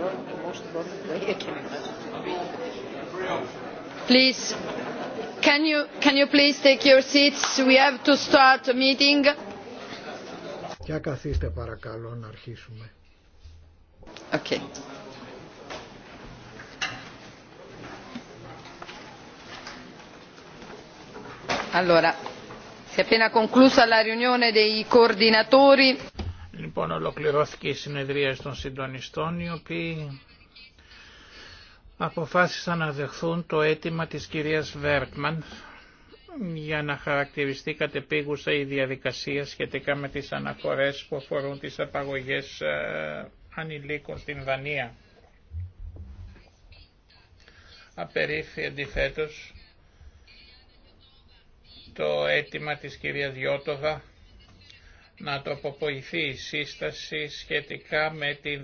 the most way I can Please, can you, can you please take your seats? We have to start a meeting. Για καθίστε παρακαλώ να αρχίσουμε. Okay. Allora, si è appena conclusa la riunione dei coordinatori. Λοιπόν, ολοκληρώθηκε η συνεδρία των συντονιστών, οι οποίοι αποφάσισαν να δεχθούν το αίτημα της κυρίας Βέρτμαν για να χαρακτηριστεί κατεπίγουσα η διαδικασία σχετικά με τις αναφορές που αφορούν τις απαγωγές ε, ανηλίκων στην Δανία. Απερίφθη αντιθέτως το αίτημα της κυρίας Διώτοβα να τοποποιηθεί η σύσταση σχετικά με τη 255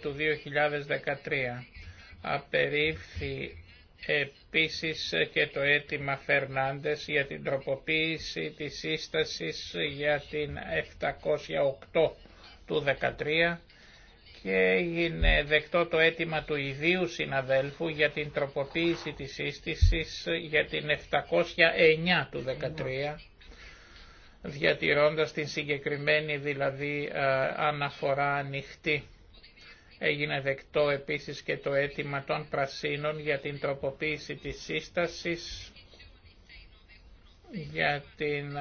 του 2013. Απερίφθη επίσης και το αίτημα Φερνάντες για την τροποποίηση της σύστασης για την 708 του 2013 και έγινε δεκτό το αίτημα του ιδίου συναδέλφου για την τροποποίηση της σύστησης για την 709 του 2013 διατηρώντας την συγκεκριμένη δηλαδή ε, αναφορά ανοιχτή. Έγινε δεκτό επίσης και το αίτημα των πρασίνων για την τροποποίηση της σύστασης για την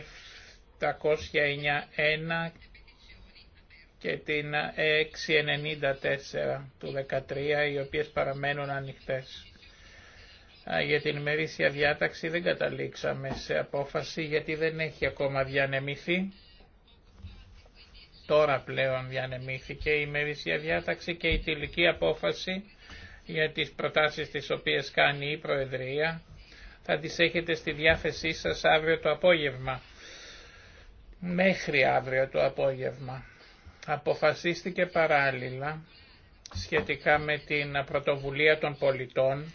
F709-1 και την 694 του 13 οι οποίες παραμένουν ανοιχτές για την ημερήσια διάταξη δεν καταλήξαμε σε απόφαση γιατί δεν έχει ακόμα διανεμηθεί. Τώρα πλέον διανεμήθηκε η ημερήσια διάταξη και η τελική απόφαση για τις προτάσεις τις οποίες κάνει η Προεδρία θα τις έχετε στη διάθεσή σας αύριο το απόγευμα. Μέχρι αύριο το απόγευμα. Αποφασίστηκε παράλληλα σχετικά με την πρωτοβουλία των πολιτών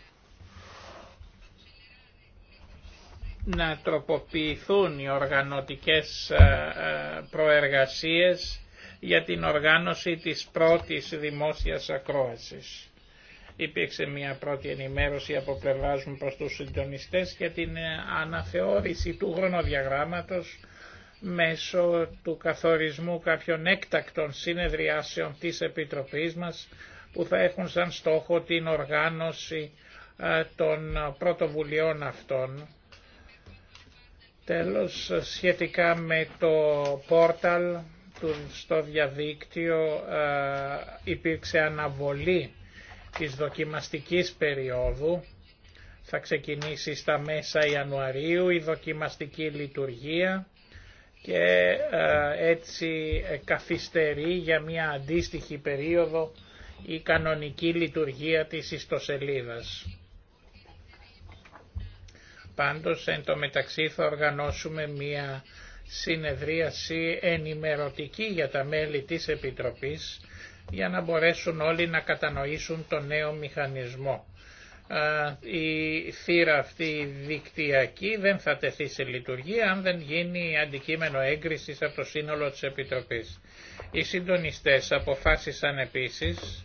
να τροποποιηθούν οι οργανωτικές ε, ε, προεργασίες για την οργάνωση της πρώτης δημόσιας ακρόασης. Υπήρξε μια πρώτη ενημέρωση από πλευράς μου προς τους συντονιστές για την ε, αναθεώρηση του χρονοδιαγράμματος μέσω του καθορισμού κάποιων έκτακτων συνεδριάσεων της Επιτροπής μας που θα έχουν σαν στόχο την οργάνωση των πρωτοβουλειών αυτών Τέλος, σχετικά με το πόρταλ στο διαδίκτυο ε, υπήρξε αναβολή της δοκιμαστικής περίοδου. Θα ξεκινήσει στα μέσα Ιανουαρίου η δοκιμαστική λειτουργία και ε, έτσι ε, καθυστερεί για μια αντίστοιχη περίοδο η κανονική λειτουργία της ιστοσελίδας. Πάντως εν τω μεταξύ θα οργανώσουμε μία συνεδρίαση ενημερωτική για τα μέλη της Επιτροπής για να μπορέσουν όλοι να κατανοήσουν το νέο μηχανισμό. Η θύρα αυτή δικτυακή δεν θα τεθεί σε λειτουργία αν δεν γίνει αντικείμενο έγκρισης από το σύνολο της Επιτροπής. Οι συντονιστές αποφάσισαν επίσης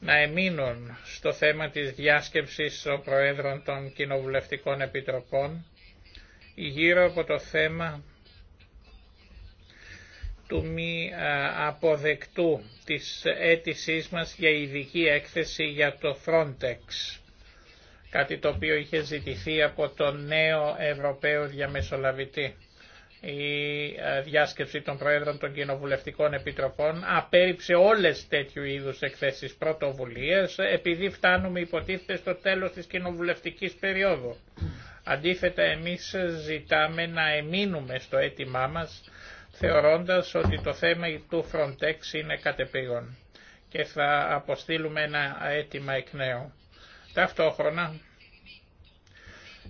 να εμείνουν στο θέμα της διάσκεψης των Προέδρων των Κοινοβουλευτικών Επιτροπών γύρω από το θέμα του μη αποδεκτού της αίτησή μας για ειδική έκθεση για το Frontex, κάτι το οποίο είχε ζητηθεί από τον νέο Ευρωπαίο Διαμεσολαβητή η ε, διάσκεψη των Προέδρων των Κοινοβουλευτικών Επιτροπών απέριψε όλες τέτοιου είδους εκθέσεις πρωτοβουλίες επειδή φτάνουμε υποτίθεται στο τέλος της κοινοβουλευτικής περίοδου. Αντίθετα εμείς ζητάμε να εμείνουμε στο αίτημά μας θεωρώντας ότι το θέμα του Frontex είναι κατεπήγον και θα αποστείλουμε ένα αίτημα εκ νέου. Ταυτόχρονα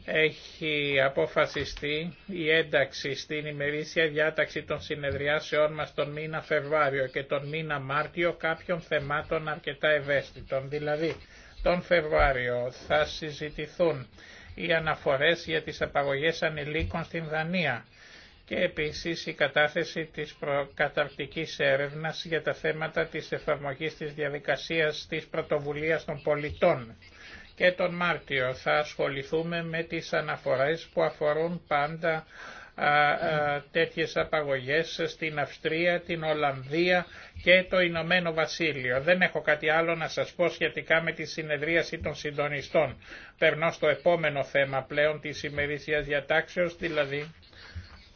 έχει αποφασιστεί η ένταξη στην ημερήσια διάταξη των συνεδριάσεών μας τον μήνα Φεβρουάριο και τον μήνα Μάρτιο κάποιων θεμάτων αρκετά ευαίσθητων. Δηλαδή, τον Φεβρουάριο θα συζητηθούν οι αναφορές για τις απαγωγές ανηλίκων στην Δανία και επίσης η κατάθεση της προκαταρκτικής έρευνας για τα θέματα της εφαρμογής της διαδικασίας της πρωτοβουλίας των πολιτών και τον Μάρτιο θα ασχοληθούμε με τις αναφορές που αφορούν πάντα α, α, τέτοιες απαγωγές στην Αυστρία, την Ολλανδία και το Ηνωμένο Βασίλειο. Δεν έχω κάτι άλλο να σας πω σχετικά με τη συνεδρίαση των συντονιστών. Περνώ στο επόμενο θέμα πλέον της ημερήσιας διατάξεως, δηλαδή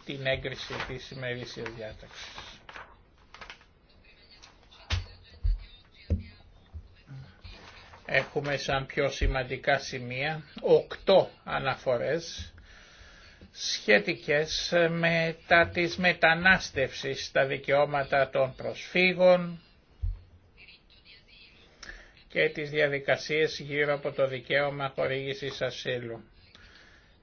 την έγκριση της ημερήσιας διάταξης. έχουμε σαν πιο σημαντικά σημεία οκτώ αναφορές σχετικές με τα της μετανάστευσης, τα δικαιώματα των προσφύγων και τις διαδικασίες γύρω από το δικαίωμα χορήγησης ασύλου.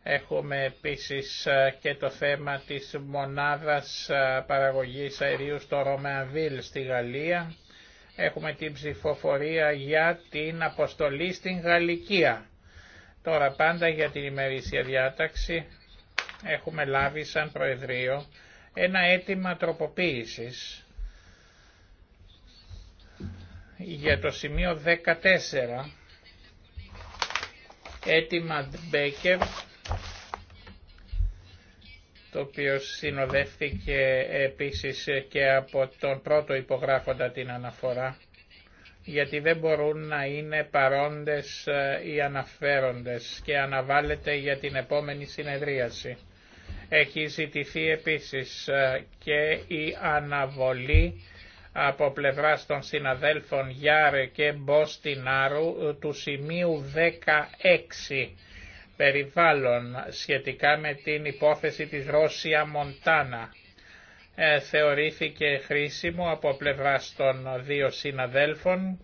Έχουμε επίσης ε, και το θέμα της μονάδας ε, παραγωγής αερίου στο Ρωμανβίλ στη Γαλλία Έχουμε την ψηφοφορία για την αποστολή στην Γαλλικία. Τώρα πάντα για την ημερήσια διάταξη έχουμε λάβει σαν Προεδρείο ένα αίτημα τροποποίησης για το σημείο 14 αίτημα Μπέκερ το οποίο συνοδεύτηκε επίσης και από τον πρώτο υπογράφοντα την αναφορά, γιατί δεν μπορούν να είναι παρόντες ε, οι αναφέροντες και αναβάλλεται για την επόμενη συνεδρίαση. Έχει ζητηθεί επίσης ε, και η αναβολή από πλευράς των συναδέλφων Γιάρε και Μποστινάρου ε, του σημείου 16 περιβάλλον σχετικά με την υπόθεση της Ρώσια Μοντάνα. Ε, θεωρήθηκε χρήσιμο από πλευρά των δύο συναδέλφων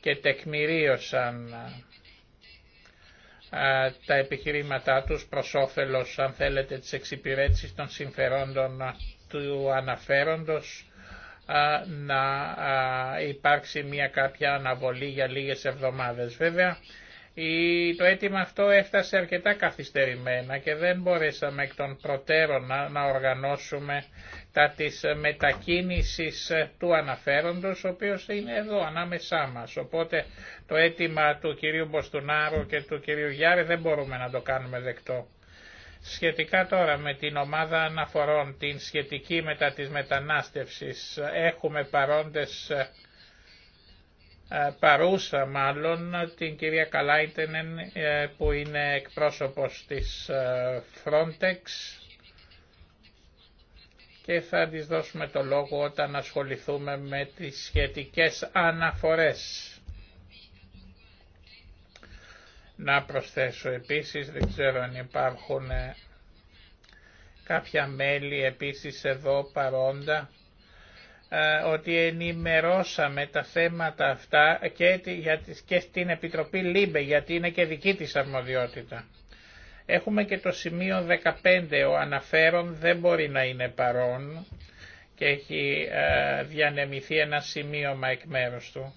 και τεκμηρίωσαν ε, τα επιχειρήματά τους προς όφελος, αν θέλετε, της εξυπηρέτησης των συμφερόντων του αναφέροντος ε, να υπάρξει μια κάποια αναβολή για λίγες εβδομάδες. Βέβαια, το αίτημα αυτό έφτασε αρκετά καθυστερημένα και δεν μπορέσαμε εκ των προτέρων να οργανώσουμε τα της μετακίνησης του αναφέροντος, ο οποίος είναι εδώ ανάμεσά μας. Οπότε το αίτημα του κυρίου Μποστουνάρου και του κυρίου Γιάρη δεν μπορούμε να το κάνουμε δεκτό. Σχετικά τώρα με την ομάδα αναφορών, την σχετική μετά της μετανάστευσης, έχουμε παρόντες παρούσα μάλλον την κυρία Καλάιτενεν ε, που είναι εκπρόσωπος της ε, Frontex και θα της δώσουμε το λόγο όταν ασχοληθούμε με τις σχετικές αναφορές. Να προσθέσω επίσης, δεν ξέρω αν υπάρχουν ε, κάποια μέλη επίσης εδώ παρόντα ε, ότι ενημερώσαμε τα θέματα αυτά και, και στην Επιτροπή ΛΥΜΠΕ γιατί είναι και δική της αρμοδιότητα. Έχουμε και το σημείο 15, ο αναφέρον δεν μπορεί να είναι παρόν και έχει ε, διανεμηθεί ένα σημείωμα εκ μέρους του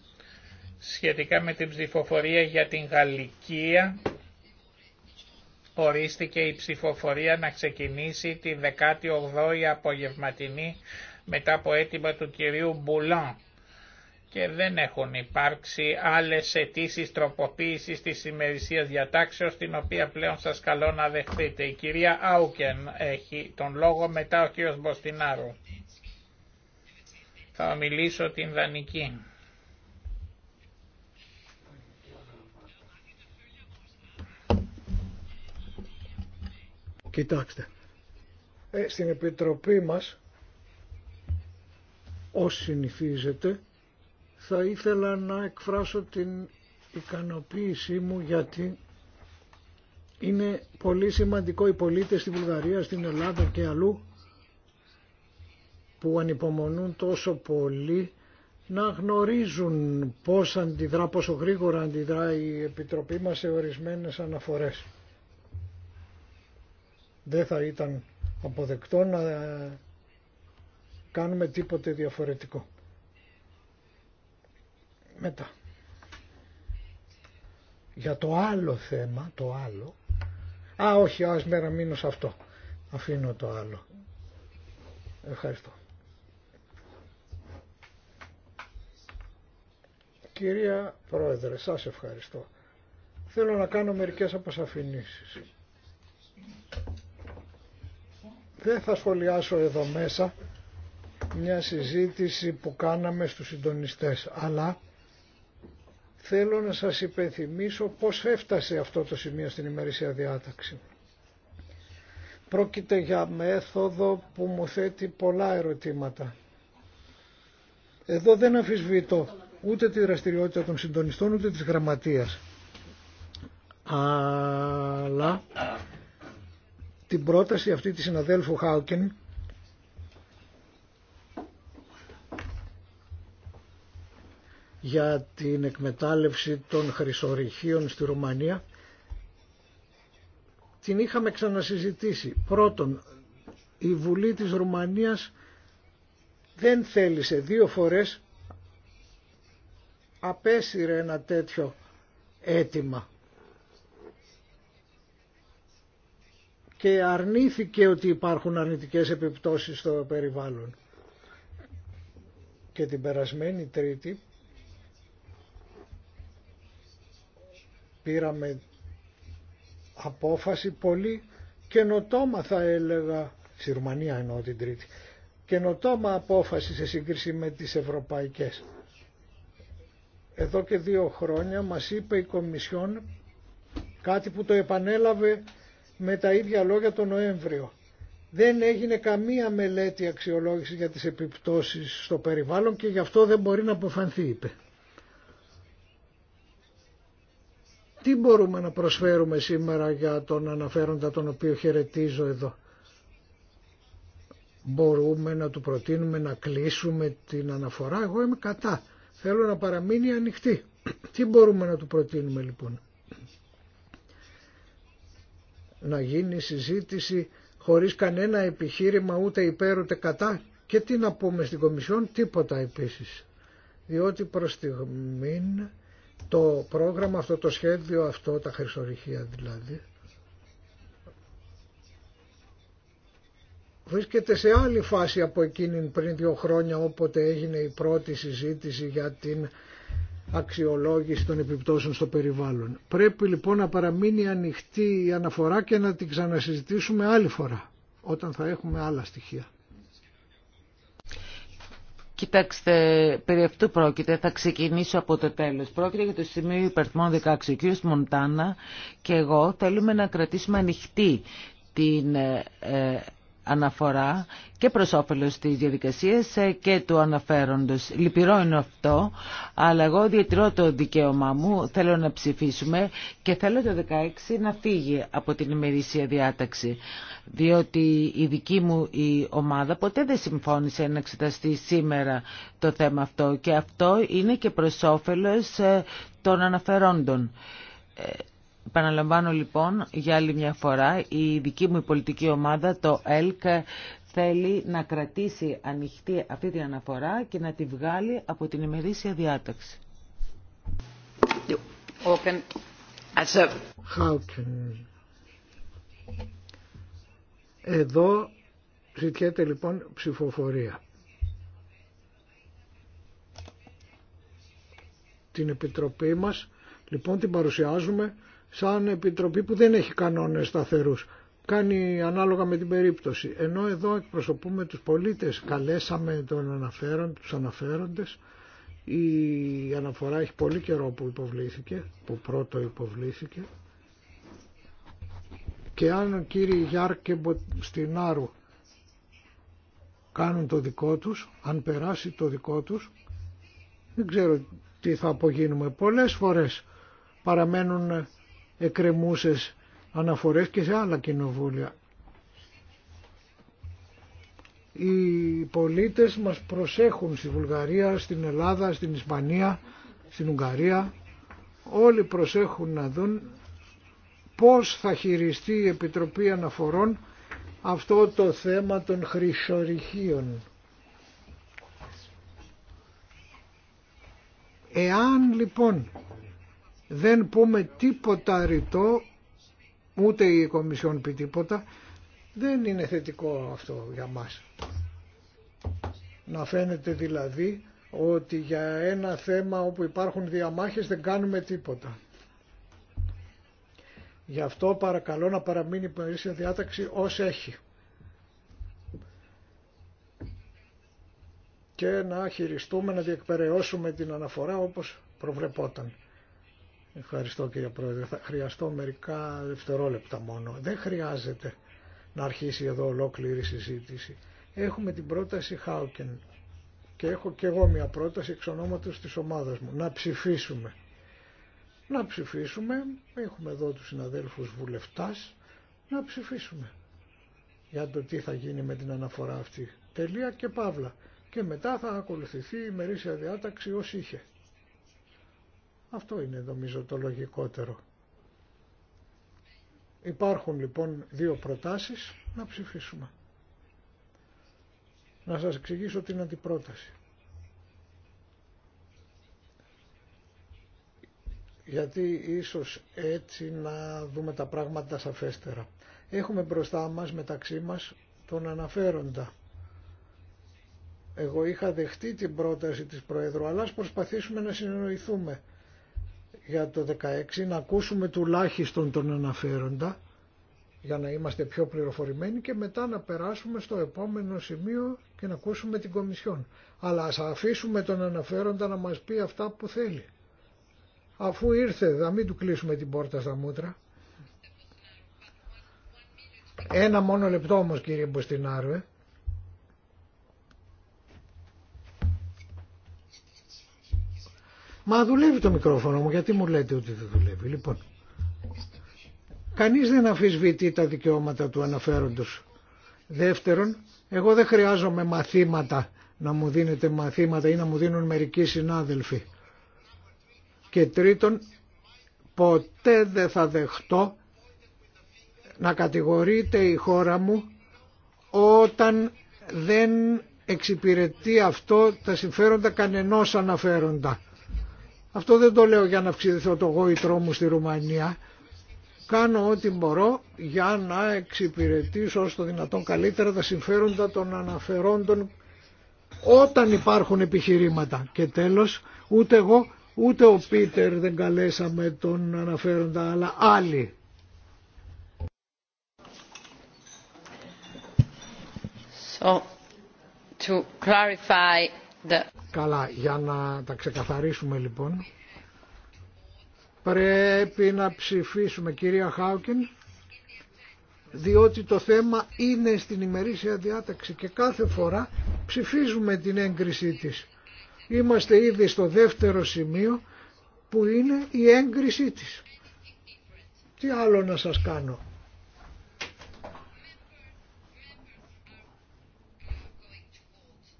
σχετικά με την ψηφοφορία για την Γαλλικία ορίστηκε η ψηφοφορία να ξεκινήσει τη 18η απογευματινή μετά από αίτημα του κυρίου Μπουλάν και δεν έχουν υπάρξει άλλες αιτήσει τροποποίησης της ημερησίας διατάξεως την οποία πλέον σας καλώ να δεχτείτε. Η κυρία Άουκεν έχει τον λόγο μετά ο κύριος Μποστινάρου. Θα μιλήσω την δανική. Κοιτάξτε, ε, στην Επιτροπή μας Όσοι συνηθίζετε θα ήθελα να εκφράσω την ικανοποίησή μου γιατί είναι πολύ σημαντικό οι πολίτες στη Βουλγαρία, στην Ελλάδα και αλλού που ανυπομονούν τόσο πολύ να γνωρίζουν πώς αντιδρά, πόσο γρήγορα αντιδρά η Επιτροπή μας σε ορισμένες αναφορές. Δεν θα ήταν αποδεκτό να κάνουμε τίποτε διαφορετικό. Μετά. Για το άλλο θέμα, το άλλο. Α, όχι, ας μέρα μείνω σε αυτό. Αφήνω το άλλο. Ευχαριστώ. Κυρία Πρόεδρε, σας ευχαριστώ. Θέλω να κάνω μερικές αποσαφηνήσεις. Δεν θα σχολιάσω εδώ μέσα μια συζήτηση που κάναμε στους συντονιστές, αλλά θέλω να σας υπενθυμίσω πώς έφτασε αυτό το σημείο στην ημερήσια διάταξη. Πρόκειται για μέθοδο που μου θέτει πολλά ερωτήματα. Εδώ δεν αφισβητώ ούτε τη δραστηριότητα των συντονιστών ούτε της γραμματείας. Αλλά την πρόταση αυτή της συναδέλφου Χάουκεν για την εκμετάλλευση των χρυσορυχίων στη Ρουμανία την είχαμε ξανασυζητήσει. Πρώτον, η Βουλή της Ρουμανίας δεν θέλησε δύο φορές απέσυρε ένα τέτοιο αίτημα και αρνήθηκε ότι υπάρχουν αρνητικές επιπτώσεις στο περιβάλλον. Και την περασμένη Τρίτη πήραμε απόφαση πολύ καινοτόμα θα έλεγα, στη Ρουμανία εννοώ την Τρίτη, καινοτόμα απόφαση σε σύγκριση με τις ευρωπαϊκές. Εδώ και δύο χρόνια μας είπε η Κομισιόν κάτι που το επανέλαβε με τα ίδια λόγια τον Νοέμβριο. Δεν έγινε καμία μελέτη αξιολόγηση για τις επιπτώσεις στο περιβάλλον και γι' αυτό δεν μπορεί να αποφανθεί, είπε. Τι μπορούμε να προσφέρουμε σήμερα για τον αναφέροντα τον οποίο χαιρετίζω εδώ. Μπορούμε να του προτείνουμε να κλείσουμε την αναφορά. Εγώ είμαι κατά. Θέλω να παραμείνει ανοιχτή. Τι μπορούμε να του προτείνουμε λοιπόν. Να γίνει συζήτηση χωρίς κανένα επιχείρημα ούτε υπέρ ούτε κατά και τι να πούμε στην Κομισιόν, τίποτα επίσης. Διότι προς στιγμήν το πρόγραμμα αυτό, το σχέδιο αυτό, τα χρυσορυχεία δηλαδή, βρίσκεται σε άλλη φάση από εκείνη πριν δύο χρόνια όποτε έγινε η πρώτη συζήτηση για την αξιολόγηση των επιπτώσεων στο περιβάλλον. Πρέπει λοιπόν να παραμείνει ανοιχτή η αναφορά και να την ξανασυζητήσουμε άλλη φορά όταν θα έχουμε άλλα στοιχεία. Κοιτάξτε, περί αυτού πρόκειται, θα ξεκινήσω από το τέλος. Πρόκειται για το σημείο υπερθμών 16. Ο κ. Μοντάνα και εγώ θέλουμε να κρατήσουμε ανοιχτή την ε, ε, αναφορά και προ όφελο της διαδικασίας ε, και του αναφέροντος. Λυπηρό είναι αυτό, αλλά εγώ διατηρώ το δικαίωμά μου, θέλω να ψηφίσουμε και θέλω το 16 να φύγει από την ημερήσια διάταξη. Διότι η δική μου η ομάδα ποτέ δεν συμφώνησε να εξεταστεί σήμερα το θέμα αυτό και αυτό είναι και προ όφελο ε, των αναφερόντων. Ε, Παναλαμβάνω λοιπόν για άλλη μια φορά η δική μου πολιτική ομάδα, το ΕΛΚ, θέλει να κρατήσει ανοιχτή αυτή την αναφορά και να τη βγάλει από την ημερήσια διάταξη. Εδώ ζητιέται λοιπόν ψηφοφορία. Την Επιτροπή μας λοιπόν την παρουσιάζουμε σαν επιτροπή που δεν έχει κανόνες σταθερούς. Κάνει ανάλογα με την περίπτωση. Ενώ εδώ εκπροσωπούμε τους πολίτες, καλέσαμε τον αναφέρον, τους αναφέροντες. Η αναφορά έχει πολύ καιρό που υποβλήθηκε, που πρώτο υποβλήθηκε. Και αν ο κύριοι Γιάρ στην Άρου κάνουν το δικό τους, αν περάσει το δικό τους, δεν ξέρω τι θα απογίνουμε. Πολλές φορές παραμένουν εκκρεμούσες αναφορές και σε άλλα κοινοβούλια. Οι πολίτες μας προσέχουν στη Βουλγαρία, στην Ελλάδα, στην Ισπανία, στην Ουγγαρία. Όλοι προσέχουν να δουν πώς θα χειριστεί η Επιτροπή Αναφορών αυτό το θέμα των χρυσορυχίων. Εάν λοιπόν δεν πούμε τίποτα ρητό, ούτε η Κομισιόν πει τίποτα, δεν είναι θετικό αυτό για μας. Να φαίνεται δηλαδή ότι για ένα θέμα όπου υπάρχουν διαμάχες δεν κάνουμε τίποτα. Γι' αυτό παρακαλώ να παραμείνει η διάταξη ως έχει. Και να χειριστούμε, να διεκπαιρεώσουμε την αναφορά όπως προβλεπόταν. Ευχαριστώ κύριε Πρόεδρε. Θα χρειαστώ μερικά δευτερόλεπτα μόνο. Δεν χρειάζεται να αρχίσει εδώ ολόκληρη συζήτηση. Έχουμε την πρόταση Χάουκεν και έχω και εγώ μια πρόταση εξ ονόματος της ομάδας μου. Να ψηφίσουμε. Να ψηφίσουμε. Έχουμε εδώ τους συναδέλφους βουλευτάς. Να ψηφίσουμε. Για το τι θα γίνει με την αναφορά αυτή. Τελεία και παύλα. Και μετά θα ακολουθηθεί η μερίσια διάταξη ως είχε. Αυτό είναι νομίζω το λογικότερο. Υπάρχουν λοιπόν δύο προτάσεις να ψηφίσουμε. Να σας εξηγήσω την αντιπρόταση. γιατί ίσως έτσι να δούμε τα πράγματα σαφέστερα. Έχουμε μπροστά μας, μεταξύ μας, τον αναφέροντα. Εγώ είχα δεχτεί την πρόταση της Προέδρου, αλλά ας προσπαθήσουμε να συνοηθούμε για το 16 να ακούσουμε τουλάχιστον τον αναφέροντα για να είμαστε πιο πληροφορημένοι και μετά να περάσουμε στο επόμενο σημείο και να ακούσουμε την Κομισιόν. Αλλά ας αφήσουμε τον αναφέροντα να μας πει αυτά που θέλει. Αφού ήρθε, να μην του κλείσουμε την πόρτα στα μούτρα. Ένα μόνο λεπτό όμως κύριε Μποστινάρου, ε. Μα δουλεύει το μικρόφωνο μου, γιατί μου λέτε ότι δεν δουλεύει. Λοιπόν, κανείς δεν αφισβητεί τα δικαιώματα του αναφέροντος. Δεύτερον, εγώ δεν χρειάζομαι μαθήματα να μου δίνετε μαθήματα ή να μου δίνουν μερικοί συνάδελφοι. Και τρίτον, ποτέ δεν θα δεχτώ να κατηγορείται η χώρα μου όταν δεν εξυπηρετεί αυτό τα συμφέροντα κανενός αναφέροντα. Αυτό δεν το λέω για να αυξηθώ το γόητρό μου στη Ρουμανία. Κάνω ό,τι μπορώ για να εξυπηρετήσω όσο το δυνατόν καλύτερα τα συμφέροντα των αναφερόντων όταν υπάρχουν επιχειρήματα. Και τέλος, ούτε εγώ ούτε ο Πίτερ δεν καλέσαμε τον αναφέροντα, αλλά άλλοι. So, to clarify ναι. Καλά, για να τα ξεκαθαρίσουμε λοιπόν. Πρέπει να ψηφίσουμε κυρία Χάουκιν διότι το θέμα είναι στην ημερήσια διάταξη και κάθε φορά ψηφίζουμε την έγκρισή της. Είμαστε ήδη στο δεύτερο σημείο που είναι η έγκρισή της. Τι άλλο να σας κάνω.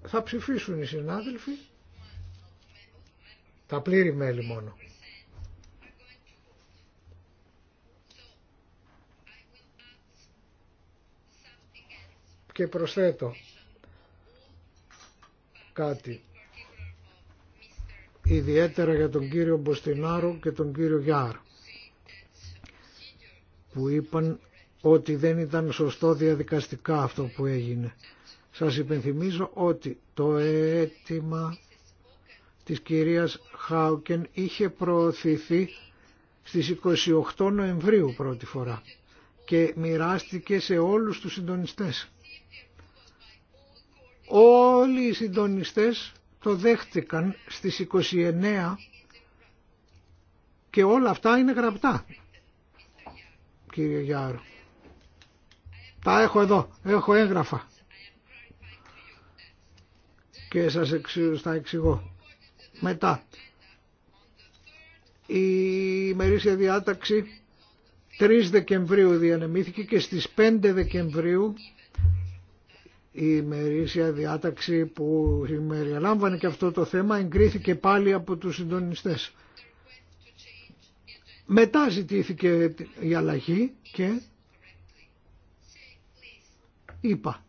θα ψηφίσουν οι συνάδελφοι, τα πλήρη μέλη μόνο. Και προσθέτω κάτι ιδιαίτερα για τον κύριο Μποστινάρο και τον κύριο Γιάρ που είπαν ότι δεν ήταν σωστό διαδικαστικά αυτό που έγινε. Σας υπενθυμίζω ότι το αίτημα της κυρίας Χάουκεν είχε προωθηθεί στις 28 Νοεμβρίου πρώτη φορά και μοιράστηκε σε όλους τους συντονιστές. Όλοι οι συντονιστές το δέχτηκαν στις 29 και όλα αυτά είναι γραπτά, κύριε Γιάρο. Τα έχω εδώ, έχω έγγραφα και σας θα εξηγώ. Μετά, η ημερήσια διάταξη 3 Δεκεμβρίου διανεμήθηκε και στις 5 Δεκεμβρίου η ημερήσια διάταξη που ημεριαλάμβανε και αυτό το θέμα εγκρίθηκε πάλι από τους συντονιστές. Μετά ζητήθηκε η αλλαγή και είπα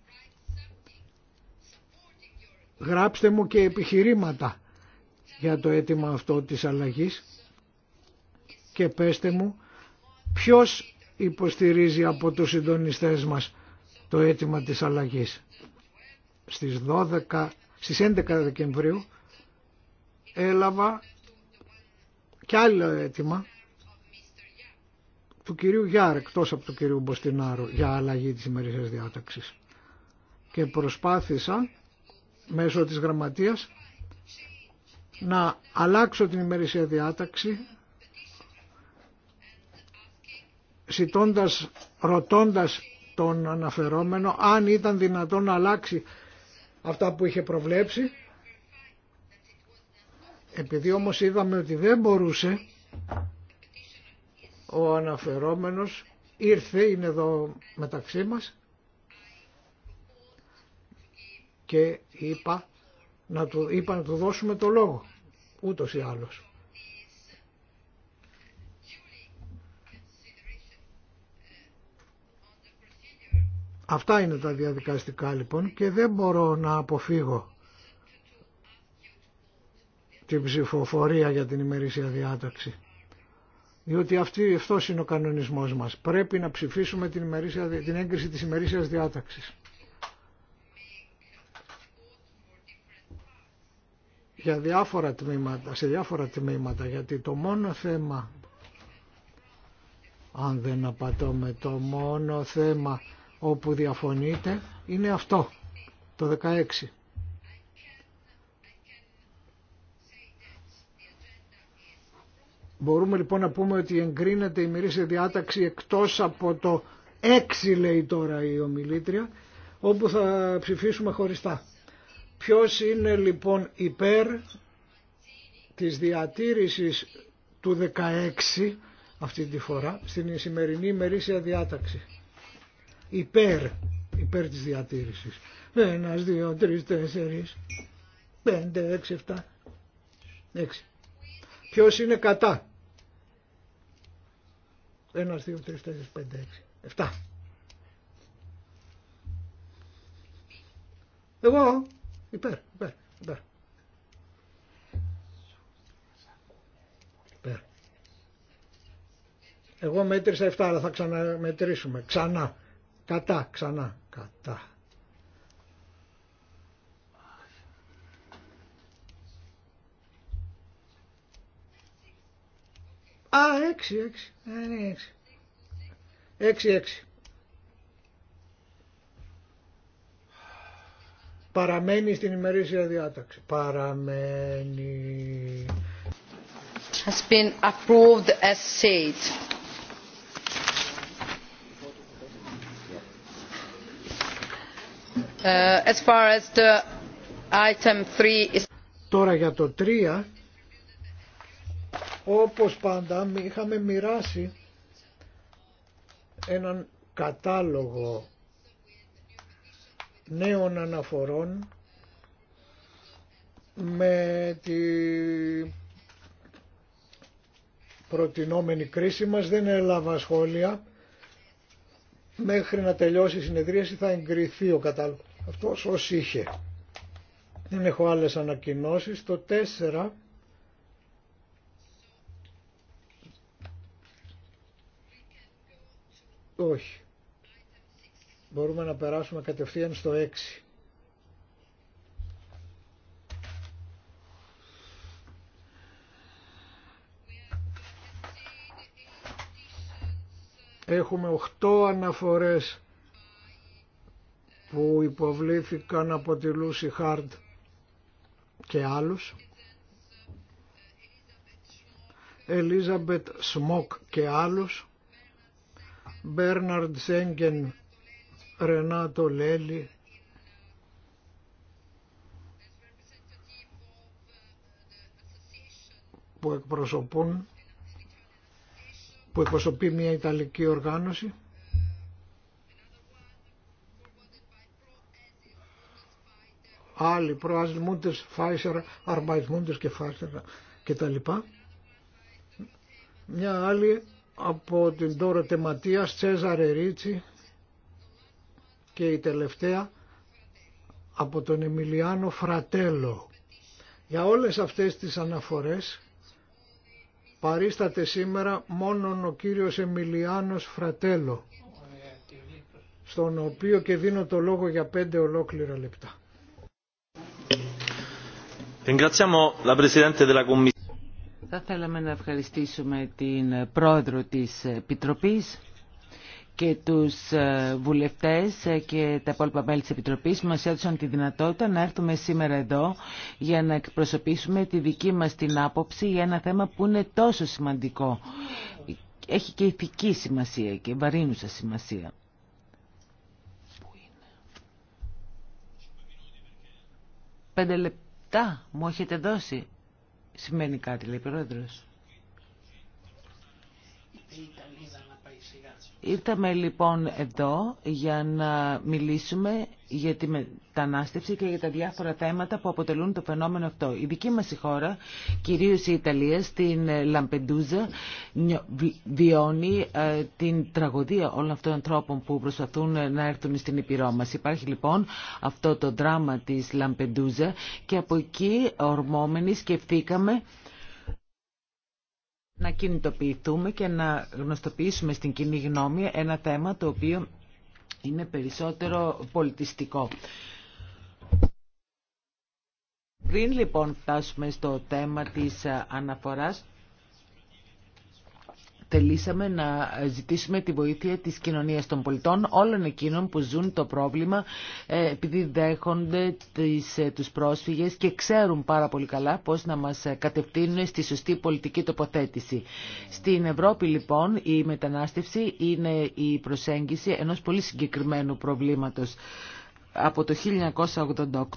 γράψτε μου και επιχειρήματα για το αίτημα αυτό της αλλαγής και πέστε μου ποιος υποστηρίζει από τους συντονιστές μας το αίτημα της αλλαγής. Στις, 12, στις 11 Δεκεμβρίου έλαβα και άλλο αίτημα του κυρίου Γιάρ, εκτός από του κυρίου Μποστινάρου, για αλλαγή της ημερήσιας διάταξης. Και προσπάθησα μέσω της γραμματείας να αλλάξω την ημερήσια διάταξη σητώντας, ρωτώντας τον αναφερόμενο αν ήταν δυνατόν να αλλάξει αυτά που είχε προβλέψει επειδή όμως είδαμε ότι δεν μπορούσε ο αναφερόμενος ήρθε, είναι εδώ μεταξύ μας και είπα να του, είπα να του δώσουμε το λόγο, ούτως ή άλλως. Αυτά είναι τα διαδικαστικά λοιπόν και δεν μπορώ να αποφύγω την ψηφοφορία για την ημερήσια διάταξη. Διότι αυτή, αυτός είναι ο κανονισμός μας. Πρέπει να ψηφίσουμε την, την έγκριση της ημερήσιας διάταξης. για διάφορα τμήματα, σε διάφορα τμήματα, γιατί το μόνο θέμα, αν δεν απατώ με το μόνο θέμα όπου διαφωνείτε είναι αυτό, το 16. Μπορούμε λοιπόν να πούμε ότι εγκρίνεται η μυρίσια διάταξη εκτός από το 6 λέει τώρα η ομιλήτρια όπου θα ψηφίσουμε χωριστά. Ποιος είναι λοιπόν υπέρ της διατήρησης του 16 αυτή τη φορά στην σημερινή ημερήσια διάταξη. Υπέρ, υπέρ της διατήρησης. Ένας, δύο, τρεις, τέσσερις, πέντε, έξι, εφτά, έξι. Ποιος είναι κατά. Ένας, δύο, τρεις, τέσσερις, πέντε, έξι, εφτά. Εγώ Υπέρ, υπέρ, υπέρ. Εγώ μέτρησα 7, αλλά θα ξαναμετρήσουμε. Ξανά. Κατά, ξανά. Κατά. Α, 6, 6. 6, 6. 6, 6. παραμένει στην ημερήσια διάταξη. Παραμένει. Has been approved as said. Uh, as far as the item 3 is... Τώρα για το 3, όπως πάντα είχαμε μοιράσει έναν κατάλογο νέων αναφορών με τη προτινόμενη κρίση μας δεν έλαβα σχόλια μέχρι να τελειώσει η συνεδρίαση θα εγκριθεί ο κατάλογος αυτός ως είχε δεν έχω άλλες ανακοινώσεις το 4 όχι Μπορούμε να περάσουμε κατευθείαν στο 6. Έχουμε 8 αναφορές που υποβλήθηκαν από τη Λούση Χάρντ και άλλους. Ελίζαμπετ Σμόκ και άλλους. Μπέρναρντ Σέγγεν Ρενάτο Λέλη που εκπροσωπούν που εκπροσωπεί μια Ιταλική οργάνωση άλλοι προασμούντες, Φάισερα, αρμαϊσμούντες και Φάισερα και τα Μια άλλη από την τώρα Τεματία, Τσέζαρε Ρίτσι, και η τελευταία από τον Εμιλιάνο Φρατέλο. Για όλες αυτές τις αναφορές παρίσταται σήμερα μόνον ο κύριος Εμιλιάνος Φρατέλο στον οποίο και δίνω το λόγο για πέντε ολόκληρα λεπτά. Θα θέλαμε να ευχαριστήσουμε την πρόεδρο της Επιτροπής και τους ε, βουλευτές ε, και τα υπόλοιπα μέλη της Επιτροπής μας έδωσαν τη δυνατότητα να έρθουμε σήμερα εδώ για να εκπροσωπήσουμε τη δική μας την άποψη για ένα θέμα που είναι τόσο σημαντικό. Έχει και ηθική σημασία και βαρύνουσα σημασία. Πέντε λεπτά μου έχετε δώσει. Σημαίνει κάτι, λέει Πρόεδρος. Ήρθαμε λοιπόν εδώ για να μιλήσουμε για τη μετανάστευση και για τα διάφορα θέματα που αποτελούν το φαινόμενο αυτό. Η δική μας η χώρα, κυρίως η Ιταλία, στην Λαμπεντούζα, βιώνει ε, την τραγωδία όλων αυτών των ανθρώπων που προσπαθούν ε, να έρθουν στην Επιρώμα. μας. Υπάρχει λοιπόν αυτό το δράμα της Λαμπεντούζα και από εκεί ορμόμενοι σκεφτήκαμε να κινητοποιηθούμε και να γνωστοποιήσουμε στην κοινή γνώμη ένα θέμα το οποίο είναι περισσότερο πολιτιστικό. Πριν λοιπόν φτάσουμε στο θέμα της αναφοράς, θελήσαμε να ζητήσουμε τη βοήθεια της κοινωνίας των πολιτών, όλων εκείνων που ζουν το πρόβλημα ε, επειδή δέχονται τις, ε, τους πρόσφυγες και ξέρουν πάρα πολύ καλά πώς να μας κατευθύνουν στη σωστή πολιτική τοποθέτηση. Στην Ευρώπη λοιπόν η μετανάστευση είναι η προσέγγιση ενός πολύ συγκεκριμένου προβλήματος από το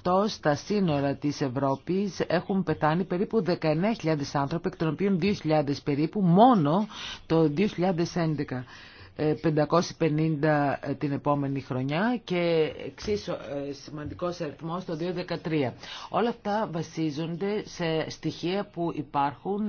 1988 στα σύνορα της Ευρώπης έχουν πεθάνει περίπου 19.000 άνθρωποι, εκ των οποίων 2.000 περίπου μόνο το 2011. 550 ε, ε, την επόμενη χρονιά και εξίσου ε, σημαντικός αριθμός το 2013. Όλα αυτά βασίζονται σε στοιχεία που υπάρχουν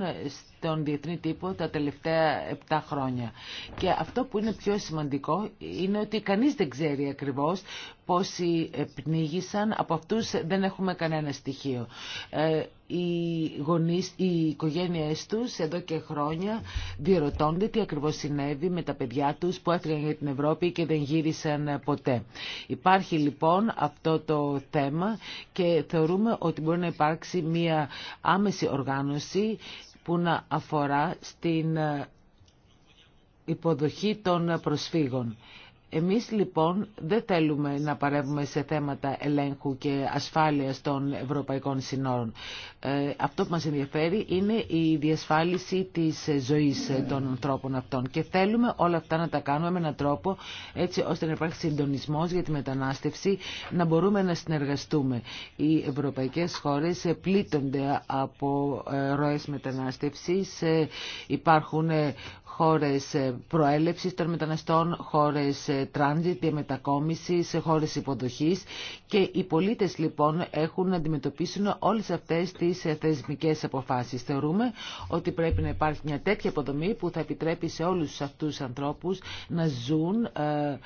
στον διεθνή τύπο τα τελευταία 7 χρόνια. Και αυτό που είναι πιο σημαντικό είναι ότι κανείς δεν ξέρει ακριβώς πόσοι πνίγησαν, από αυτούς δεν έχουμε κανένα στοιχείο. Ε, οι, γονείς, οι οικογένειές τους εδώ και χρόνια διερωτώνται τι ακριβώς συνέβη με τα παιδιά τους που έφυγαν για την Ευρώπη και δεν γύρισαν ποτέ. Υπάρχει λοιπόν αυτό το θέμα και θεωρούμε ότι μπορεί να υπάρξει μια άμεση οργάνωση που να αφορά στην ε, υποδοχή των προσφύγων. Εμείς λοιπόν δεν θέλουμε να παρεύουμε σε θέματα ελέγχου και ασφάλειας των ευρωπαϊκών συνόρων. Ε, αυτό που μας ενδιαφέρει είναι η διασφάλιση της ζωής των ανθρώπων αυτών και θέλουμε όλα αυτά να τα κάνουμε με έναν τρόπο έτσι ώστε να υπάρχει συντονισμός για τη μετανάστευση, να μπορούμε να συνεργαστούμε. Οι ευρωπαϊκές χώρες πλήττονται από ε, ροές μετανάστευσης, ε, υπάρχουν χώρες προέλευσης των μεταναστών, χώρες τράνζιτ, διαμετακόμιση σε χώρες υποδοχής και οι πολίτες λοιπόν έχουν να αντιμετωπίσουν όλες αυτές τις ε, θεσμικές αποφάσεις. Θεωρούμε ότι πρέπει να υπάρχει μια τέτοια υποδομή που θα επιτρέπει σε όλους αυτούς τους ανθρώπους να ζουν ε,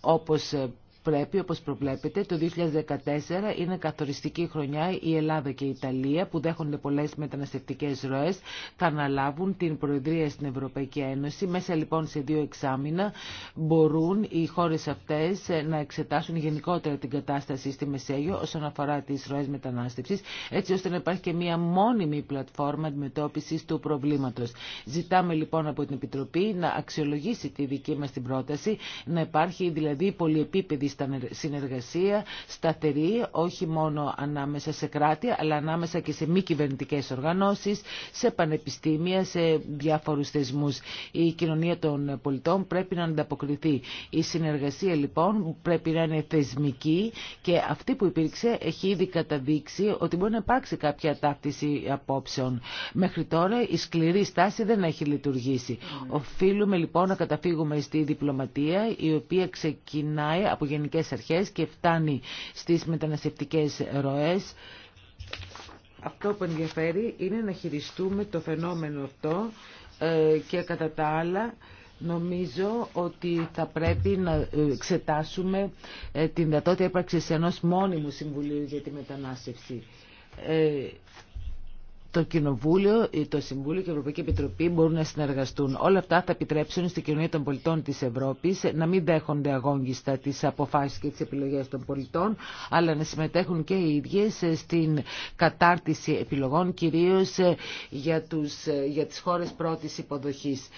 όπως ε, πρέπει, όπως προβλέπετε, το 2014 είναι καθοριστική χρονιά η Ελλάδα και η Ιταλία που δέχονται πολλές μεταναστευτικές ροές θα αναλάβουν την Προεδρία στην Ευρωπαϊκή Ένωση. Μέσα λοιπόν σε δύο εξάμεινα μπορούν οι χώρες αυτές ε, να εξετάσουν γενικότερα την κατάσταση στη Μεσαίγειο όσον αφορά τις ροές μετανάστευσης, έτσι ώστε να υπάρχει και μία μόνιμη πλατφόρμα αντιμετώπισης του προβλήματος. Ζητάμε λοιπόν από την Επιτροπή να αξιολογήσει τη δική μας την πρόταση, να υπάρχει δηλαδή πολυεπίπεδη συνεργασία σταθερή όχι μόνο ανάμεσα σε κράτη αλλά ανάμεσα και σε μη κυβερνητικέ οργανώσεις, σε πανεπιστήμια, σε διάφορους θεσμούς. Η κοινωνία των πολιτών πρέπει να ανταποκριθεί. Η συνεργασία λοιπόν πρέπει να είναι θεσμική και αυτή που υπήρξε έχει ήδη καταδείξει ότι μπορεί να υπάρξει κάποια ταύτιση απόψεων. Μέχρι τώρα η σκληρή στάση δεν έχει λειτουργήσει. Ναι. Οφείλουμε λοιπόν να καταφύγουμε στη διπλωματία η οποία ξεκινάει από γενικά αρχές και φτάνει στις μεταναστευτικές ροές. Αυτό που ενδιαφέρει είναι να χειριστούμε το φαινόμενο αυτό ε, και κατά τα άλλα νομίζω ότι θα πρέπει να εξετάσουμε ε, την δυνατότητα έπαρξης ενός μόνιμου συμβουλίου για τη μετανάστευση. Ε, το Κοινοβούλιο, το Συμβούλιο και η Ευρωπαϊκή Επιτροπή μπορούν να συνεργαστούν. Όλα αυτά θα επιτρέψουν στην κοινωνία των πολιτών της Ευρώπης να μην δέχονται αγόγγιστα τις αποφάσεις και τις επιλογές των πολιτών, αλλά να συμμετέχουν και οι ίδιες στην κατάρτιση επιλογών, κυρίως για, τους, για τις χώρες πρώτης υποδοχής.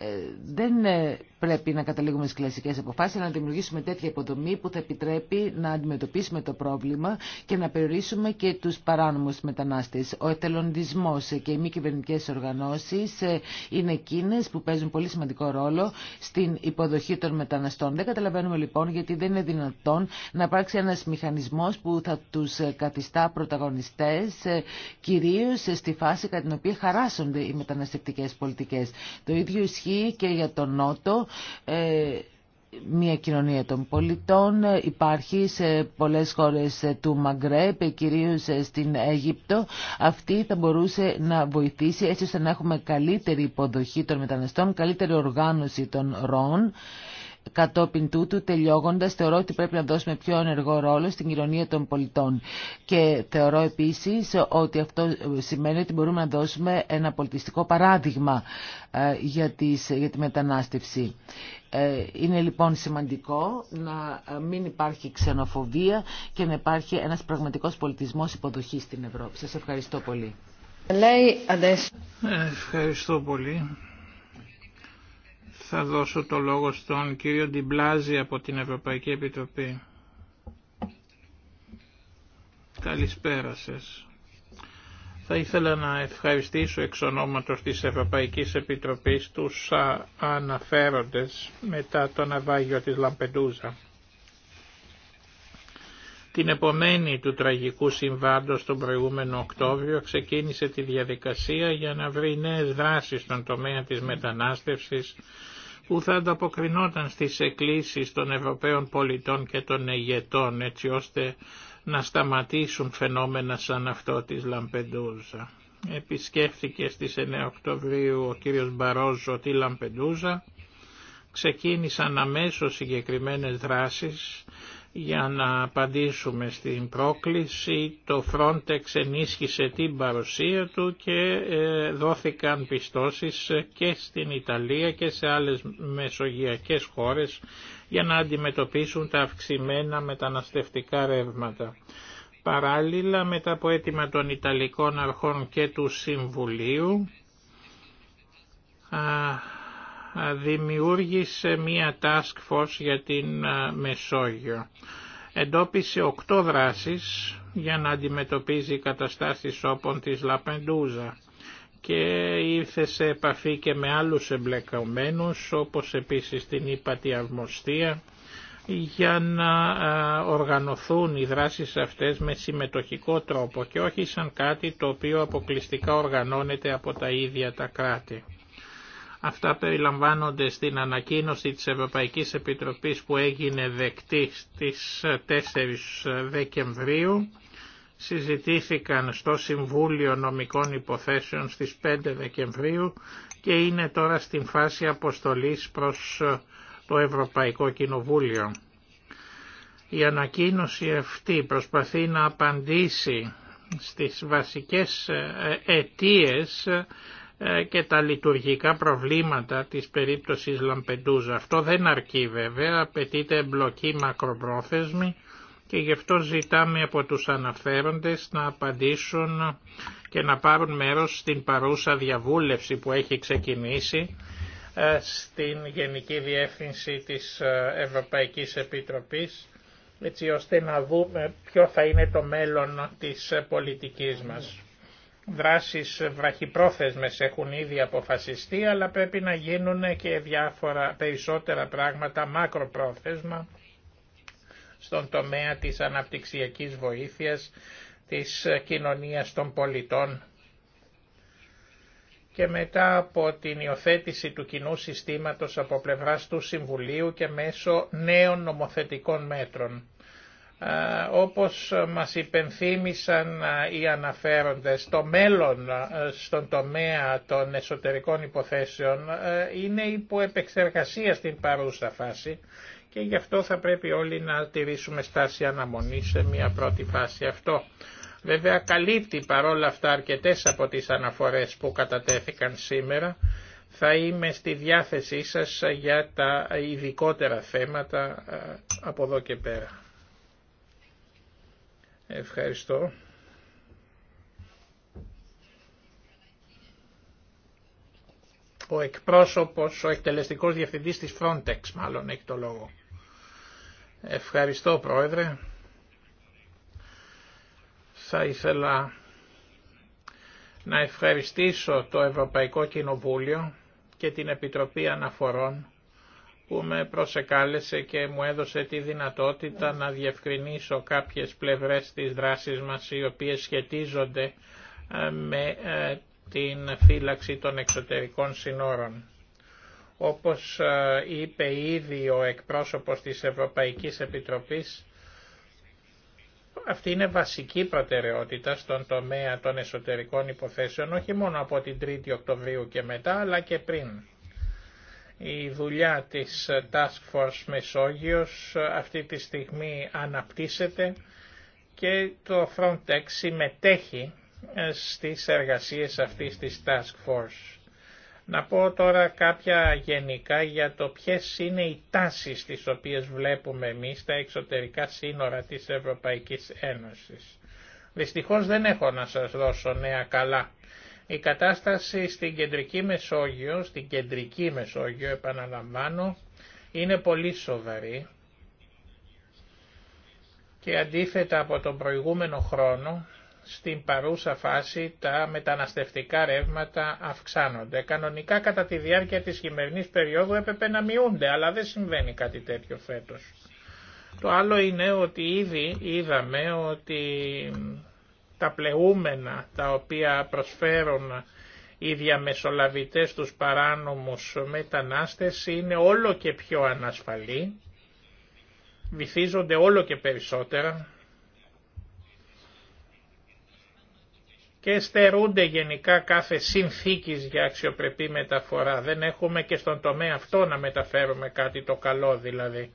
Ε, δεν ε, πρέπει να καταλήγουμε στις κλασικές αποφάσεις, αλλά να δημιουργήσουμε τέτοια υποδομή που θα επιτρέπει να αντιμετωπίσουμε το πρόβλημα και να περιορίσουμε και τους παράνομους μετανάστες. Ο εθελοντισμός και οι μη κυβερνητικέ οργανώσεις ε, είναι εκείνες που παίζουν πολύ σημαντικό ρόλο στην υποδοχή των μεταναστών. Δεν καταλαβαίνουμε λοιπόν γιατί δεν είναι δυνατόν να υπάρξει ένας μηχανισμός που θα τους καθιστά πρωταγωνιστές, κυρίως στη φάση κατά την οποία χαράσσονται οι μεταναστευτικές πολιτικές. Το ίδιο και για τον Νότο ε, μια κοινωνία των πολιτών ε, υπάρχει σε πολλές χώρες ε, του Μαγκρέπ, κυρίως στην Αίγυπτο. Αυτή θα μπορούσε να βοηθήσει έτσι ώστε να έχουμε καλύτερη υποδοχή των μεταναστών, καλύτερη οργάνωση των ροών Κατόπιν τούτου, τελειώγοντας, θεωρώ ότι πρέπει να δώσουμε πιο ενεργό ρόλο στην κοινωνία των πολιτών. Και θεωρώ επίση ότι αυτό σημαίνει ότι μπορούμε να δώσουμε ένα πολιτιστικό παράδειγμα ε, για, τις, για τη μετανάστευση. Ε, είναι λοιπόν σημαντικό να ε, μην υπάρχει ξενοφοβία και να υπάρχει ένας πραγματικός πολιτισμός υποδοχή στην Ευρώπη. Σας ευχαριστώ πολύ. Ευχαριστώ πολύ θα δώσω το λόγο στον κύριο Ντιμπλάζη από την Ευρωπαϊκή Επιτροπή. Καλησπέρα σας. Θα ήθελα να ευχαριστήσω εξ ονόματος της Ευρωπαϊκής Επιτροπής τους αναφέροντες μετά το ναυάγιο της Λαμπεντούζα. Την επομένη του τραγικού συμβάντος τον προηγούμενο Οκτώβριο ξεκίνησε τη διαδικασία για να βρει νέες δράσεις στον τομέα της μετανάστευσης που θα ανταποκρινόταν στις εκκλήσεις των Ευρωπαίων πολιτών και των ηγετών έτσι ώστε να σταματήσουν φαινόμενα σαν αυτό της Λαμπεντούζα. Επισκέφθηκε στις 9 Οκτωβρίου ο κύριος Μπαρόζο τη Λαμπεντούζα, ξεκίνησαν αμέσως συγκεκριμένες δράσεις για να απαντήσουμε στην πρόκληση. Το Frontex ενίσχυσε την παρουσία του και ε, δόθηκαν πιστώσεις και στην Ιταλία και σε άλλες μεσογειακές χώρες για να αντιμετωπίσουν τα αυξημένα μεταναστευτικά ρεύματα. Παράλληλα, μετά από αίτημα των Ιταλικών Αρχών και του Συμβουλίου, δημιούργησε μία task force για την Μεσόγειο. Εντόπισε οκτώ δράσεις για να αντιμετωπίζει καταστάσεις όπων της Λαπεντούζα και ήρθε σε επαφή και με άλλους εμπλεκομένους όπως επίσης την ύπατη αρμοστία για να οργανωθούν οι δράσεις αυτές με συμμετοχικό τρόπο και όχι σαν κάτι το οποίο αποκλειστικά οργανώνεται από τα ίδια τα κράτη. Αυτά περιλαμβάνονται στην ανακοίνωση της Ευρωπαϊκής Επιτροπής που έγινε δεκτή στις 4 Δεκεμβρίου. Συζητήθηκαν στο Συμβούλιο Νομικών Υποθέσεων στις 5 Δεκεμβρίου και είναι τώρα στην φάση αποστολής προς το Ευρωπαϊκό Κοινοβούλιο. Η ανακοίνωση αυτή προσπαθεί να απαντήσει στις βασικές αιτίες ε, και τα λειτουργικά προβλήματα της περίπτωσης Λαμπεντούζα. Αυτό δεν αρκεί βέβαια, απαιτείται εμπλοκή μακροπρόθεσμη και γι' αυτό ζητάμε από τους αναφέροντες να απαντήσουν και να πάρουν μέρος στην παρούσα διαβούλευση που έχει ξεκινήσει ε, στην Γενική Διεύθυνση της ε, Ευρωπαϊκής Επιτροπής έτσι ώστε να δούμε ποιο θα είναι το μέλλον της πολιτικής μας δράσεις βραχυπρόθεσμες έχουν ήδη αποφασιστεί, αλλά πρέπει να γίνουν και διάφορα περισσότερα πράγματα μακροπρόθεσμα στον τομέα της αναπτυξιακής βοήθειας, της κοινωνίας των πολιτών και μετά από την υιοθέτηση του κοινού συστήματος από πλευράς του Συμβουλίου και μέσω νέων νομοθετικών μέτρων. Ε, όπως μας υπενθύμησαν ε, οι αναφέροντες, το μέλλον ε, στον τομέα των εσωτερικών υποθέσεων είναι υπό επεξεργασία στην παρούσα φάση και γι' αυτό θα πρέπει όλοι να τηρήσουμε στάση αναμονή σε μια πρώτη φάση αυτό. Βέβαια καλύπτει παρόλα αυτά αρκετές από τις αναφορές που κατατέθηκαν σήμερα. Θα είμαι στη διάθεσή σας για τα ειδικότερα θέματα από εδώ και πέρα. Ευχαριστώ. Ο εκπρόσωπος, ο εκτελεστικός διευθυντής της Frontex μάλλον έχει το λόγο. Ευχαριστώ Πρόεδρε. Θα ήθελα να ευχαριστήσω το Ευρωπαϊκό Κοινοβούλιο και την Επιτροπή Αναφορών που με προσεκάλεσε και μου έδωσε τη δυνατότητα να διευκρινίσω κάποιες πλευρές της δράσης μας οι οποίες σχετίζονται ε, με ε, την φύλαξη των εξωτερικών συνόρων. Όπως ε, είπε ήδη ο εκπρόσωπος της Ευρωπαϊκής Επιτροπής, αυτή είναι βασική προτεραιότητα στον τομέα των εσωτερικών υποθέσεων, όχι μόνο από την 3η Οκτωβρίου και μετά, αλλά και πριν. Η δουλειά της Task Force Μεσόγειος αυτή τη στιγμή αναπτύσσεται και το Frontex συμμετέχει ε, στις εργασίες αυτής της Task Force. Να πω τώρα κάποια γενικά για το ποιες είναι οι τάσεις τις οποίες βλέπουμε εμείς στα εξωτερικά σύνορα της Ευρωπαϊκής Ένωσης. Δυστυχώς δεν έχω να σας δώσω νέα καλά η κατάσταση στην κεντρική Μεσόγειο, στην κεντρική Μεσόγειο επαναλαμβάνω, είναι πολύ σοβαρή και αντίθετα από τον προηγούμενο χρόνο, στην παρούσα φάση τα μεταναστευτικά ρεύματα αυξάνονται. Κανονικά κατά τη διάρκεια της χειμερινής περίοδου έπρεπε να μειούνται, αλλά δεν συμβαίνει κάτι τέτοιο φέτος. Το άλλο είναι ότι ήδη είδαμε ότι τα πλεούμενα τα οποία προσφέρουν οι διαμεσολαβητές τους παράνομους μετανάστες είναι όλο και πιο ανασφαλή, βυθίζονται όλο και περισσότερα και στερούνται γενικά κάθε συνθήκης για αξιοπρεπή μεταφορά. Δεν έχουμε και στον τομέα αυτό να μεταφέρουμε κάτι το καλό δηλαδή.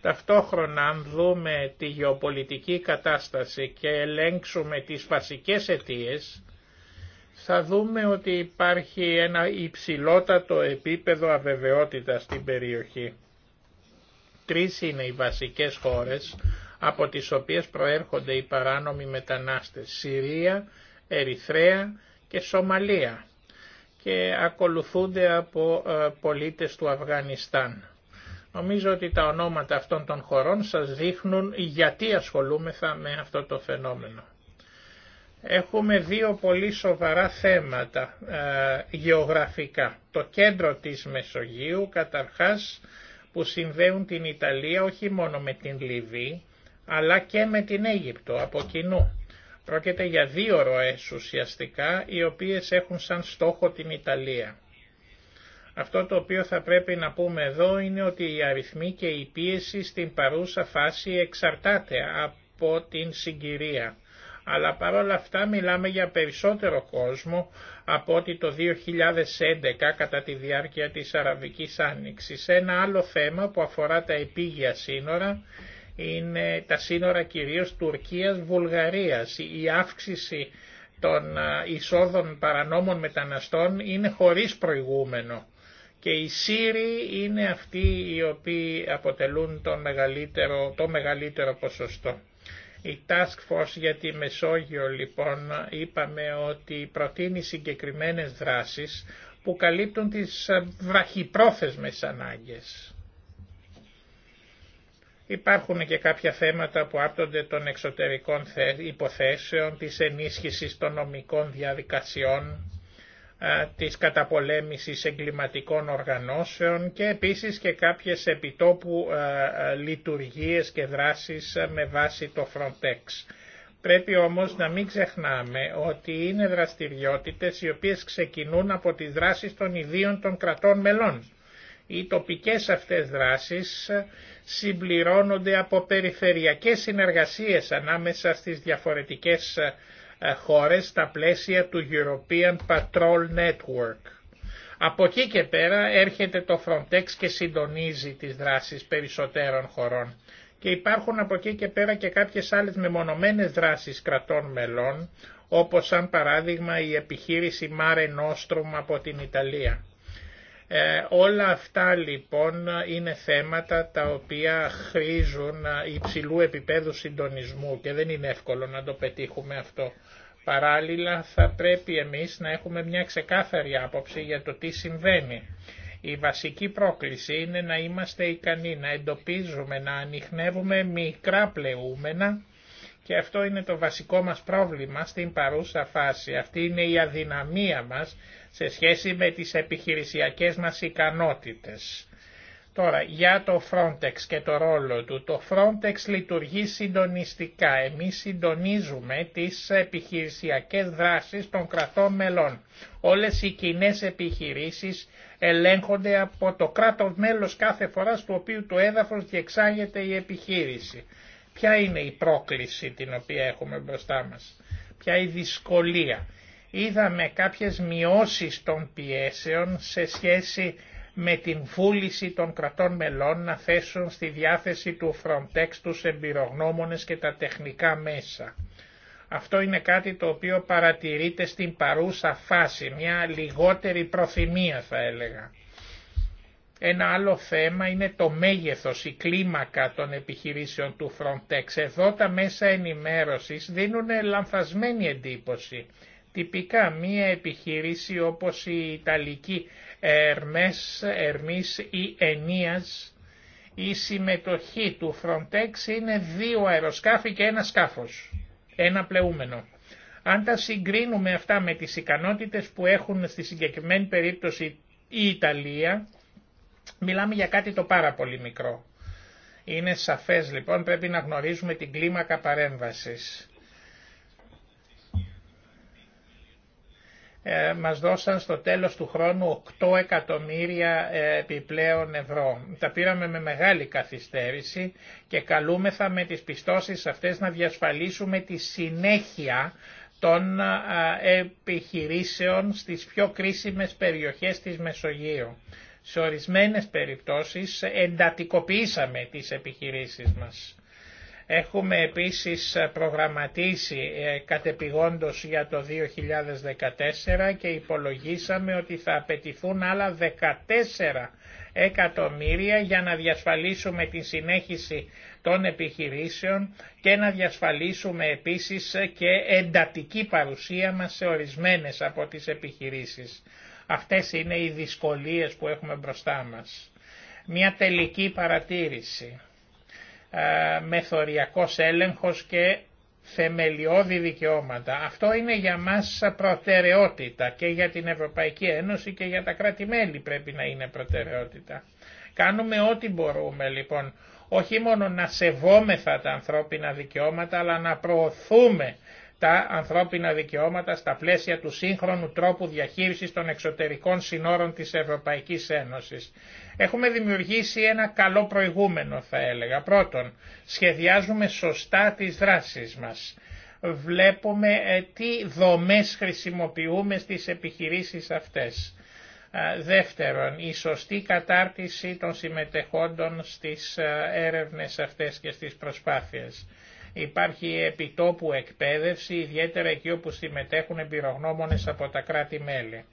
Ταυτόχρονα αν δούμε τη γεωπολιτική κατάσταση και ελέγξουμε τις βασικές αιτίες, θα δούμε ότι υπάρχει ένα υψηλότατο επίπεδο αβεβαιότητας στην περιοχή. Τρεις είναι οι βασικές χώρες από τις οποίες προέρχονται οι παράνομοι μετανάστες, Συρία, Ερυθρέα και Σομαλία και ακολουθούνται από ε, πολίτες του Αφγανιστάν. Νομίζω ότι τα ονόματα αυτών των χωρών σας δείχνουν γιατί ασχολούμεθα με αυτό το φαινόμενο. Έχουμε δύο πολύ σοβαρά θέματα ε, γεωγραφικά. Το κέντρο της Μεσογείου καταρχάς που συνδέουν την Ιταλία όχι μόνο με την Λιβύη αλλά και με την Αίγυπτο από κοινού. Πρόκειται για δύο ροές ουσιαστικά οι οποίες έχουν σαν στόχο την Ιταλία. Αυτό το οποίο θα πρέπει να πούμε εδώ είναι ότι η αριθμή και η πίεση στην παρούσα φάση εξαρτάται από την συγκυρία. Αλλά παρόλα αυτά μιλάμε για περισσότερο κόσμο από ότι το 2011 κατά τη διάρκεια της Αραβικής Άνοιξης. Ένα άλλο θέμα που αφορά τα επίγεια σύνορα είναι τα σύνορα κυρίως Τουρκίας-Βουλγαρίας. Η αύξηση των ε, εισόδων παρανόμων μεταναστών είναι χωρίς προηγούμενο και οι Σύριοι είναι αυτοί οι οποίοι αποτελούν το μεγαλύτερο, το μεγαλύτερο ποσοστό. Η Task Force για τη Μεσόγειο λοιπόν είπαμε ότι προτείνει συγκεκριμένες δράσεις που καλύπτουν τις βραχυπρόθεσμες ανάγκες. Υπάρχουν και κάποια θέματα που άπτονται των εξωτερικών υποθέσεων, της ενίσχυσης των νομικών διαδικασιών, της καταπολέμησης εγκληματικών οργανώσεων και επίσης και κάποιες επιτόπου λειτουργίες και δράσεις με βάση το Frontex. Πρέπει όμως να μην ξεχνάμε ότι είναι δραστηριότητες οι οποίες ξεκινούν από τις δράσεις των ιδίων των κρατών μελών. Οι τοπικές αυτές δράσεις συμπληρώνονται από περιφερειακές συνεργασίες ανάμεσα στις διαφορετικές ε, χώρες στα πλαίσια του European Patrol Network. Από εκεί και πέρα έρχεται το Frontex και συντονίζει τις δράσεις περισσότερων χωρών. Και υπάρχουν από εκεί και πέρα και κάποιες άλλες μεμονωμένες δράσεις κρατών μελών, όπως σαν παράδειγμα η επιχείρηση Mare Nostrum από την Ιταλία. Ε, όλα αυτά λοιπόν είναι θέματα τα οποία χρήζουν ε, υψηλού επίπεδου συντονισμού και δεν είναι εύκολο να το πετύχουμε αυτό. Παράλληλα θα πρέπει εμείς να έχουμε μια ξεκάθαρη άποψη για το τι συμβαίνει. Η βασική πρόκληση είναι να είμαστε ικανοί, να εντοπίζουμε, να ανοιχνεύουμε μικρά πλεούμενα και αυτό είναι το βασικό μας πρόβλημα στην παρούσα φάση. Αυτή είναι η αδυναμία μας σε σχέση με τις επιχειρησιακές μας ικανότητες. Τώρα, για το Frontex και το ρόλο του. Το Frontex λειτουργεί συντονιστικά. Εμείς συντονίζουμε τις επιχειρησιακές δράσεις των κρατών μελών. Όλες οι κοινέ επιχειρήσεις ελέγχονται από το κράτος μέλος κάθε φορά στο οποίο το έδαφος διεξάγεται η επιχείρηση. Ποια είναι η πρόκληση την οποία έχουμε μπροστά μας. Ποια η δυσκολία είδαμε κάποιες μειώσεις των πιέσεων σε σχέση με την βούληση των κρατών μελών να θέσουν στη διάθεση του Frontex τους εμπειρογνώμονες και τα τεχνικά μέσα. Αυτό είναι κάτι το οποίο παρατηρείται στην παρούσα φάση, μια λιγότερη προθυμία θα έλεγα. Ένα άλλο θέμα είναι το μέγεθος, η κλίμακα των επιχειρήσεων του Frontex. Εδώ τα μέσα ενημέρωσης δίνουν λανθασμένη εντύπωση. Τυπικά μία επιχείρηση όπως η Ιταλική Ερμές, Ερμής ή Ενίας, η συμμετοχή του Frontex είναι δύο αεροσκάφη και ένα σκάφος, ένα πλεούμενο. Αν τα συγκρίνουμε αυτά με τις ικανότητες που έχουν στη συγκεκριμένη περίπτωση η Ιταλία, μιλάμε για κάτι το πάρα πολύ μικρό. Είναι σαφές λοιπόν πρέπει να γνωρίζουμε την κλίμακα παρέμβασης. Ε, μας δώσαν στο τέλος του χρόνου 8 εκατομμύρια ε, επιπλέον ευρώ. Τα πήραμε με μεγάλη καθυστέρηση και καλούμεθα με τις πιστώσεις αυτές να διασφαλίσουμε τη συνέχεια των επιχειρήσεων στις πιο κρίσιμες περιοχές της Μεσογείου. Σε ορισμένες περιπτώσεις εντατικοποιήσαμε τις επιχειρήσεις μας. Έχουμε επίσης προγραμματίσει ε, κατεπηγόντως για το 2014 και υπολογίσαμε ότι θα απαιτηθούν άλλα 14 εκατομμύρια για να διασφαλίσουμε τη συνέχιση των επιχειρήσεων και να διασφαλίσουμε επίσης και εντατική παρουσία μας σε ορισμένες από τις επιχειρήσεις. Αυτές είναι οι δυσκολίες που έχουμε μπροστά μας. Μια τελική παρατήρηση μεθοριακός έλεγχος και θεμελιώδη δικαιώματα. Αυτό είναι για μας προτεραιότητα και για την Ευρωπαϊκή Ένωση και για τα κράτη-μέλη πρέπει να είναι προτεραιότητα. Κάνουμε ό,τι μπορούμε λοιπόν, όχι μόνο να σεβόμεθα τα ανθρώπινα δικαιώματα, αλλά να προωθούμε τα ανθρώπινα δικαιώματα στα πλαίσια του σύγχρονου τρόπου διαχείρισης των εξωτερικών συνόρων της Ευρωπαϊκής Ένωσης. Έχουμε δημιουργήσει ένα καλό προηγούμενο θα έλεγα. Πρώτον, σχεδιάζουμε σωστά τις δράσεις μας. Βλέπουμε ε, τι δομές χρησιμοποιούμε στις επιχειρήσεις αυτές. Δεύτερον, η σωστή κατάρτιση των συμμετεχόντων στις ε, έρευνες αυτές και στις προσπάθειες. Υπάρχει επιτόπου εκπαίδευση, ιδιαίτερα εκεί όπου συμμετέχουν εμπειρογνώμονες από τα κράτη-μέλη.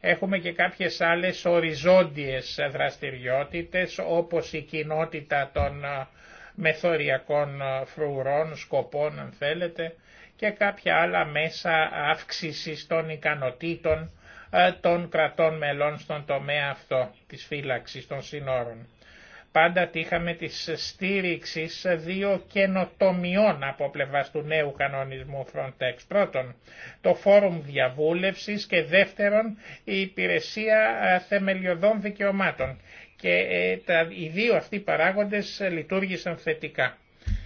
Έχουμε και κάποιες άλλες οριζόντιες δραστηριότητες, όπως η κοινότητα των ε, μεθοριακών ε, φρουρών, σκοπών αν θέλετε, και κάποια άλλα μέσα αύξησης των ικανοτήτων ε, των κρατών μελών στον τομέα αυτό της φύλαξης των συνόρων πάντα τύχαμε τις στήριξης δύο καινοτομιών από πλευράς του νέου κανονισμού Frontex. Πρώτον, το φόρουμ διαβούλευσης και δεύτερον, η υπηρεσία ε, θεμελιωδών δικαιωμάτων. Και ε, τα, οι δύο αυτοί παράγοντες λειτουργήσαν θετικά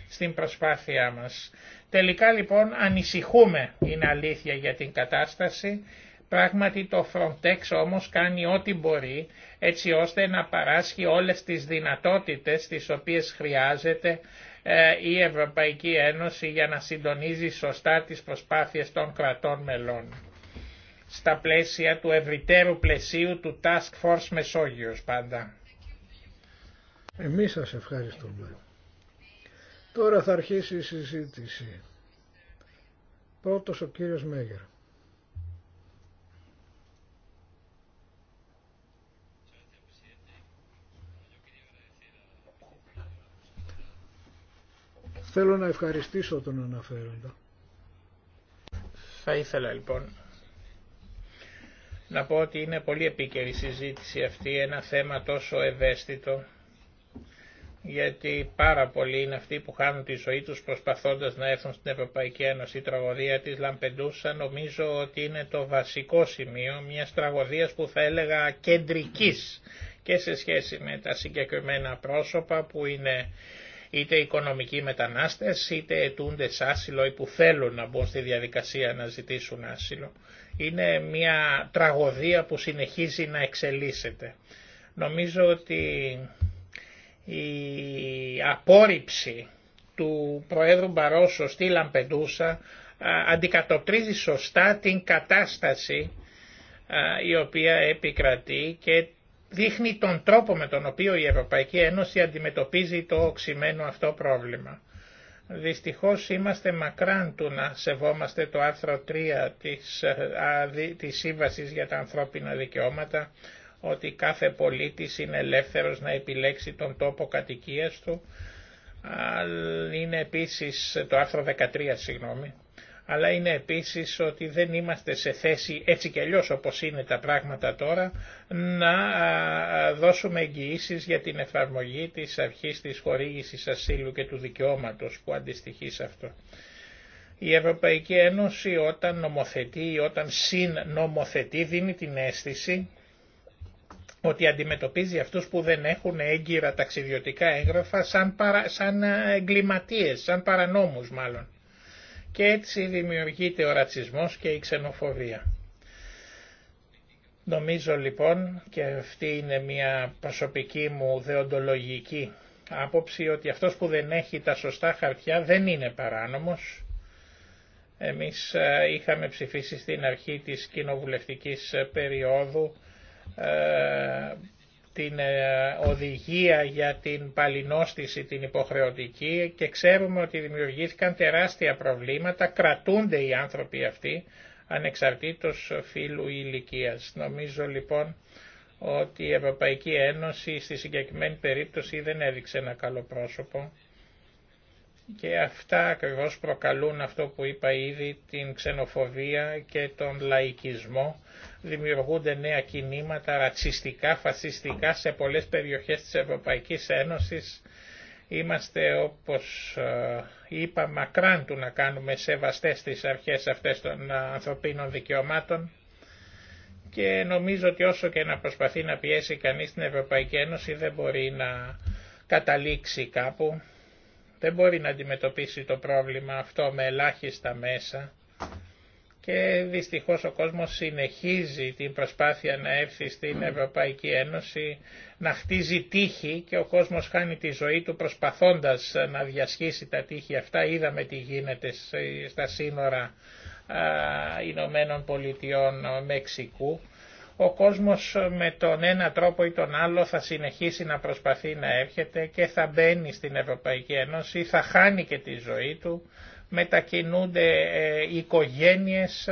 στην προσπάθειά μας. Τελικά λοιπόν ανησυχούμε, είναι αλήθεια για την κατάσταση Πράγματι το Frontex όμως κάνει ό,τι μπορεί έτσι ώστε να παράσχει όλες τις δυνατότητες τις οποίες χρειάζεται ε, η Ευρωπαϊκή Ένωση για να συντονίζει σωστά τις προσπάθειες των κρατών μελών. Στα πλαίσια του ευρυτέρου πλαισίου του Task Force Μεσόγειος πάντα. Εμείς σας ευχαριστούμε. Τώρα θα αρχίσει η συζήτηση. Πρώτος ο κύριος Μέγερ. Θέλω να ευχαριστήσω τον αναφέροντα. Θα ήθελα λοιπόν να πω ότι είναι πολύ επίκαιρη συζήτηση αυτή, ένα θέμα τόσο ευαίσθητο, γιατί πάρα πολλοί είναι αυτοί που χάνουν τη ζωή τους προσπαθώντας να έρθουν στην Ευρωπαϊκή Ένωση. Η τραγωδία της Λαμπεντούσα νομίζω ότι είναι το βασικό σημείο μιας τραγωδίας που θα έλεγα κεντρικής και σε σχέση με τα συγκεκριμένα πρόσωπα που είναι είτε οικονομικοί μετανάστες, είτε ετούντες άσυλο ή που θέλουν να μπουν στη διαδικασία να ζητήσουν άσυλο. Είναι μια τραγωδία που συνεχίζει να εξελίσσεται. Νομίζω ότι η απόρριψη του Προέδρου Μπαρόσο στη Λαμπεντούσα αντικατοπτρίζει σωστά την κατάσταση η οποία επικρατεί και δείχνει τον τρόπο με τον οποίο η Ευρωπαϊκή Ένωση αντιμετωπίζει το οξυμένο αυτό πρόβλημα. Δυστυχώς είμαστε μακράν του να σεβόμαστε το άρθρο 3 της, ε, α, της Σύμβασης για τα ανθρώπινα δικαιώματα, ότι κάθε πολίτης είναι ελεύθερος να επιλέξει τον τόπο κατοικίας του. Είναι επίσης το άρθρο 13, συγγνώμη, αλλά είναι επίσης ότι δεν είμαστε σε θέση έτσι κι αλλιώς όπως είναι τα πράγματα τώρα να δώσουμε εγγυήσεις για την εφαρμογή της αρχής της χορήγησης ασύλου και του δικαιώματος που αντιστοιχεί σε αυτό. Η Ευρωπαϊκή Ένωση όταν νομοθετεί ή όταν συνομοθετεί δίνει την αίσθηση ότι αντιμετωπίζει αυτούς που δεν έχουν έγκυρα ταξιδιωτικά έγγραφα σαν, παρα, σαν εγκληματίες, σαν παρανόμους μάλλον και έτσι δημιουργείται ο ρατσισμός και η ξενοφοβία. Νομίζω λοιπόν, και αυτή είναι μια προσωπική μου δεοντολογική άποψη, ότι αυτός που δεν έχει τα σωστά χαρτιά δεν είναι παράνομος. Εμείς ε, είχαμε ψηφίσει στην αρχή της κοινοβουλευτικής ε, περίοδου ε, την ε, οδηγία για την παλινόστηση την υποχρεωτική και ξέρουμε ότι δημιουργήθηκαν τεράστια προβλήματα, κρατούνται οι άνθρωποι αυτοί ανεξαρτήτως φύλου ή ηλικίας. Νομίζω λοιπόν ότι η Ευρωπαϊκή Ένωση στη συγκεκριμένη περίπτωση δεν έδειξε ένα καλό πρόσωπο και αυτά ακριβώς προκαλούν αυτό που είπα ήδη, την ξενοφοβία και τον λαϊκισμό. Δημιουργούνται νέα κινήματα ρατσιστικά, φασιστικά σε πολλές περιοχές της Ευρωπαϊκής Ένωσης. Είμαστε όπως ε, είπα μακράν του να κάνουμε σεβαστές τις αρχές αυτές των ε, ανθρωπίνων δικαιωμάτων και νομίζω ότι όσο και να προσπαθεί να πιέσει κανείς την Ευρωπαϊκή Ένωση δεν μπορεί να καταλήξει κάπου δεν μπορεί να αντιμετωπίσει το πρόβλημα αυτό με ελάχιστα μέσα και δυστυχώς ο κόσμος συνεχίζει την προσπάθεια να έρθει στην Ευρωπαϊκή Ένωση, να χτίζει τύχη και ο κόσμος χάνει τη ζωή του προσπαθώντας να διασχίσει τα τείχη αυτά. Είδαμε τι γίνεται στα σύνορα Ηνωμένων Πολιτειών Μεξικού ο κόσμος με τον ένα τρόπο ή τον άλλο θα συνεχίσει να προσπαθεί να έρχεται και θα μπαίνει στην Ευρωπαϊκή Ένωση, θα χάνει και τη ζωή του, μετακινούνται ε, οικογένειες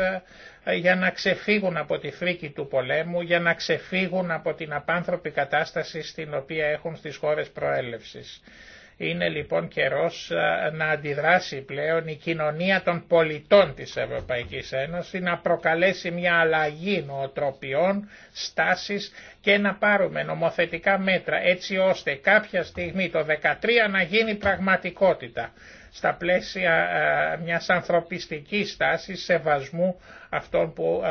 ε, για να ξεφύγουν από τη φρίκη του πολέμου, για να ξεφύγουν από την απάνθρωπη κατάσταση στην οποία έχουν στις χώρες προέλευσης. Είναι λοιπόν καιρός να αντιδράσει πλέον η κοινωνία των πολιτών της Ευρωπαϊκής Ένωσης, να προκαλέσει μια αλλαγή νοοτροπιών, στάσεις και να πάρουμε νομοθετικά μέτρα έτσι ώστε κάποια στιγμή το 2013 να γίνει πραγματικότητα στα πλαίσια μιας ανθρωπιστικής στάσης σεβασμού αυτών που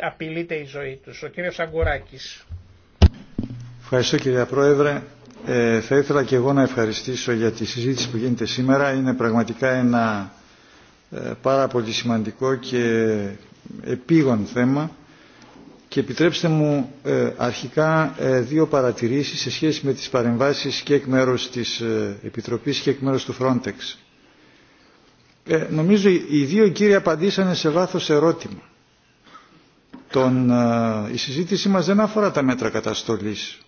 απειλείται η ζωή τους. Ο κύριος Αγκουράκης. Ευχαριστώ κύριε Πρόεδρε. Ε, θα ήθελα και εγώ να ευχαριστήσω για τη συζήτηση που γίνεται σήμερα. Είναι πραγματικά ένα ε, πάρα πολύ σημαντικό και επίγον θέμα. Και επιτρέψτε μου ε, αρχικά δύο παρατηρήσεις σε σχέση με τις παρεμβάσεις και εκ μέρους της Επιτροπής και εκ μέρους του Frontex. Νομίζω οι δύο κύριοι απαντήσανε σε βάθος ερώτημα. Τον, η συζήτησή μας δεν αφορά τα μέτρα καταστολής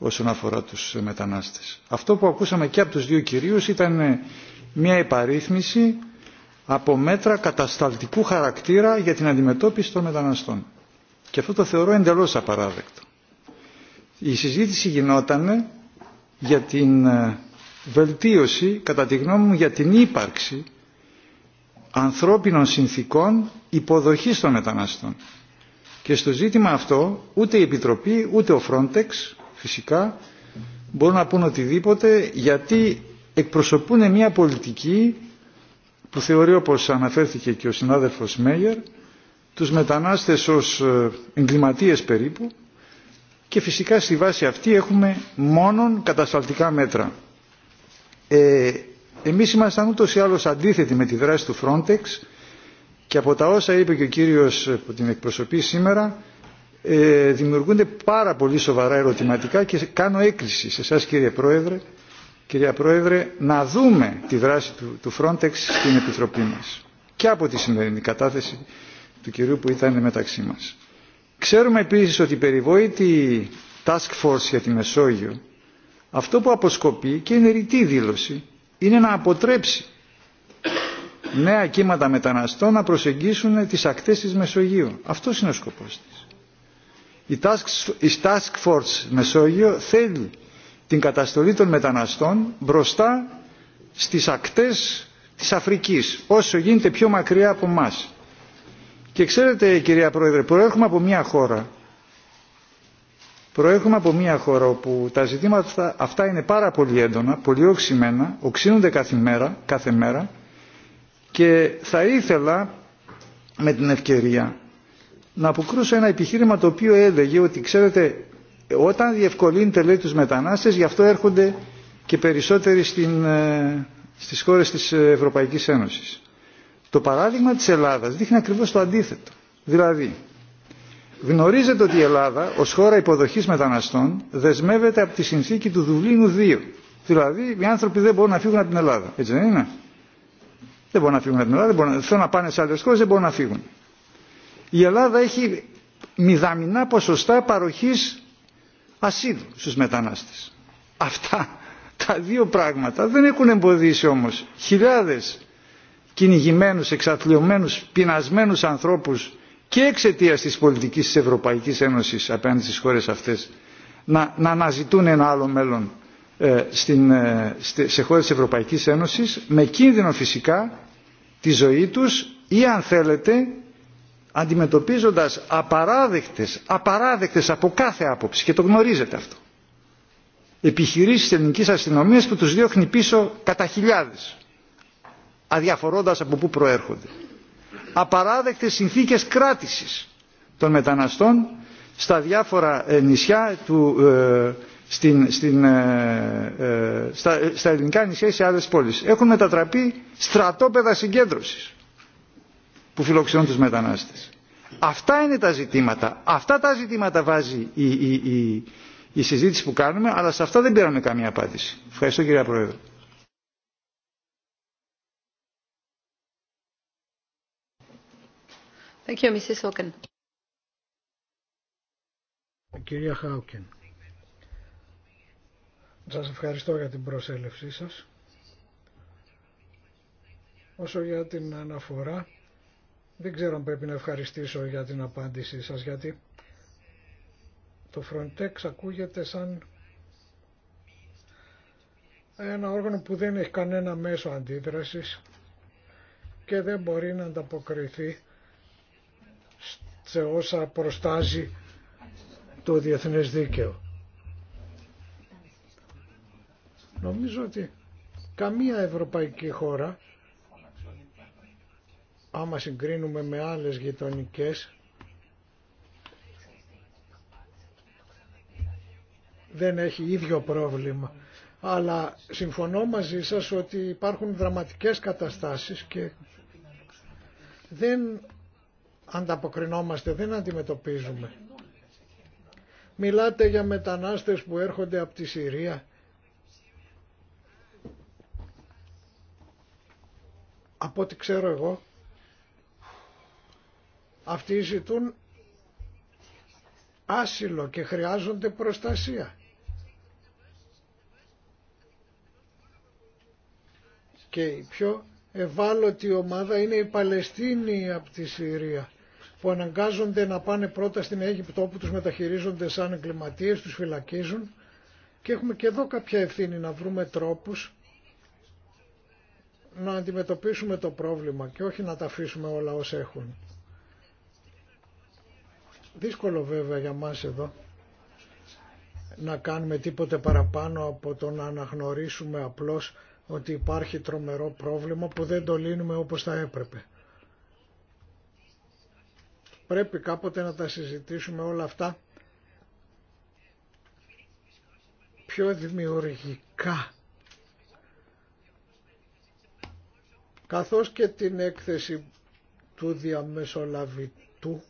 όσον αφορά τους μετανάστες. Αυτό που ακούσαμε και από τους δύο κυρίους ήταν ε, μια υπαρίθμηση από μέτρα κατασταλτικού χαρακτήρα για την αντιμετώπιση των μεταναστών. Και αυτό το θεωρώ εντελώς απαράδεκτο. Η συζήτηση γινόταν για την ε, βελτίωση, κατά τη γνώμη μου, για την ύπαρξη ανθρώπινων συνθήκων υποδοχής των μεταναστών. Και στο ζήτημα αυτό ούτε η Επιτροπή ούτε ο Frontex φυσικά, μπορούν να πούν οτιδήποτε γιατί εκπροσωπούν μια πολιτική που θεωρεί όπως αναφέρθηκε και ο συνάδελφος Μέγερ τους μετανάστες ως ε, εγκληματίες περίπου και φυσικά στη βάση αυτή έχουμε μόνον κατασταλτικά μέτρα. Ε, εμείς ήμασταν ούτως ή άλλως αντίθετοι με τη δράση του Frontex και από τα όσα είπε και ο κύριος ε, που την εκπροσωπεί σήμερα ε, δημιουργούνται πάρα πολύ σοβαρά ερωτηματικά και κάνω έκκληση σε εσά κύριε Πρόεδρε, κυρία Πρόεδρε, να δούμε τη δράση του, του Frontex στην Επιτροπή μας και από τη σημερινή κατάθεση του κυρίου που ήταν μεταξύ μας. Ξέρουμε επίσης ότι η περιβόητη Task Force για τη Μεσόγειο αυτό που αποσκοπεί και είναι ρητή δήλωση είναι να αποτρέψει νέα κύματα μεταναστών να προσεγγίσουν τις ακτές της Μεσογείου. Αυτός είναι ο σκοπός της. Η Task Force Μεσόγειο θέλει την καταστολή των μεταναστών μπροστά στις ακτές της Αφρικής, όσο γίνεται πιο μακριά από εμά. Και ξέρετε κυρία Πρόεδρε, προέρχομαι από μια χώρα Προέρχομαι από μια χώρα όπου τα ζητήματα αυτά είναι πάρα πολύ έντονα, πολύ οξυμένα, οξύνονται κάθε μέρα και θα ήθελα με την ευκαιρία να αποκρούσω ένα επιχείρημα το οποίο έλεγε ότι ξέρετε όταν διευκολύνεται λέει τους μετανάστες γι' αυτό έρχονται και περισσότεροι στην, ε, στις χώρες της Ευρωπαϊκής Ένωσης. Το παράδειγμα της Ελλάδας δείχνει ακριβώς το αντίθετο. Δηλαδή, γνωρίζετε ότι η Ελλάδα ως χώρα υποδοχής μεταναστών δεσμεύεται από τη συνθήκη του Δουβλίνου 2. Δηλαδή, οι άνθρωποι δεν μπορούν να φύγουν από την Ελλάδα. Έτσι δεν είναι. Δεν μπορούν να φύγουν από την Ελλάδα, δεν μπορούν, θέλουν να πάνε σε άλλες χώρες, δεν μπορούν να φύγουν η Ελλάδα έχει μηδαμινά ποσοστά παροχής ασύλου στους μετανάστες. Αυτά τα δύο πράγματα δεν έχουν εμποδίσει όμως χιλιάδες κυνηγημένους, εξατλειωμένους, πεινασμένους ανθρώπους και εξαιτία της πολιτικής της Ευρωπαϊκής Ένωσης απέναντι στις χώρες αυτές να, να αναζητούν ένα άλλο μέλλον ε, στην, ε, σε χώρες της Ευρωπαϊκής Ένωσης με κίνδυνο φυσικά τη ζωή τους ή αν θέλετε αντιμετωπίζοντας απαράδεκτες, απαράδεκτες από κάθε άποψη και το γνωρίζετε αυτό επιχειρήσεις της ελληνικής αστυνομίας που τους διώχνει πίσω κατά χιλιάδες αδιαφορώντας από πού προέρχονται. Απαράδεκτες συνθήκες κράτησης των μεταναστών στα διάφορα ε, νησιά του, ε, στην, στην, ε, στα, ελληνικά νησιά ή σε άλλες πόλεις. Έχουν μετατραπεί στρατόπεδα συγκέντρωσης που φιλοξενούν τους μετανάστες. Αυτά είναι τα ζητήματα. Αυτά τα ζητήματα βάζει η, η, η, η συζήτηση που κάνουμε, αλλά σε αυτά δεν πήραμε καμία απάντηση. Ευχαριστώ κύριε Πρόεδρε. Thank Κυρία Χάουκεν, σας ευχαριστώ για την προσέλευσή σας. Όσο για την αναφορά, δεν ξέρω αν πρέπει να ευχαριστήσω για την απάντησή σας, γιατί το Frontex ακούγεται σαν ένα όργανο που δεν έχει κανένα μέσο αντίδρασης και δεν μπορεί να ανταποκριθεί σε όσα προστάζει το διεθνές δίκαιο. Νομίζω ότι καμία ευρωπαϊκή χώρα άμα συγκρίνουμε με άλλες γειτονικές δεν έχει ίδιο πρόβλημα. Αλλά συμφωνώ μαζί σας ότι υπάρχουν δραματικές καταστάσεις και δεν ανταποκρινόμαστε, δεν αντιμετωπίζουμε. Μιλάτε για μετανάστες που έρχονται από τη Συρία. Από ό,τι ξέρω εγώ, αυτοί ζητούν άσυλο και χρειάζονται προστασία. Και η πιο ευάλωτη ομάδα είναι οι Παλαιστίνοι από τη Συρία που αναγκάζονται να πάνε πρώτα στην Αίγυπτο όπου τους μεταχειρίζονται σαν εγκληματίες, τους φυλακίζουν και έχουμε και εδώ κάποια ευθύνη να βρούμε τρόπους να αντιμετωπίσουμε το πρόβλημα και όχι να τα αφήσουμε όλα όσα έχουν. Δύσκολο βέβαια για μας εδώ να κάνουμε τίποτε παραπάνω από το να αναγνωρίσουμε απλώς ότι υπάρχει τρομερό πρόβλημα που δεν το λύνουμε όπως θα έπρεπε. Πρέπει κάποτε να τα συζητήσουμε όλα αυτά πιο δημιουργικά. Καθώς και την έκθεση του διαμεσολαβητού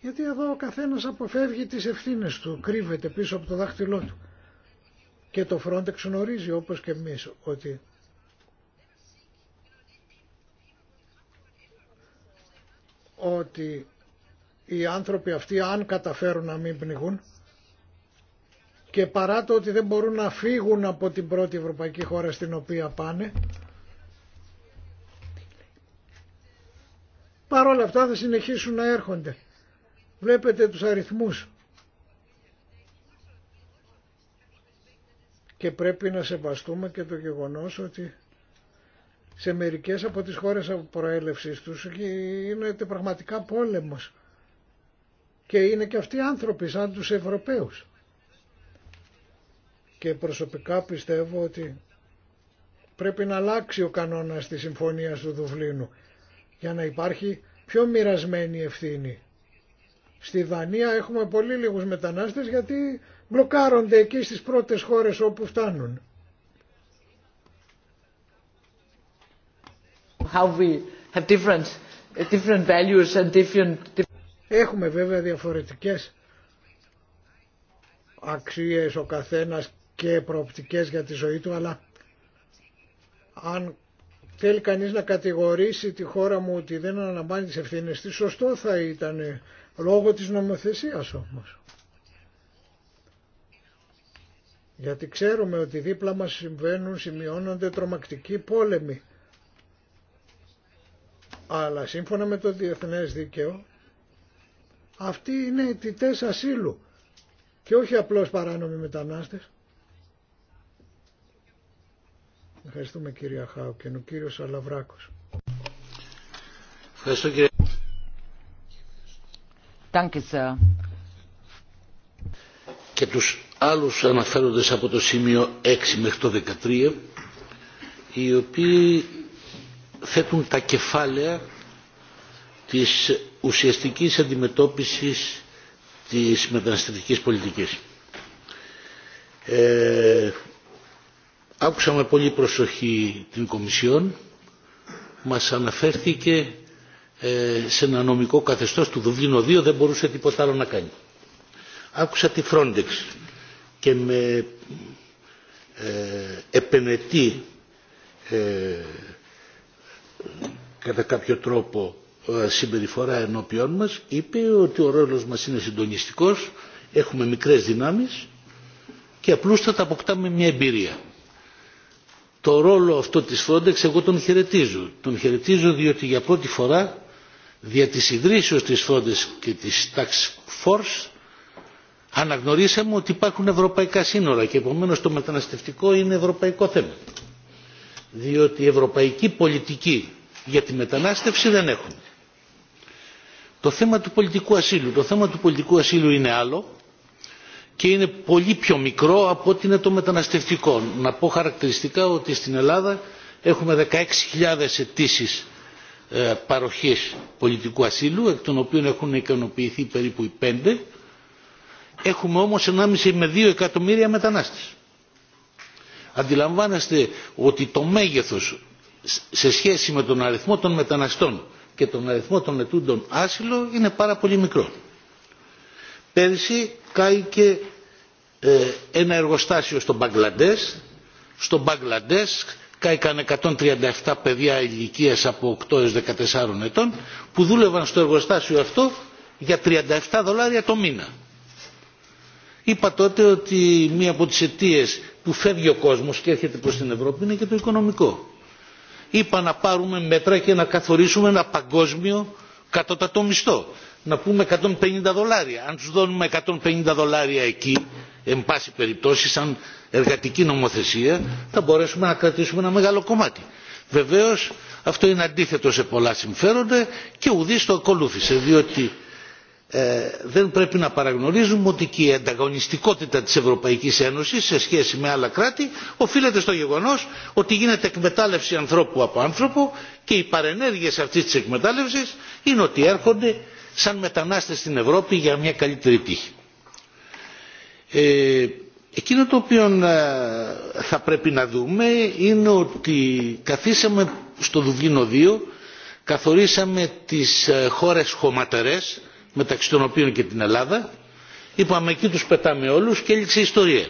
γιατί εδώ ο καθένας αποφεύγει τις ευθύνες του, κρύβεται πίσω από το δάχτυλό του. Και το Frontex γνωρίζει όπως και εμείς ότι ότι οι άνθρωποι αυτοί αν καταφέρουν να μην πνιγούν και παρά το ότι δεν μπορούν να φύγουν από την πρώτη ευρωπαϊκή χώρα στην οποία πάνε παρόλα αυτά θα συνεχίσουν να έρχονται. Βλέπετε τους αριθμούς. Και πρέπει να σεβαστούμε και το γεγονός ότι σε μερικές από τις χώρες προέλευσης τους γίνεται πραγματικά πόλεμος. Και είναι και αυτοί άνθρωποι σαν τους Ευρωπαίους. Και προσωπικά πιστεύω ότι πρέπει να αλλάξει ο κανόνας της Συμφωνίας του Δουβλίνου για να υπάρχει πιο μοιρασμένη ευθύνη Στη Δανία έχουμε πολύ λίγους μετανάστες γιατί μπλοκάρονται εκεί στις πρώτες χώρες όπου φτάνουν. How we Έχουμε βέβαια διαφορετικές αξίες ο καθένας και προοπτικές για τη ζωή του, αλλά αν θέλει κανείς να κατηγορήσει τη χώρα μου ότι δεν αναλαμβάνει τις ευθύνες της, σωστό θα ήταν Λόγω της νομοθεσίας όμως. Γιατί ξέρουμε ότι δίπλα μας συμβαίνουν, σημειώνονται τρομακτικοί πόλεμοι. Αλλά σύμφωνα με το διεθνές δίκαιο, αυτοί είναι αιτητές ασύλου και όχι απλώς παράνομοι μετανάστες. Ευχαριστούμε κύριε Χάουκεν, ο κύριος Αλαβράκος. Ευχαριστώ κύριε. Danke Και τους άλλους αναφέροντες από το σημείο 6 μέχρι το 13, οι οποίοι θέτουν τα κεφάλαια της ουσιαστικής αντιμετώπισης της μεταναστευτικής πολιτικής. Ε, άκουσα με πολύ προσοχή την Κομισιόν. Μας αναφέρθηκε ε, σε ένα νομικό καθεστώς του Δουβλίνου 2 δεν μπορούσε τίποτα άλλο να κάνει. Άκουσα τη Frontex και με ε, επενετή ε, κατά κάποιο τρόπο ε, συμπεριφορά ενώπιόν μας είπε ότι ο ρόλος μας είναι συντονιστικός έχουμε μικρές δυνάμεις και απλούστατα αποκτάμε μια εμπειρία. Το ρόλο αυτό της Frontex εγώ τον χαιρετίζω. Τον χαιρετίζω διότι για πρώτη φορά δια της ιδρύσεως της ΦΟΔΕΣ και της Tax Force αναγνωρίσαμε ότι υπάρχουν ευρωπαϊκά σύνορα και επομένως το μεταναστευτικό είναι ευρωπαϊκό θέμα. Διότι ευρωπαϊκή πολιτική για τη μετανάστευση δεν έχουμε. Το θέμα του πολιτικού ασύλου. Το θέμα του πολιτικού ασύλου είναι άλλο και είναι πολύ πιο μικρό από ό,τι είναι το μεταναστευτικό. Να πω χαρακτηριστικά ότι στην Ελλάδα έχουμε 16.000 αιτήσει ε, παροχές πολιτικού ασύλου, εκ των οποίων έχουν ικανοποιηθεί περίπου οι πέντε. Έχουμε όμως 1,5 με 2 εκατομμύρια μετανάστες. Αντιλαμβάνεστε ότι το μέγεθος σε σχέση με τον αριθμό των μεταναστών και τον αριθμό των ετούντων άσυλο είναι πάρα πολύ μικρό. Πέρυσι κάηκε ε, ένα εργοστάσιο στο Μπαγκλαντές. Στο Μπαγκλαντές κάηκαν 137 παιδιά ηλικίας από 8 έως 14 ετών που δούλευαν στο εργοστάσιο αυτό για 37 δολάρια το μήνα. Είπα τότε ότι μία από τις αιτίε που φεύγει ο κόσμος και έρχεται προς την Ευρώπη είναι και το οικονομικό. Είπα να πάρουμε μέτρα και να καθορίσουμε ένα παγκόσμιο κατώτατο μισθό. Να πούμε 150 δολάρια. Αν τους δώνουμε 150 δολάρια εκεί, εν πάση περιπτώσει, σαν εργατική νομοθεσία θα μπορέσουμε να κρατήσουμε ένα μεγάλο κομμάτι. Βεβαίως αυτό είναι αντίθετο σε πολλά συμφέροντα και ουδής το ακολούθησε διότι ε, δεν πρέπει να παραγνωρίζουμε ότι και η ανταγωνιστικότητα της Ευρωπαϊκής Ένωσης σε σχέση με άλλα κράτη οφείλεται στο γεγονός ότι γίνεται εκμετάλλευση ανθρώπου από άνθρωπο και οι παρενέργειες αυτή της εκμετάλλευσης είναι ότι έρχονται σαν μετανάστες στην Ευρώπη για μια καλύτερη τύχη. Ε, Εκείνο το οποίο ε, θα πρέπει να δούμε είναι ότι καθίσαμε στο Δουβλίνο 2, καθορίσαμε τις ε, χώρες χωματερές, μεταξύ των οποίων και την Ελλάδα, είπαμε εκεί τους πετάμε όλους και έληξε η ιστορία.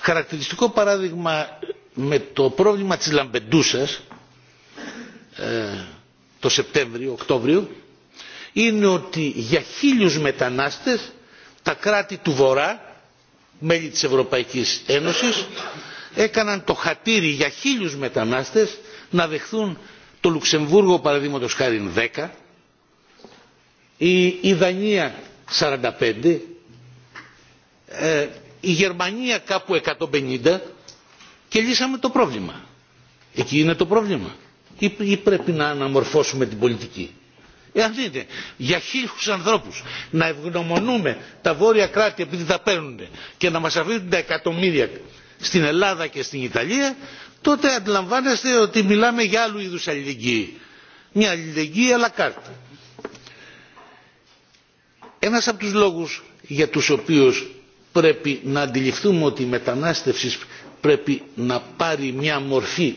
Χαρακτηριστικό παράδειγμα με το πρόβλημα της Λαμπεντούσας ε, το Σεπτέμβριο, Οκτώβριο είναι ότι για χίλιους μετανάστες τα κράτη του Βορρά μέλη της Ευρωπαϊκής Ένωσης έκαναν το χατήρι για χίλιους μετανάστες να δεχθούν το Λουξεμβούργο παραδείγματος χάρη 10 η, Δανία 45 ε, η Γερμανία κάπου 150 και λύσαμε το πρόβλημα. Εκεί είναι το πρόβλημα. ή πρέπει να αναμορφώσουμε την πολιτική εάν είναι για χίλιους ανθρώπους να ευγνωμονούμε τα βόρεια κράτη επειδή τα παίρνουν και να μας αφήνουν τα εκατομμύρια στην Ελλάδα και στην Ιταλία τότε αντιλαμβάνεστε ότι μιλάμε για άλλου είδους αλληλεγγύη. Μια αλληλεγγύη αλλά κάρτα. Ένας από τους λόγους για τους οποίους πρέπει να αντιληφθούμε ότι η μετανάστευση πρέπει να πάρει μια μορφή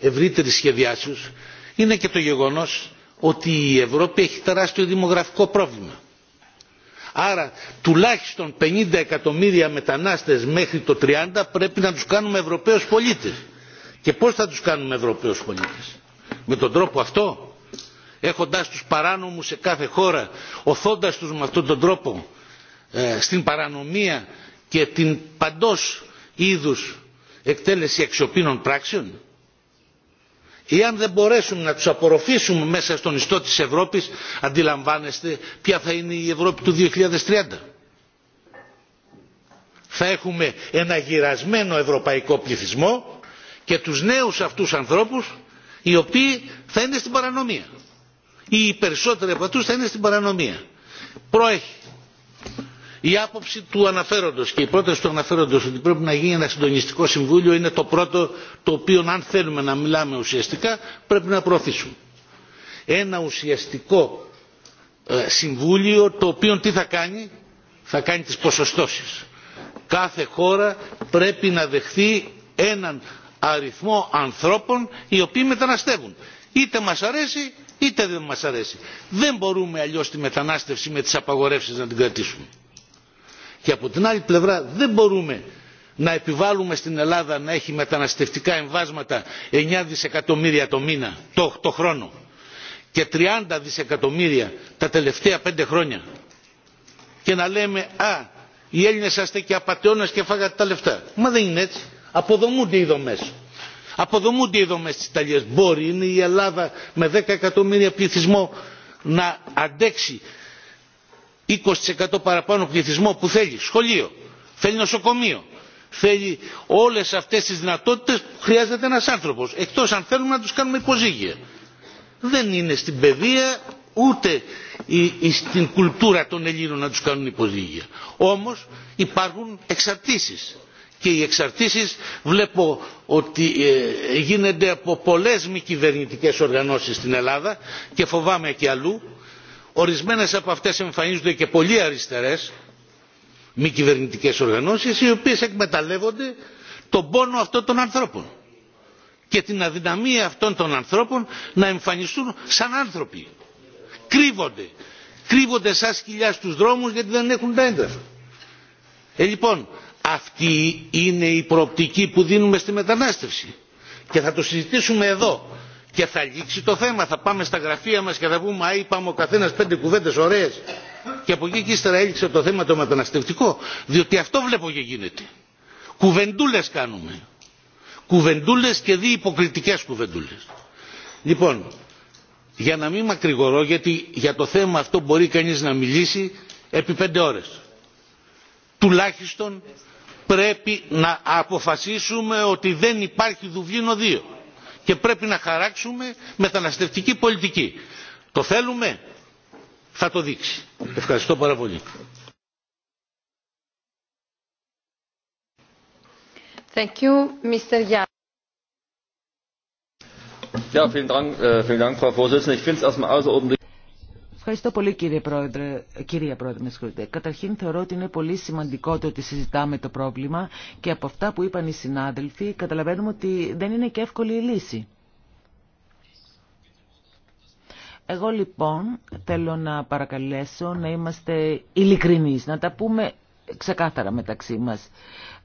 ευρύτερης σχεδιάσεως είναι και το γεγονός ότι η Ευρώπη έχει τεράστιο δημογραφικό πρόβλημα. Άρα τουλάχιστον 50 εκατομμύρια μετανάστες μέχρι το 30 πρέπει να τους κάνουμε Ευρωπαίους πολίτες. Και πώς θα τους κάνουμε Ευρωπαίους πολίτες. Με τον τρόπο αυτό, έχοντας τους παράνομους σε κάθε χώρα, οθώντας τους με αυτόν τον τρόπο ε, στην παρανομία και την παντός είδους εκτέλεση αξιοπίνων πράξεων εάν δεν μπορέσουμε να τους απορροφήσουμε μέσα στον ιστό της Ευρώπης, αντιλαμβάνεστε ποια θα είναι η Ευρώπη του 2030. Θα έχουμε ένα γυρασμένο ευρωπαϊκό πληθυσμό και τους νέους αυτούς ανθρώπους οι οποίοι θα είναι στην παρανομία. Ή οι περισσότεροι από αυτούς θα είναι στην παρανομία. Προέχει η άποψη του αναφέροντος και η πρόταση του αναφέροντος ότι πρέπει να γίνει ένα συντονιστικό συμβούλιο είναι το πρώτο το οποίο αν θέλουμε να μιλάμε ουσιαστικά πρέπει να προωθήσουμε. Ένα ουσιαστικό ε, συμβούλιο το οποίο τι θα κάνει, θα κάνει τις ποσοστώσεις. Κάθε χώρα πρέπει να δεχθεί έναν αριθμό ανθρώπων οι οποίοι μεταναστεύουν. Είτε μας αρέσει είτε δεν μας αρέσει. Δεν μπορούμε αλλιώς τη μετανάστευση με τις απαγορεύσεις να την κρατήσουμε και από την άλλη πλευρά δεν μπορούμε να επιβάλλουμε στην Ελλάδα να έχει μεταναστευτικά εμβάσματα 9 δισεκατομμύρια το μήνα, το, χρόνο και 30 δισεκατομμύρια τα τελευταία πέντε χρόνια και να λέμε «Α, οι Έλληνες είστε και απαταιώνες και φάγατε τα λεφτά». Μα δεν είναι έτσι. Αποδομούνται οι δομές. Αποδομούνται οι δομές της Ιταλίας. Μπορεί είναι η Ελλάδα με 10 εκατομμύρια πληθυσμό να αντέξει 20% παραπάνω πληθυσμό που θέλει σχολείο, θέλει νοσοκομείο, θέλει όλες αυτές τις δυνατότητες που χρειάζεται ένας άνθρωπος, εκτός αν θέλουμε να τους κάνουμε υποζύγια. Δεν είναι στην παιδεία ούτε στην κουλτούρα των Ελλήνων να τους κάνουν υποζύγια. Όμως υπάρχουν εξαρτήσεις και οι εξαρτήσεις βλέπω ότι ε, γίνονται από πολλές μη κυβερνητικές οργανώσεις στην Ελλάδα και φοβάμαι και αλλού Ορισμένες από αυτές εμφανίζονται και πολύ αριστερές μη κυβερνητικές οργανώσεις οι οποίες εκμεταλλεύονται τον πόνο αυτών των ανθρώπων και την αδυναμία αυτών των ανθρώπων να εμφανιστούν σαν άνθρωποι. Κρύβονται. Κρύβονται σαν σκυλιά στους δρόμους γιατί δεν έχουν τα ένταφα. Ε, λοιπόν, αυτή είναι η προοπτική που δίνουμε στη μετανάστευση. Και θα το συζητήσουμε εδώ και θα λήξει το θέμα. Θα πάμε στα γραφεία μα και θα πούμε «Α, είπαμε ο καθένα πέντε κουβέντε ωραίε Και από εκεί και ύστερα έλειξε το θέμα το μεταναστευτικό. Διότι αυτό βλέπω και γίνεται. Κουβεντούλε κάνουμε. Κουβεντούλε και δι υποκριτικέ κουβεντούλες. Λοιπόν, για να μην μακρηγορώ, γιατί για το θέμα αυτό μπορεί κανεί να μιλήσει επί πέντε ώρε Τουλάχιστον πρέπει να αποφασίσουμε ότι δεν υπάρχει Δουβλίνο 2 και πρέπει να χαράξουμε μεταναστευτική πολιτική. Το θέλουμε, θα το δείξει. Ευχαριστώ πάρα πολύ. Thank you, Mr. Ja, vielen Dank, vielen Dank, Frau Vorsitzende. Ich finde es erstmal außerordentlich. Ευχαριστώ πολύ κύριε Πρόεδρε, κυρία Πρόεδρε, με συγχωρείτε. Καταρχήν θεωρώ ότι είναι πολύ σημαντικό το ότι συζητάμε το πρόβλημα και από αυτά που είπαν οι συνάδελφοι καταλαβαίνουμε ότι δεν είναι και εύκολη η λύση. Εγώ λοιπόν θέλω να παρακαλέσω να είμαστε ειλικρινείς, να τα πούμε ξεκάθαρα μεταξύ μας.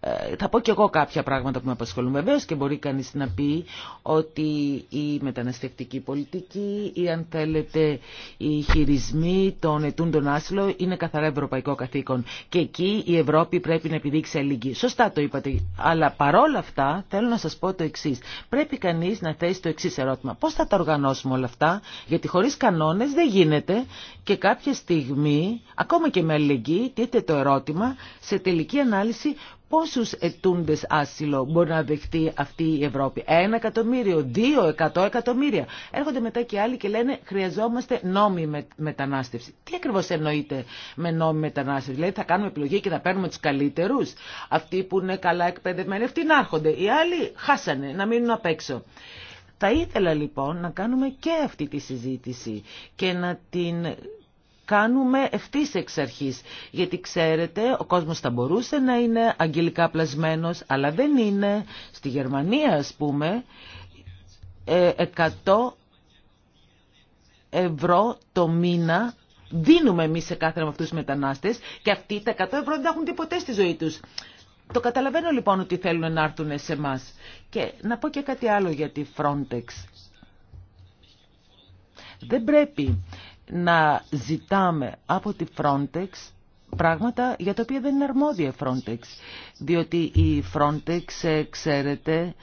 Ε, θα πω κι εγώ κάποια πράγματα που με απασχολούν. Βεβαίω και μπορεί κανείς να πει ότι η μεταναστευτική πολιτική ή αν θέλετε οι χειρισμοί των ετούντων άσυλο είναι καθαρά ευρωπαϊκό καθήκον. Και εκεί η Ευρώπη πρέπει να επιδείξει αλληλεγγύη. Σωστά το είπατε. Αλλά παρόλα αυτά θέλω να σας πω το εξή. Πρέπει κανείς να θέσει το εξή ερώτημα. Πώς θα τα οργανώσουμε όλα αυτά, γιατί χωρίς κανόνες δεν γίνεται και κάποια στιγμή, ακόμα και με αλληλεγγύη, τίθεται το ερώτημα σε τελική ανάλυση Πόσους ετούντες άσυλο μπορεί να δεχτεί αυτή η Ευρώπη. Ένα εκατομμύριο, δύο, εκατό εκατομμύρια. Έρχονται μετά και άλλοι και λένε χρειαζόμαστε νόμιμη μετανάστευση. Τι ακριβώς εννοείται με νόμιμη μετανάστευση. Δηλαδή θα κάνουμε επιλογή και θα παίρνουμε τους καλύτερους. Αυτοί που είναι καλά εκπαιδευμένοι, αυτοί να έρχονται. Οι άλλοι χάσανε να μείνουν απ' έξω. Θα ήθελα λοιπόν να κάνουμε και αυτή τη συζήτηση και να την κάνουμε ευθύ εξ αρχή. Γιατί ξέρετε, ο κόσμος θα μπορούσε να είναι αγγελικά πλασμένος, αλλά δεν είναι. Στη Γερμανία, ας πούμε, 100 ε, ευρώ το μήνα δίνουμε εμεί σε κάθε από αυτού του μετανάστε και αυτοί τα 100 ευρώ δεν έχουν τίποτε στη ζωή του. Το καταλαβαίνω λοιπόν ότι θέλουν να έρθουν σε εμά. Και να πω και κάτι άλλο για τη Frontex. Δεν πρέπει να ζητάμε από τη Frontex πράγματα για τα οποία δεν είναι αρμόδια Frontex. Διότι η Frontex, ε, ξέρετε,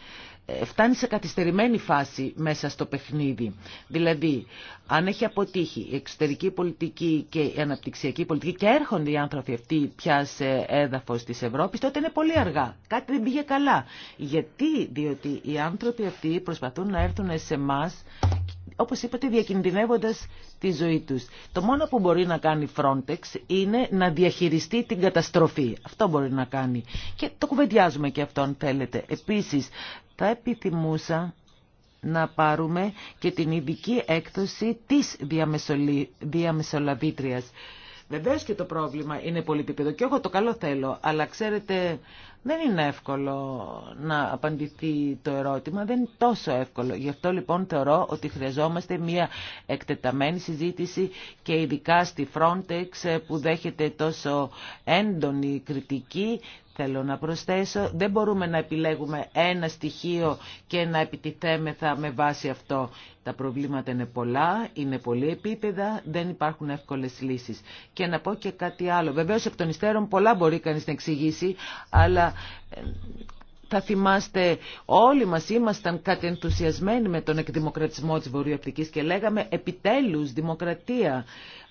ε, φτάνει σε καθυστερημένη φάση μέσα στο παιχνίδι. Δηλαδή, αν έχει αποτύχει η εξωτερική πολιτική και η αναπτυξιακή πολιτική και έρχονται οι άνθρωποι αυτοί πια σε έδαφος της Ευρώπης, τότε είναι πολύ αργά. Κάτι δεν πήγε καλά. Γιατί, διότι οι άνθρωποι αυτοί προσπαθούν να έρθουν σε εμά όπως είπατε, διακινδυνεύοντας τη ζωή τους. Το μόνο που μπορεί να κάνει Frontex είναι να διαχειριστεί την καταστροφή. Αυτό μπορεί να κάνει. Και το κουβεντιάζουμε και αυτό αν θέλετε. Επίσης, θα επιθυμούσα να πάρουμε και την ειδική έκδοση της διαμεσολαβήτριας. Βεβαίω και το πρόβλημα είναι πολυπίπεδο και εγώ το καλό θέλω, αλλά ξέρετε δεν είναι εύκολο να απαντηθεί το ερώτημα, δεν είναι τόσο εύκολο. Γι' αυτό λοιπόν θεωρώ ότι χρειαζόμαστε μια εκτεταμένη συζήτηση και ειδικά στη Frontex που δέχεται τόσο έντονη κριτική Θέλω να προσθέσω, δεν μπορούμε να επιλέγουμε ένα στοιχείο και να επιτιθέμεθα με βάση αυτό. Τα προβλήματα είναι πολλά, είναι πολύ επίπεδα, δεν υπάρχουν εύκολες λύσεις. Και να πω και κάτι άλλο. Βεβαίως, εκ των υστέρων πολλά μπορεί κανείς να εξηγήσει, αλλά ε, θα θυμάστε όλοι μας ήμασταν κατενθουσιασμένοι με τον εκδημοκρατισμό της Βορειοαφρική και λέγαμε επιτέλους δημοκρατία.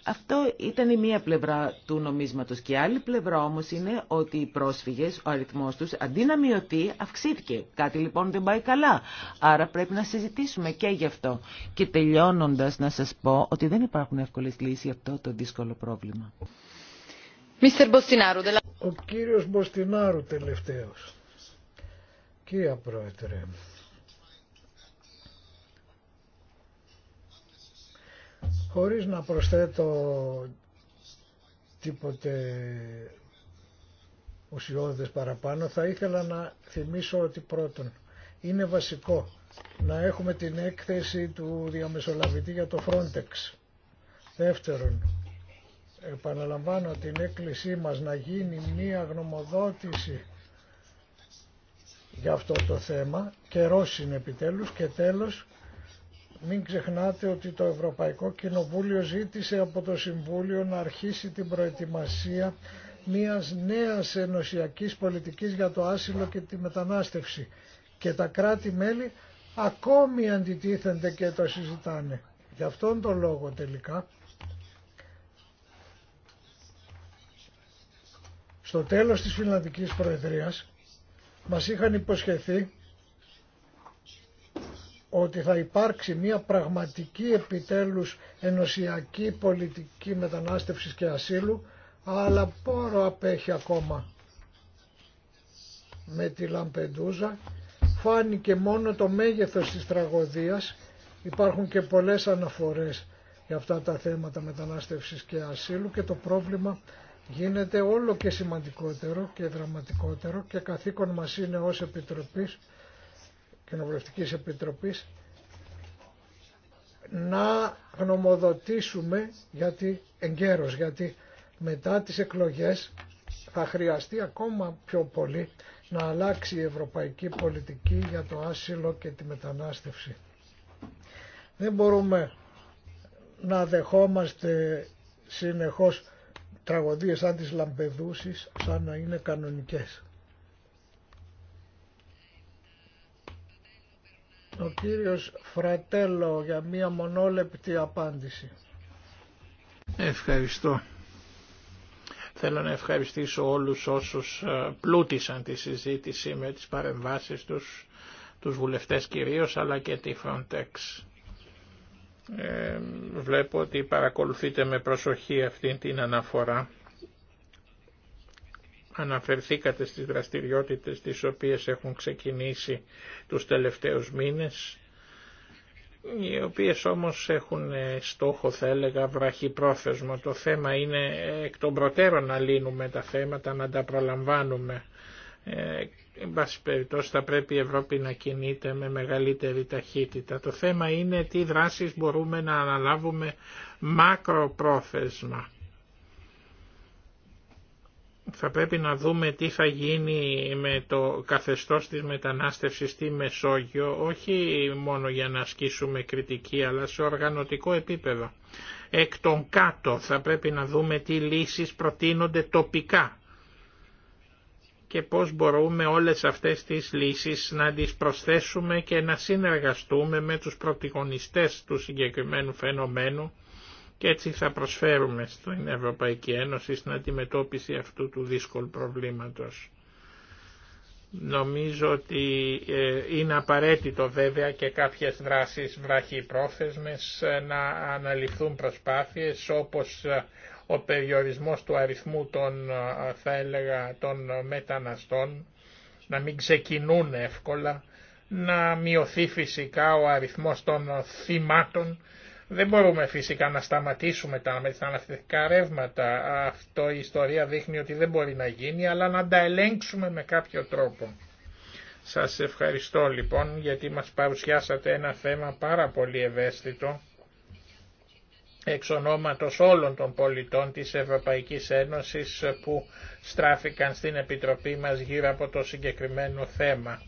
Αυτό ήταν η μία πλευρά του νομίσματος και η άλλη πλευρά όμως είναι ότι οι πρόσφυγες, ο αριθμός τους αντί να μειωθεί αυξήθηκε. Κάτι λοιπόν δεν πάει καλά. Άρα πρέπει να συζητήσουμε και γι' αυτό. Και τελειώνοντας να σας πω ότι δεν υπάρχουν εύκολες λύσεις για αυτό το δύσκολο πρόβλημα. Ο κύριος Μποστινάρου τελευταίος. Κύριε Πρόεδρε, Χωρίς να προσθέτω τίποτε ουσιώδες παραπάνω, θα ήθελα να θυμίσω ότι πρώτον είναι βασικό να έχουμε την έκθεση του διαμεσολαβητή για το Frontex. Δεύτερον, επαναλαμβάνω την έκκλησή μας να γίνει μία γνωμοδότηση για αυτό το θέμα, καιρός είναι επιτέλους και τέλος μην ξεχνάτε ότι το Ευρωπαϊκό Κοινοβούλιο ζήτησε από το Συμβούλιο να αρχίσει την προετοιμασία μιας νέας ενωσιακής πολιτικής για το άσυλο και τη μετανάστευση. Και τα κράτη-μέλη ακόμη αντιτίθενται και το συζητάνε. Γι' αυτόν τον λόγο τελικά στο τέλος της Φιλανδικής Προεδρίας μας είχαν υποσχεθεί ότι θα υπάρξει μια πραγματική επιτέλους ενωσιακή πολιτική μετανάστευσης και ασύλου, αλλά πόρο απέχει ακόμα με τη Λαμπεντούζα. Φάνηκε μόνο το μέγεθος της τραγωδίας. Υπάρχουν και πολλές αναφορές για αυτά τα θέματα μετανάστευσης και ασύλου και το πρόβλημα γίνεται όλο και σημαντικότερο και δραματικότερο και καθήκον μας είναι ως Επιτροπής Κοινοβουλευτικής Επιτροπής να γνωμοδοτήσουμε γιατί εγκαίρως, γιατί μετά τις εκλογές θα χρειαστεί ακόμα πιο πολύ να αλλάξει η ευρωπαϊκή πολιτική για το άσυλο και τη μετανάστευση. Δεν μπορούμε να δεχόμαστε συνεχώς τραγωδίες σαν τις Λαμπεδούσεις σαν να είναι κανονικές. Ο κύριος Φρατέλο για μία μονόλεπτη απάντηση. Ευχαριστώ. Θέλω να ευχαριστήσω όλους όσους ε, πλούτησαν τη συζήτηση με τις παρεμβάσεις τους, τους βουλευτές κυρίως, αλλά και τη Frontex. Ε, βλέπω ότι παρακολουθείτε με προσοχή αυτή την αναφορά Αναφερθήκατε στις δραστηριότητες τις οποίες έχουν ξεκινήσει τους τελευταίους μήνες, οι οποίες όμως έχουν ε, στόχο θα έλεγα βραχυπρόθεσμο. Το θέμα είναι ε, εκ των προτέρων να λύνουμε τα θέματα, να τα προλαμβάνουμε. Ε, εν πάση περιπτώσει θα πρέπει η Ευρώπη να κινείται με μεγαλύτερη ταχύτητα. Το θέμα είναι τι δράσεις μπορούμε να αναλάβουμε μακροπρόθεσμα θα πρέπει να δούμε τι θα γίνει με το καθεστώς της μετανάστευσης στη Μεσόγειο, όχι μόνο για να ασκήσουμε κριτική, αλλά σε οργανωτικό επίπεδο. Εκ των κάτω θα πρέπει να δούμε τι λύσεις προτείνονται τοπικά και πώς μπορούμε όλες αυτές τις λύσεις να τις προσθέσουμε και να συνεργαστούμε με τους πρωτογονιστές του συγκεκριμένου φαινομένου και έτσι θα προσφέρουμε στην Ευρωπαϊκή Ένωση στην αντιμετώπιση αυτού του δύσκολου προβλήματος. Νομίζω ότι ε, είναι απαραίτητο βέβαια και κάποιες δράσεις βραχυπρόθεσμες ε, να αναλυθούν προσπάθειες όπως ε, ο περιορισμός του αριθμού των, θα έλεγα, των μεταναστών να μην ξεκινούν εύκολα, να μειωθεί φυσικά ο αριθμός των θυμάτων δεν μπορούμε φυσικά να σταματήσουμε τα μεταναστευτικά ρεύματα. Αυτό η ιστορία δείχνει ότι δεν μπορεί να γίνει, αλλά να τα ελέγξουμε με κάποιο τρόπο. Σας ευχαριστώ λοιπόν γιατί μας παρουσιάσατε ένα θέμα πάρα πολύ ευαίσθητο εξ ονόματος όλων των πολιτών της Ευρωπαϊκής Ένωσης που στράφηκαν στην Επιτροπή μας γύρω από το συγκεκριμένο θέμα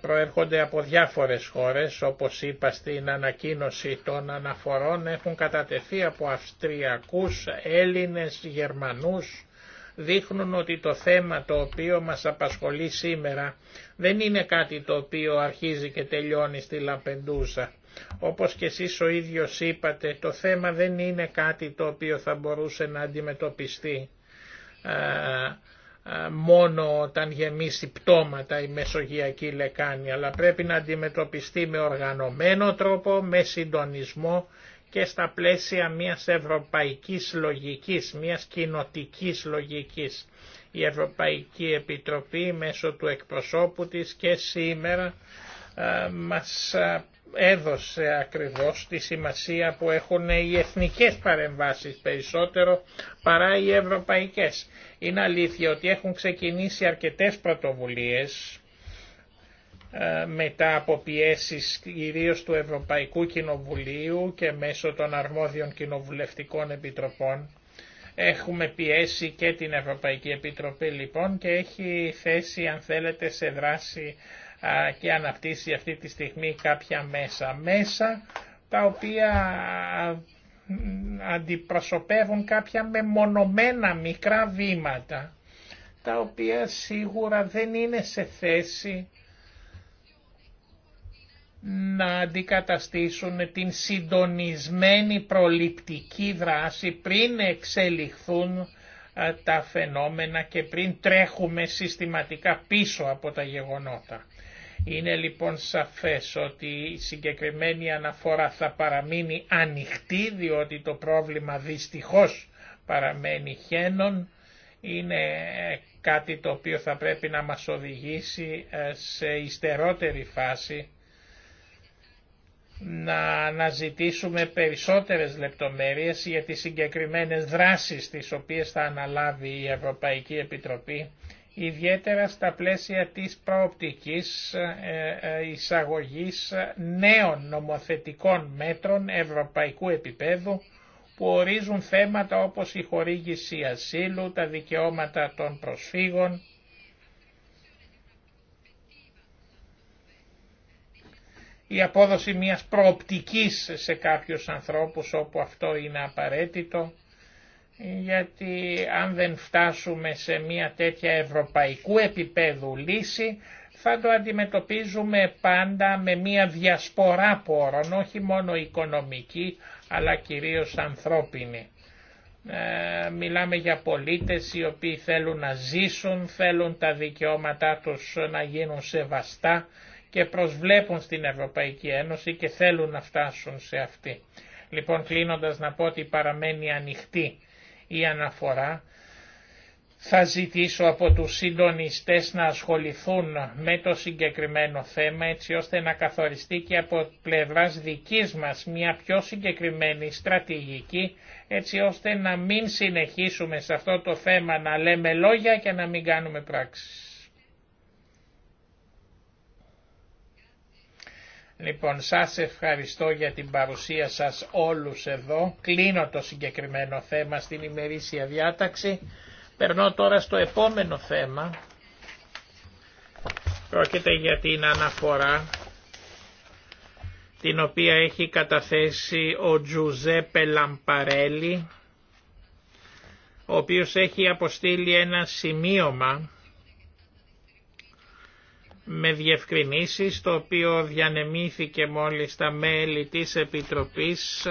προέρχονται από διάφορες χώρες, όπως είπα στην ανακοίνωση των αναφορών, έχουν κατατεθεί από Αυστριακούς, Έλληνες, Γερμανούς, δείχνουν ότι το θέμα το οποίο μας απασχολεί σήμερα δεν είναι κάτι το οποίο αρχίζει και τελειώνει στη Λαπεντούσα. Όπως και εσείς ο ίδιος είπατε, το θέμα δεν είναι κάτι το οποίο θα μπορούσε να αντιμετωπιστεί ε, μόνο όταν γεμίσει πτώματα η μεσογειακή λεκάνη, αλλά πρέπει να αντιμετωπιστεί με οργανωμένο τρόπο, με συντονισμό και στα πλαίσια μιας ευρωπαϊκής λογικής, μιας κοινοτικής λογικής. Η Ευρωπαϊκή Επιτροπή μέσω του εκπροσώπου της και σήμερα ε, μας ε, έδωσε ακριβώς τη σημασία που έχουν οι εθνικές παρεμβάσεις περισσότερο παρά οι ευρωπαϊκές. Είναι αλήθεια ότι έχουν ξεκινήσει αρκετές πρωτοβουλίες ε, μετά από πιέσεις κυρίως του Ευρωπαϊκού Κοινοβουλίου και μέσω των αρμόδιων κοινοβουλευτικών επιτροπών. Έχουμε πιέσει και την Ευρωπαϊκή Επιτροπή λοιπόν και έχει θέσει αν θέλετε σε δράση και αναπτύσσει αυτή τη στιγμή κάποια μέσα. Μέσα τα οποία αντιπροσωπεύουν κάποια μεμονωμένα μικρά βήματα τα οποία σίγουρα δεν είναι σε θέση να αντικαταστήσουν την συντονισμένη προληπτική δράση πριν εξελιχθούν τα φαινόμενα και πριν τρέχουμε συστηματικά πίσω από τα γεγονότα. Είναι λοιπόν σαφές ότι η συγκεκριμένη αναφορά θα παραμείνει ανοιχτή διότι το πρόβλημα δυστυχώς παραμένει χένον. Είναι ε, κάτι το οποίο θα πρέπει να μας οδηγήσει ε, σε ιστερότερη φάση να αναζητήσουμε περισσότερες λεπτομέρειες για τις συγκεκριμένες δράσεις τις οποίες θα αναλάβει η Ευρωπαϊκή Επιτροπή ιδιαίτερα στα πλαίσια της προοπτικής ε, ε, εισαγωγής νέων νομοθετικών μέτρων ευρωπαϊκού επίπεδου που ορίζουν θέματα όπως η χορήγηση ασύλου, τα δικαιώματα των προσφύγων, η απόδοση μιας προοπτικής σε κάποιους ανθρώπους όπου αυτό είναι απαραίτητο, γιατί αν δεν φτάσουμε σε μια τέτοια ευρωπαϊκού επίπεδου λύση θα το αντιμετωπίζουμε πάντα με μια διασπορά πόρων, όχι μόνο οικονομική αλλά κυρίως ανθρώπινη. Ε, μιλάμε για πολίτες οι οποίοι θέλουν να ζήσουν, θέλουν τα δικαιώματά τους να γίνουν σεβαστά και προσβλέπουν στην Ευρωπαϊκή Ένωση και θέλουν να φτάσουν σε αυτή. Λοιπόν κλείνοντας να πω ότι παραμένει ανοιχτή η αναφορά. Θα ζητήσω από τους συντονιστές να ασχοληθούν με το συγκεκριμένο θέμα έτσι ώστε να καθοριστεί και από πλευράς δικής μας μια πιο συγκεκριμένη στρατηγική έτσι ώστε να μην συνεχίσουμε σε αυτό το θέμα να λέμε λόγια και να μην κάνουμε πράξεις. Λοιπόν, σας ευχαριστώ για την παρουσία σας όλους εδώ. Κλείνω το συγκεκριμένο θέμα στην ημερήσια διάταξη. Περνώ τώρα στο επόμενο θέμα. Πρόκειται για την αναφορά την οποία έχει καταθέσει ο Τζουζέπε Λαμπαρέλη, ο οποίος έχει αποστείλει ένα σημείωμα με διευκρινήσεις το οποίο διανεμήθηκε μόλις τα μέλη της Επιτροπής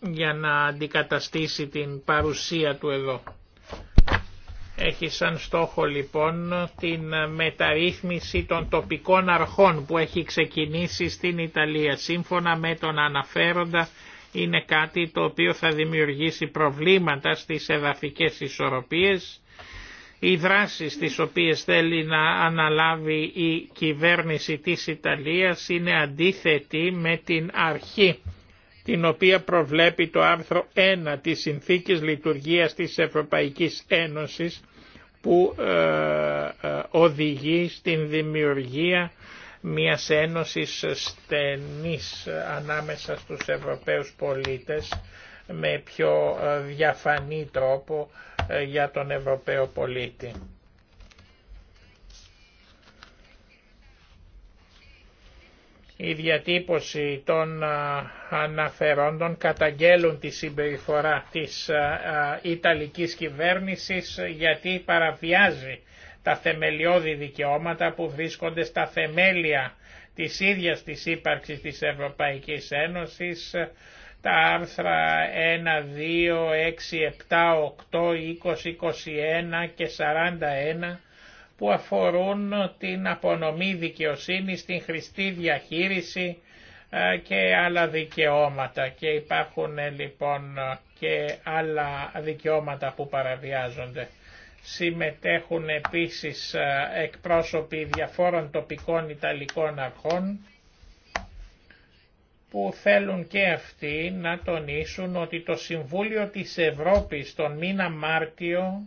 για να αντικαταστήσει την παρουσία του εδώ. Έχει σαν στόχο λοιπόν την μεταρρύθμιση των τοπικών αρχών που έχει ξεκινήσει στην Ιταλία. Σύμφωνα με τον αναφέροντα είναι κάτι το οποίο θα δημιουργήσει προβλήματα στις εδαφικές ισορροπίες οι δράσεις τις οποίες θέλει να αναλάβει η κυβέρνηση της Ιταλίας είναι αντίθετη με την αρχή την οποία προβλέπει το άρθρο 1 της Συνθήκης Λειτουργίας της Ευρωπαϊκής Ένωσης που ε, ε, οδηγεί στην δημιουργία μιας ένωσης στενής ανάμεσα στους Ευρωπαίους πολίτες με πιο ε, διαφανή τρόπο ε, για τον Ευρωπαίο πολίτη. Η διατύπωση των ε, αναφερόντων καταγγέλουν τη συμπεριφορά της ε, Ιταλικής κυβέρνησης γιατί παραβιάζει τα θεμελιώδη δικαιώματα που βρίσκονται στα θεμέλια της ίδιας της ύπαρξης της Ευρωπαϊκής Ένωσης τα άρθρα 1, 2, 6, 7, 8, 20, 21 και 41 που αφορούν την απονομή δικαιοσύνης, την χρηστή διαχείριση ε, και άλλα δικαιώματα και υπάρχουν ε, λοιπόν και άλλα δικαιώματα που παραβιάζονται. Συμμετέχουν επίσης ε, εκπρόσωποι διαφόρων τοπικών Ιταλικών αρχών που θέλουν και αυτοί να τονίσουν ότι το Συμβούλιο της Ευρώπης τον μήνα Μάρτιο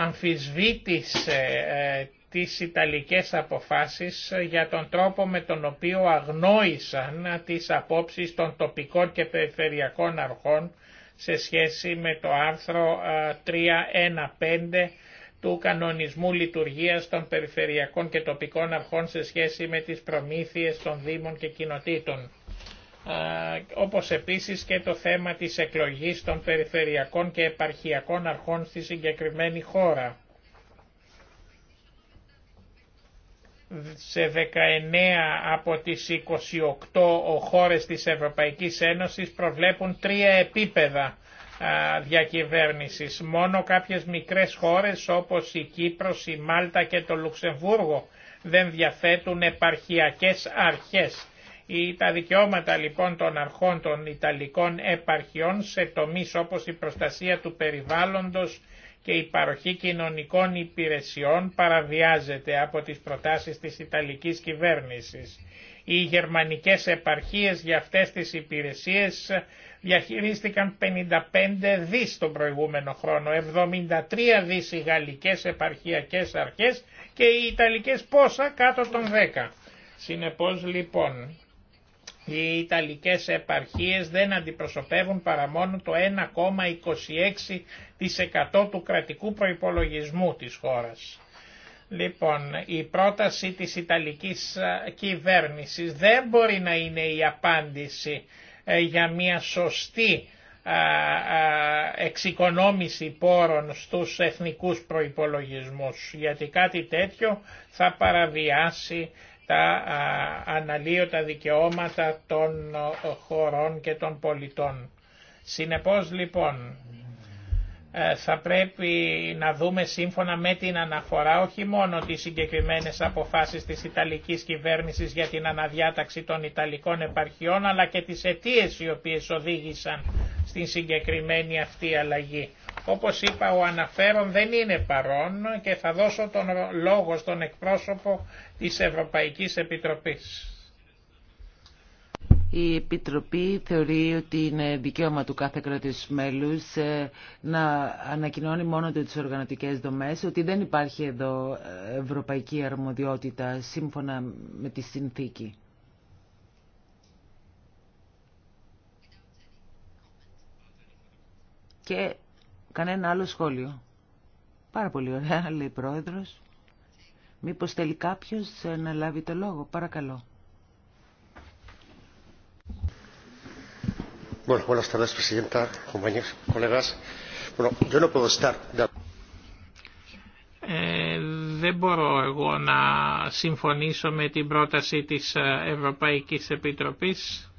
αμφισβήτησε ε, τις Ιταλικές αποφάσεις για τον τρόπο με τον οποίο αγνόησαν τις απόψεις των τοπικών και περιφερειακών αρχών σε σχέση με το άρθρο 315 του κανονισμού λειτουργίας των περιφερειακών και τοπικών αρχών σε σχέση με τις προμήθειες των Δήμων και Κοινοτήτων όπως επίσης και το θέμα της εκλογής των περιφερειακών και επαρχιακών αρχών στη συγκεκριμένη χώρα. Σε 19 από τις 28 χώρες της Ευρωπαϊκής Ένωσης προβλέπουν τρία επίπεδα διακυβέρνησης. Μόνο κάποιες μικρές χώρες όπως η Κύπρος, η Μάλτα και το Λουξεμβούργο δεν διαθέτουν επαρχιακές αρχές. Τα δικαιώματα λοιπόν των αρχών των Ιταλικών επαρχιών σε τομείς όπως η προστασία του περιβάλλοντος και η παροχή κοινωνικών υπηρεσιών παραβιάζεται από τις προτάσεις της Ιταλικής κυβέρνησης. Οι γερμανικές επαρχίες για αυτές τις υπηρεσίες διαχειρίστηκαν 55 δις τον προηγούμενο χρόνο, 73 δις οι γαλλικές επαρχιακές αρχές και οι ιταλικές πόσα κάτω των 10. Συνεπώς λοιπόν οι ιταλικές επαρχίες δεν αντιπροσωπεύουν παρά μόνο το 1,26% του κρατικού προϋπολογισμού της χώρας. Λοιπόν, η πρόταση της Ιταλικής κυβέρνησης δεν μπορεί να είναι η απάντηση ε, για μια σωστή εξοικονόμηση πόρων στους εθνικούς προϋπολογισμούς γιατί κάτι τέτοιο θα παραβιάσει τα αναλύωτα δικαιώματα των χωρών και των πολιτών. Συνεπώς λοιπόν ε, θα πρέπει να δούμε σύμφωνα με την αναφορά όχι μόνο τις συγκεκριμένες αποφάσεις της Ιταλικής κυβέρνησης για την αναδιάταξη των Ιταλικών επαρχιών αλλά και τις αιτίες οι οποίες οδήγησαν στην συγκεκριμένη αυτή αλλαγή. Όπως είπα ο αναφέρον δεν είναι παρόν και θα δώσω τον λόγο στον εκπρόσωπο της Ευρωπαϊκής Επιτροπής. Η Επιτροπή θεωρεί ότι είναι δικαίωμα του κάθε κράτους μέλους ε, να ανακοινώνει μόνο του τις οργανωτικές δομές, ότι δεν υπάρχει εδώ ε, ευρωπαϊκή αρμοδιότητα σύμφωνα με τη συνθήκη. Και κανένα άλλο σχόλιο. Πάρα πολύ ωραία, λέει η Πρόεδρος. Μήπως θέλει κάποιος ε, να λάβει το λόγο. Παρακαλώ. δεν μπορώ εγώ να συμφωνήσω με την πρόταση της ε, Ευρωπαϊκής Επιτροπής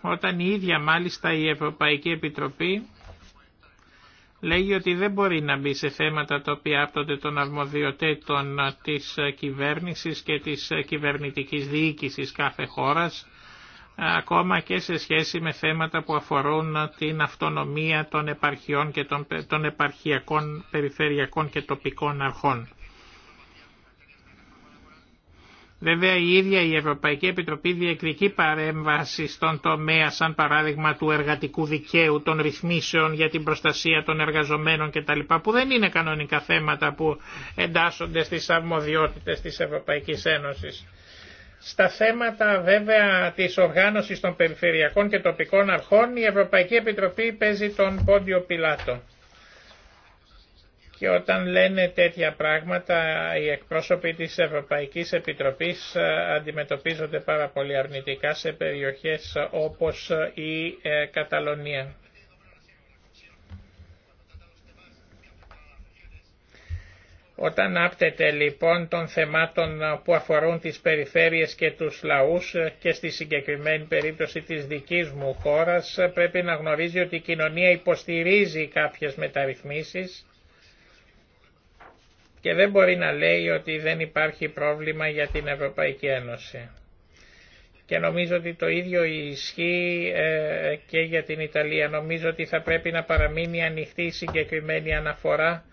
όταν η ίδια μάλιστα η Ευρωπαϊκή Επιτροπή λέγει ότι δεν μπορεί να μπει σε θέματα τα οποία άπτονται των αρμοδιοτέτων ε, της ε, κυβέρνησης και της κυβερνητικής διοίκησης κάθε χώρας ακόμα και σε σχέση με θέματα που αφορούν την αυτονομία των επαρχιών και των, επαρχιακών, περιφερειακών και τοπικών αρχών. Βέβαια η ίδια η Ευρωπαϊκή Επιτροπή διεκδικεί παρέμβαση στον τομέα σαν παράδειγμα του εργατικού δικαίου, των ρυθμίσεων για την προστασία των εργαζομένων κτλ. που δεν είναι κανονικά θέματα που εντάσσονται στις αρμοδιότητες της Ευρωπαϊκής Ένωσης. Στα θέματα βέβαια της οργάνωσης των περιφερειακών και τοπικών αρχών η Ευρωπαϊκή Επιτροπή παίζει τον πόντιο πιλάτο. Και όταν λένε τέτοια πράγματα οι εκπρόσωποι της Ευρωπαϊκής Επιτροπής ε, αντιμετωπίζονται πάρα πολύ αρνητικά σε περιοχές όπως ε, η ε, Καταλωνία. Όταν άπτεται λοιπόν των θεμάτων ε, που αφορούν τις περιφέρειες και τους λαούς ε, και στη συγκεκριμένη περίπτωση της δικής μου χώρας ε, πρέπει να γνωρίζει ότι η κοινωνία υποστηρίζει κάποιες μεταρρυθμίσεις και δεν μπορεί να λέει ότι δεν υπάρχει πρόβλημα για την Ευρωπαϊκή Ένωση. Και νομίζω ότι το ίδιο ισχύει και για την Ιταλία. Νομίζω ότι θα πρέπει να παραμείνει ανοιχτή η συγκεκριμένη αναφορά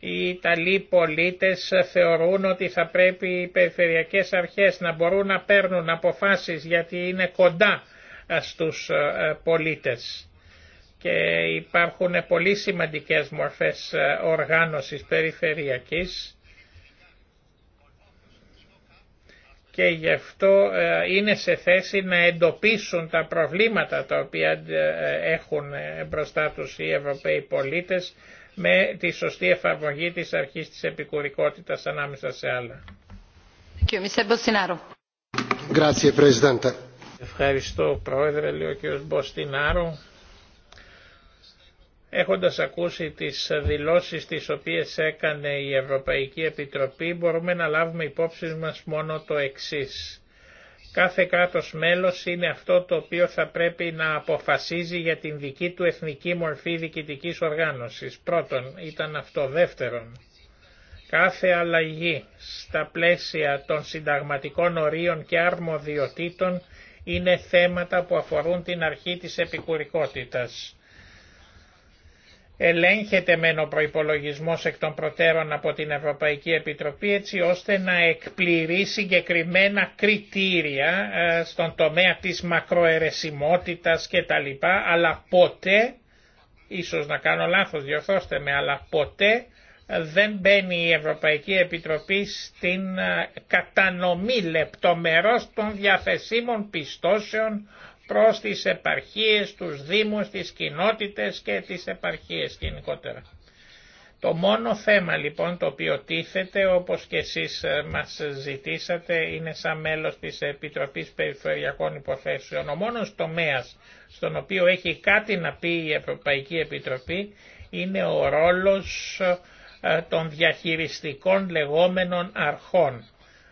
οι Ιταλοί πολίτες θεωρούν ότι θα πρέπει οι περιφερειακές αρχές να μπορούν να παίρνουν αποφάσεις γιατί είναι κοντά ε, στους ε, πολίτες και υπάρχουν πολύ σημαντικές μορφές ε, οργάνωσης περιφερειακής και γι' αυτό είναι σε θέση να εντοπίσουν τα προβλήματα τα οποία έχουν μπροστά τους οι Ευρωπαίοι πολίτες με τη σωστή εφαρμογή της αρχής της επικουρικότητας ανάμεσα σε άλλα. Ευχαριστώ Πρόεδρε, λέει ο κ. Μποστινάρου. Έχοντας ακούσει τις δηλώσεις τις οποίες έκανε η Ευρωπαϊκή Επιτροπή μπορούμε να λάβουμε υπόψη μας μόνο το εξής Κάθε κράτος μέλος είναι αυτό το οποίο θα πρέπει να αποφασίζει για την δική του εθνική μορφή διοικητικής οργάνωσης. Πρώτον ήταν αυτό. Δεύτερον, κάθε αλλαγή στα πλαίσια των συνταγματικών ορίων και αρμοδιοτήτων είναι θέματα που αφορούν την αρχή της επικουρικότητας ελέγχεται μεν ο προϋπολογισμός εκ των προτέρων από την Ευρωπαϊκή Επιτροπή έτσι ώστε να εκπληρεί συγκεκριμένα κριτήρια ε, στον τομέα της μακροαιρεσιμότητας κτλ. Αλλά ποτέ, ίσως να κάνω λάθος, διορθώστε με, αλλά ποτέ δεν μπαίνει η Ευρωπαϊκή Επιτροπή στην ε, κατανομή λεπτομερώς των διαθεσίμων πιστώσεων προς τις επαρχίες, τους δήμους, τις κοινότητες και τις επαρχίες γενικότερα. Το μόνο θέμα λοιπόν το οποίο τίθεται όπως και εσείς ε, μας ζητήσατε είναι σαν μέλος της Επιτροπής Περιφερειακών Υποθέσεων. Ο μόνος τομέας στον οποίο έχει κάτι να πει η Ευρωπαϊκή Επιτροπή είναι ο ρόλος ε, των διαχειριστικών λεγόμενων αρχών.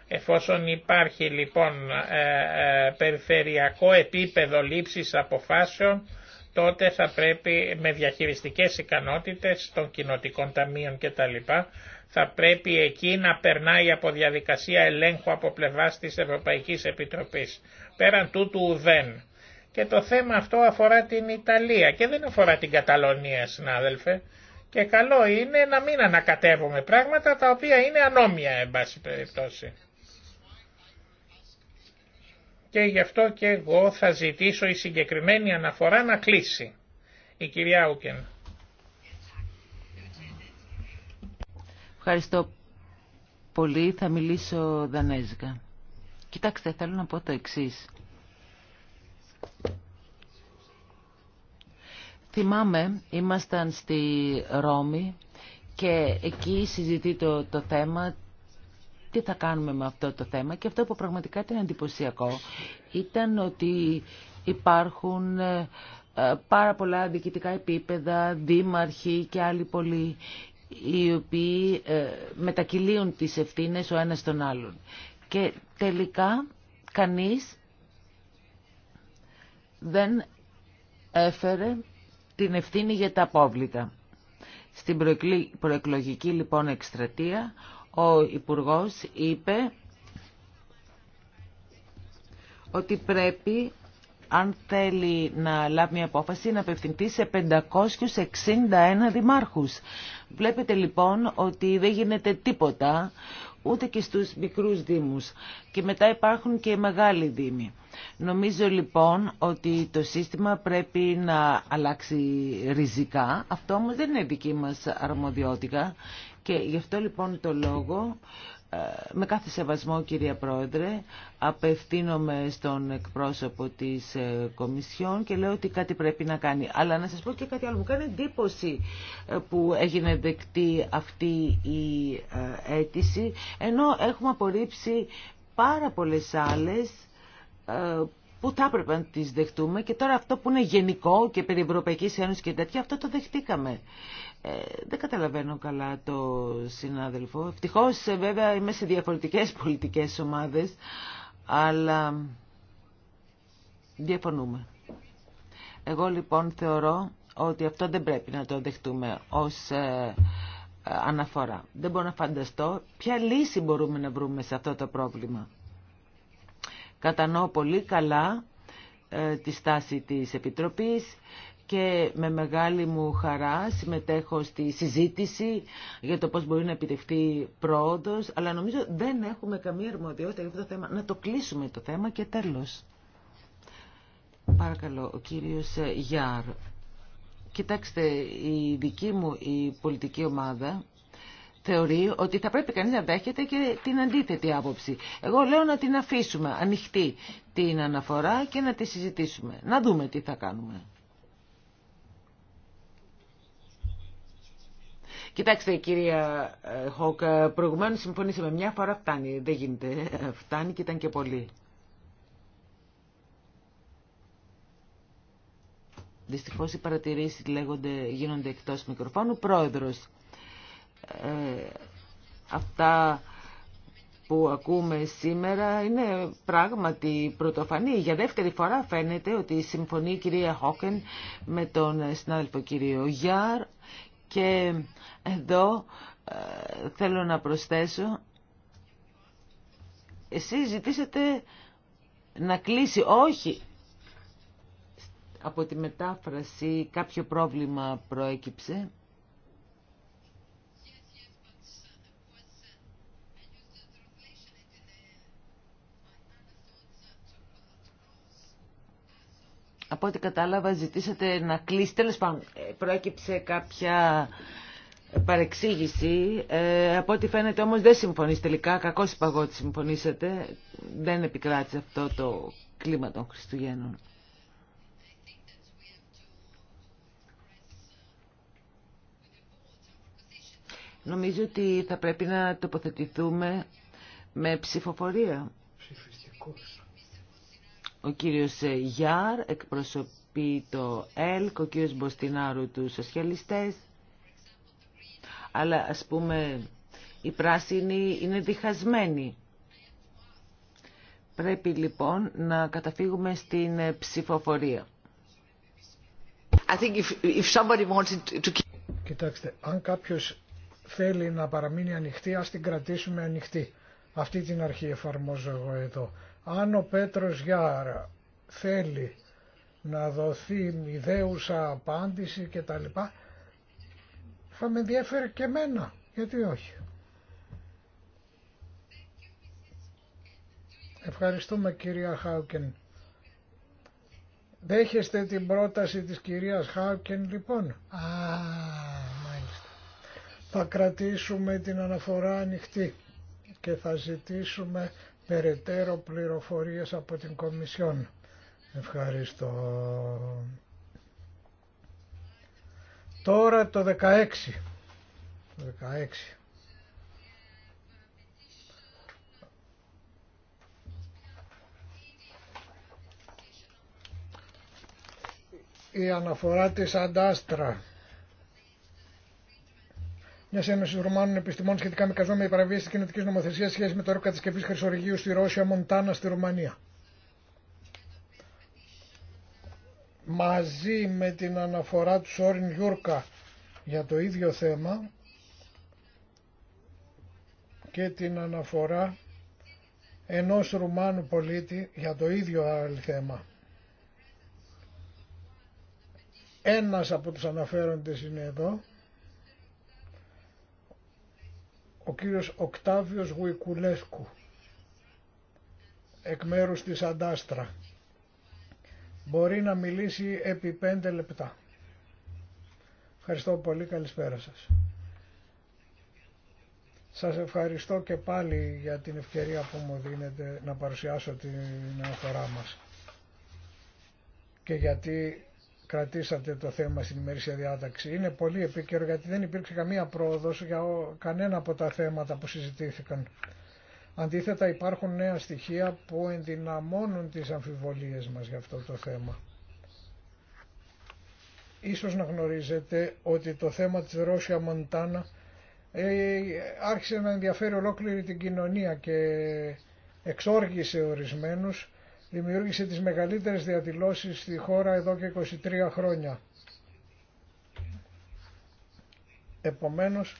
Εφόσον υπάρχει λοιπόν ε, ε, περιφερειακό επίπεδο λήψης αποφάσεων, τότε θα πρέπει με διαχειριστικές ικανότητες των κοινοτικών ταμείων κτλ. θα πρέπει εκεί να περνάει από διαδικασία ελέγχου από πλευράς της Ευρωπαϊκής Επιτροπής. Πέραν τούτου ουδέν. Και το θέμα αυτό αφορά την Ιταλία και δεν αφορά την Καταλωνία συνάδελφε. Και καλό είναι να μην ανακατεύουμε πράγματα τα οποία είναι ανώμια εν πάση περιπτώσει και γι' αυτό και εγώ θα ζητήσω η συγκεκριμένη αναφορά να κλείσει. Η κυρία Ούκεν. Ευχαριστώ πολύ. Θα μιλήσω δανέζικα. Κοιτάξτε, θέλω να πω το εξής. Θυμάμαι, ήμασταν στη Ρώμη και εκεί συζητεί το, το θέμα τι θα κάνουμε με αυτό το θέμα και αυτό που πραγματικά ήταν εντυπωσιακό ήταν ότι υπάρχουν ε, ε, πάρα πολλά διοικητικά επίπεδα, δήμαρχοι και άλλοι πολλοί οι οποίοι ε, μετακυλίουν τις ευθύνες ο ένας τον άλλον. Και τελικά κανείς δεν έφερε την ευθύνη για τα απόβλητα. Στην προεκλογική λοιπόν εκστρατεία ο Υπουργός είπε ότι πρέπει αν θέλει να λάβει μια απόφαση να απευθυνθεί σε 561 δημάρχους. Βλέπετε λοιπόν ότι δεν γίνεται τίποτα ούτε και στους μικρούς δήμους και μετά υπάρχουν και οι μεγάλοι δήμοι. Νομίζω λοιπόν ότι το σύστημα πρέπει να αλλάξει ριζικά. Αυτό όμως δεν είναι δική μας αρμοδιότητα. Και γι' αυτό λοιπόν το λόγο, ε, με κάθε σεβασμό κυρία Πρόεδρε, απευθύνομαι στον εκπρόσωπο της ε, Κομισιόν και λέω ότι κάτι πρέπει να κάνει. Αλλά να σας πω και κάτι άλλο. Μου κάνει εντύπωση ε, που έγινε δεκτή αυτή η αίτηση, ενώ έχουμε απορρίψει πάρα πολλές άλλες που θα έπρεπε να τις δεχτούμε και τώρα αυτό που είναι γενικό και περί Ευρωπαϊκής Ένωσης και τέτοια, αυτό το δεχτήκαμε. Ε, δεν καταλαβαίνω καλά το συνάδελφο. Ευτυχώς ε, βέβαια είμαι σε διαφορετικές πολιτικές ομάδες, αλλά διαφωνούμε. Εγώ λοιπόν θεωρώ ότι αυτό δεν πρέπει να το δεχτούμε ως ε, αναφορά. Δεν μπορώ να φανταστώ ποια λύση μπορούμε να βρούμε σε αυτό το πρόβλημα. Κατανοώ πολύ καλά τη στάση της Επιτροπής και με μεγάλη μου χαρά συμμετέχω στη συζήτηση για το πώς μπορεί να επιτευχθεί πρόοδος, αλλά νομίζω δεν έχουμε καμία αρμοδιότητα για αυτό το θέμα. Να το κλείσουμε το θέμα και τέλος. Παρακαλώ, ο κύριος Γιάρ. Κοιτάξτε, η δική μου η πολιτική ομάδα θεωρεί ότι θα πρέπει κανείς να δέχεται και την αντίθετη άποψη. Εγώ λέω να την αφήσουμε ανοιχτή την αναφορά και να τη συζητήσουμε. Να δούμε τι θα κάνουμε. Κοιτάξτε κυρία ε, Χοκ, ε, προηγουμένως συμφωνήσαμε μια φορά φτάνει, δεν γίνεται, ε, φτάνει και ήταν και πολύ. Δυστυχώς οι παρατηρήσεις λέγονται, γίνονται εκτός μικροφώνου. Πρόεδρος, αυτά που ακούμε σήμερα είναι πράγματι πρωτοφανή. Για δεύτερη φορά φαίνεται ότι συμφωνεί η κυρία Χόκεν με τον συνάδελφο κύριο Γιάρ και εδώ ε, θέλω να προσθέσω, εσείς ζητήσατε να κλείσει, όχι, από τη μετάφραση κάποιο πρόβλημα προέκυψε. από ό,τι κατάλαβα ζητήσατε να κλείσει. Τέλος πάντων, ε, προέκυψε κάποια παρεξήγηση. Ε, από ό,τι φαίνεται όμως δεν συμφωνείς τελικά. κακός είπα εγώ ότι συμφωνήσατε. Δεν επικράτησε αυτό το κλίμα των Χριστουγέννων. Νομίζω ότι θα πρέπει να τοποθετηθούμε με ψηφοφορία. Ψηφιστικός. Ο κύριος Γιάρ εκπροσωπεί το ΕΛΚ, ο κύριος Μποστινάρου του Σοσιαλιστές. Αλλά ας πούμε οι πράσινοι είναι διχασμένοι. Πρέπει λοιπόν να καταφύγουμε στην ε, ψηφοφορία. Κοιτάξτε, αν κάποιος θέλει να παραμείνει ανοιχτή, ας την κρατήσουμε ανοιχτή. Αυτή την αρχή εφαρμόζω εγώ εδώ. Αν ο Πέτρος Γιάρα θέλει να δοθεί ιδέουσα απάντηση και τα λοιπά, θα με ενδιαφέρει και εμένα, γιατί όχι. Ευχαριστούμε κυρία Χάουκεν. Δέχεστε την πρόταση της κυρίας Χάουκεν λοιπόν. Α, μάλιστα. Θα κρατήσουμε την αναφορά ανοιχτή και θα ζητήσουμε περαιτέρω πληροφορίες από την Κομισιόν. Ευχαριστώ. Τώρα το 16. Το 16. Η αναφορά της Αντάστρα μια ένωση Ρουμάνων επιστημών σχετικά με καζόμενη παραβίαση τη κοινωτική νομοθεσία σχέση με το έργο κατασκευή χρυσοργείου στη Ρώσια Μοντάνα στη Ρουμανία. Μαζί με την αναφορά του Σόριν Γιούρκα για το ίδιο θέμα και την αναφορά ενός Ρουμάνου πολίτη για το ίδιο θέμα. Ένας από τους αναφέροντες είναι εδώ. ο κύριος Οκτάβιος Γουικουλέσκου εκ μέρους της Αντάστρα. Μπορεί να μιλήσει επί πέντε λεπτά. Ευχαριστώ πολύ, καλησπέρα σας. Σας ευχαριστώ και πάλι για την ευκαιρία που μου δίνετε να παρουσιάσω την αναφορά μας και γιατί κρατήσατε το θέμα στην ημερήσια διάταξη. Είναι πολύ επίκαιρο γιατί δεν υπήρξε καμία πρόοδος για κανένα από τα θέματα που συζητήθηκαν. Αντίθετα υπάρχουν νέα στοιχεία που ενδυναμώνουν τις αμφιβολίες μας για αυτό το θέμα. Ίσως να γνωρίζετε ότι το θέμα της Ρώσια Μοντάνα ε, άρχισε να ενδιαφέρει ολόκληρη την κοινωνία και εξόργησε ορισμένους δημιούργησε τις μεγαλύτερες διαδηλώσεις στη χώρα εδώ και 23 χρόνια. Επομένως,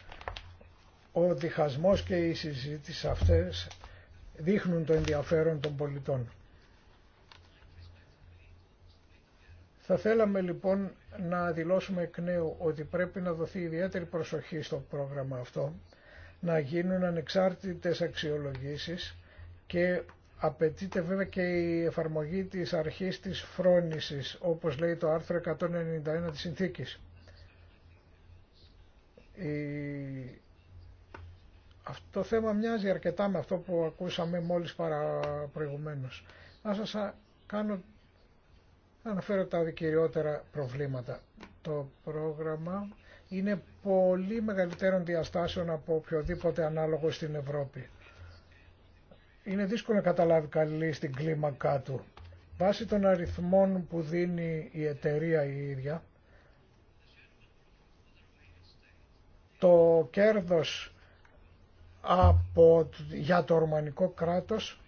ο διχασμός και οι συζήτηση αυτές δείχνουν το ενδιαφέρον των πολιτών. Θα θέλαμε λοιπόν να δηλώσουμε εκ νέου ότι πρέπει να δοθεί ιδιαίτερη προσοχή στο πρόγραμμα αυτό, να γίνουν ανεξάρτητες αξιολογήσεις και Απαιτείται βέβαια και η εφαρμογή της αρχής της φρόνησης, όπως λέει το άρθρο 191 της συνθήκης. Αυτό το θέμα μοιάζει αρκετά με αυτό που ακούσαμε μόλις παρα προηγουμένως. Να σας κάνω, αναφέρω τα κυριότερα προβλήματα. Το πρόγραμμα είναι πολύ μεγαλύτερων διαστάσεων από οποιοδήποτε ανάλογο στην Ευρώπη είναι δύσκολο να καταλάβει καλή στην κλίμακά του. Βάσει των αριθμών που δίνει η εταιρεία η ίδια, το κέρδος από, για το Ορμανικό κράτος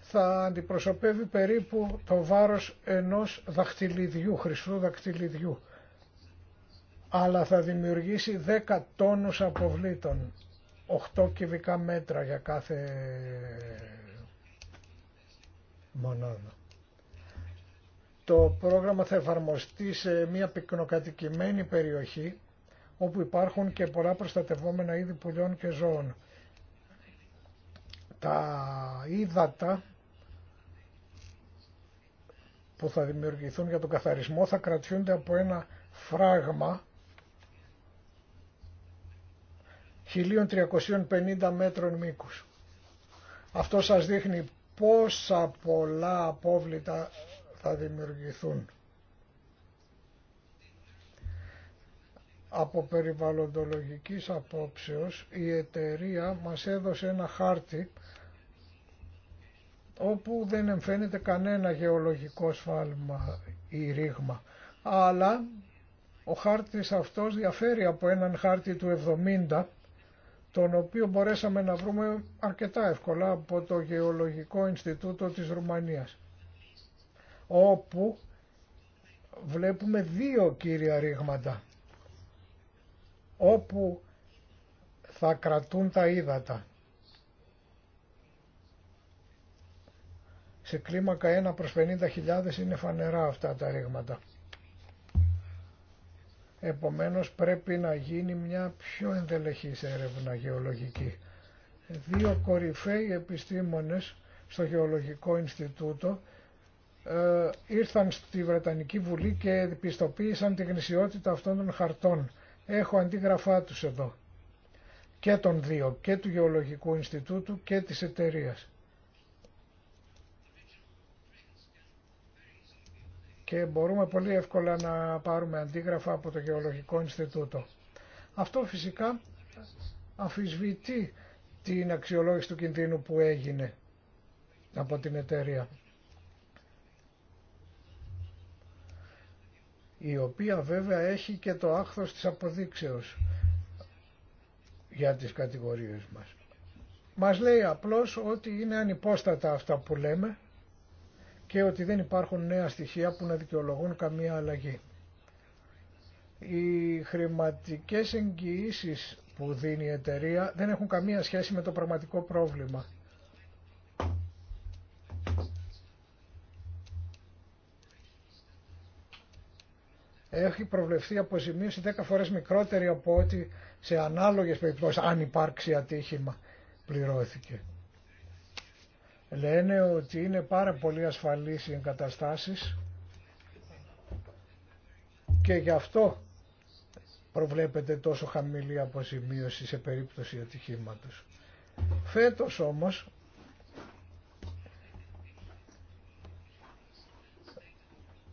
θα αντιπροσωπεύει περίπου το βάρος ενός δαχτυλιδιού, χρυσού δαχτυλιδιού αλλά θα δημιουργήσει 10 τόνους αποβλήτων 8 κυβικά μέτρα για κάθε μονάδα. Το πρόγραμμα θα εφαρμοστεί σε μια πυκνοκατοικημένη περιοχή όπου υπάρχουν και πολλά προστατευόμενα είδη πουλιών και ζώων. Τα ύδατα που θα δημιουργηθούν για τον καθαρισμό θα κρατιούνται από ένα φράγμα 1350 μέτρων μήκους. Αυτό σας δείχνει πόσα πολλά απόβλητα θα δημιουργηθούν. Από περιβαλλοντολογικής απόψεως η εταιρεία μας έδωσε ένα χάρτη όπου δεν εμφαίνεται κανένα γεωλογικό σφάλμα ή ρήγμα. Αλλά ο χάρτης αυτός διαφέρει από έναν χάρτη του 70 τον οποίο μπορέσαμε να βρούμε αρκετά εύκολα από το Γεωλογικό Ινστιτούτο της Ρουμανίας, όπου βλέπουμε δύο κύρια ρήγματα, όπου θα κρατούν τα ύδατα. Σε κλίμακα 1 προς 50.000 είναι φανερά αυτά τα ρήγματα. Επομένως πρέπει να γίνει μια πιο ενδελεχής έρευνα γεωλογική. Δύο κορυφαίοι επιστήμονες στο Γεωλογικό Ινστιτούτο ε, ήρθαν στη Βρετανική Βουλή και επιστοποίησαν τη γνησιότητα αυτών των χαρτών. Έχω αντίγραφά τους εδώ και των δύο, και του Γεωλογικού Ινστιτούτου και της εταιρείας. και μπορούμε πολύ εύκολα να πάρουμε αντίγραφα από το Γεωλογικό Ινστιτούτο. Αυτό φυσικά αμφισβητεί την αξιολόγηση του κινδύνου που έγινε από την εταιρεία. η οποία βέβαια έχει και το άχθος της αποδείξεως για τις κατηγορίες μας. Μας λέει απλώς ότι είναι ανυπόστατα αυτά που λέμε και ότι δεν υπάρχουν νέα στοιχεία που να δικαιολογούν καμία αλλαγή. Οι χρηματικές εγγυήσεις που δίνει η εταιρεία δεν έχουν καμία σχέση με το πραγματικό πρόβλημα. Έχει προβλεφθεί αποζημίωση 10 φορές μικρότερη από ό,τι σε ανάλογες περιπτώσεις, αν υπάρξει ατύχημα, πληρώθηκε λένε ότι είναι πάρα πολύ ασφαλείς οι εγκαταστάσεις και γι' αυτό προβλέπεται τόσο χαμηλή αποζημίωση σε περίπτωση ατυχήματος. Φέτος όμως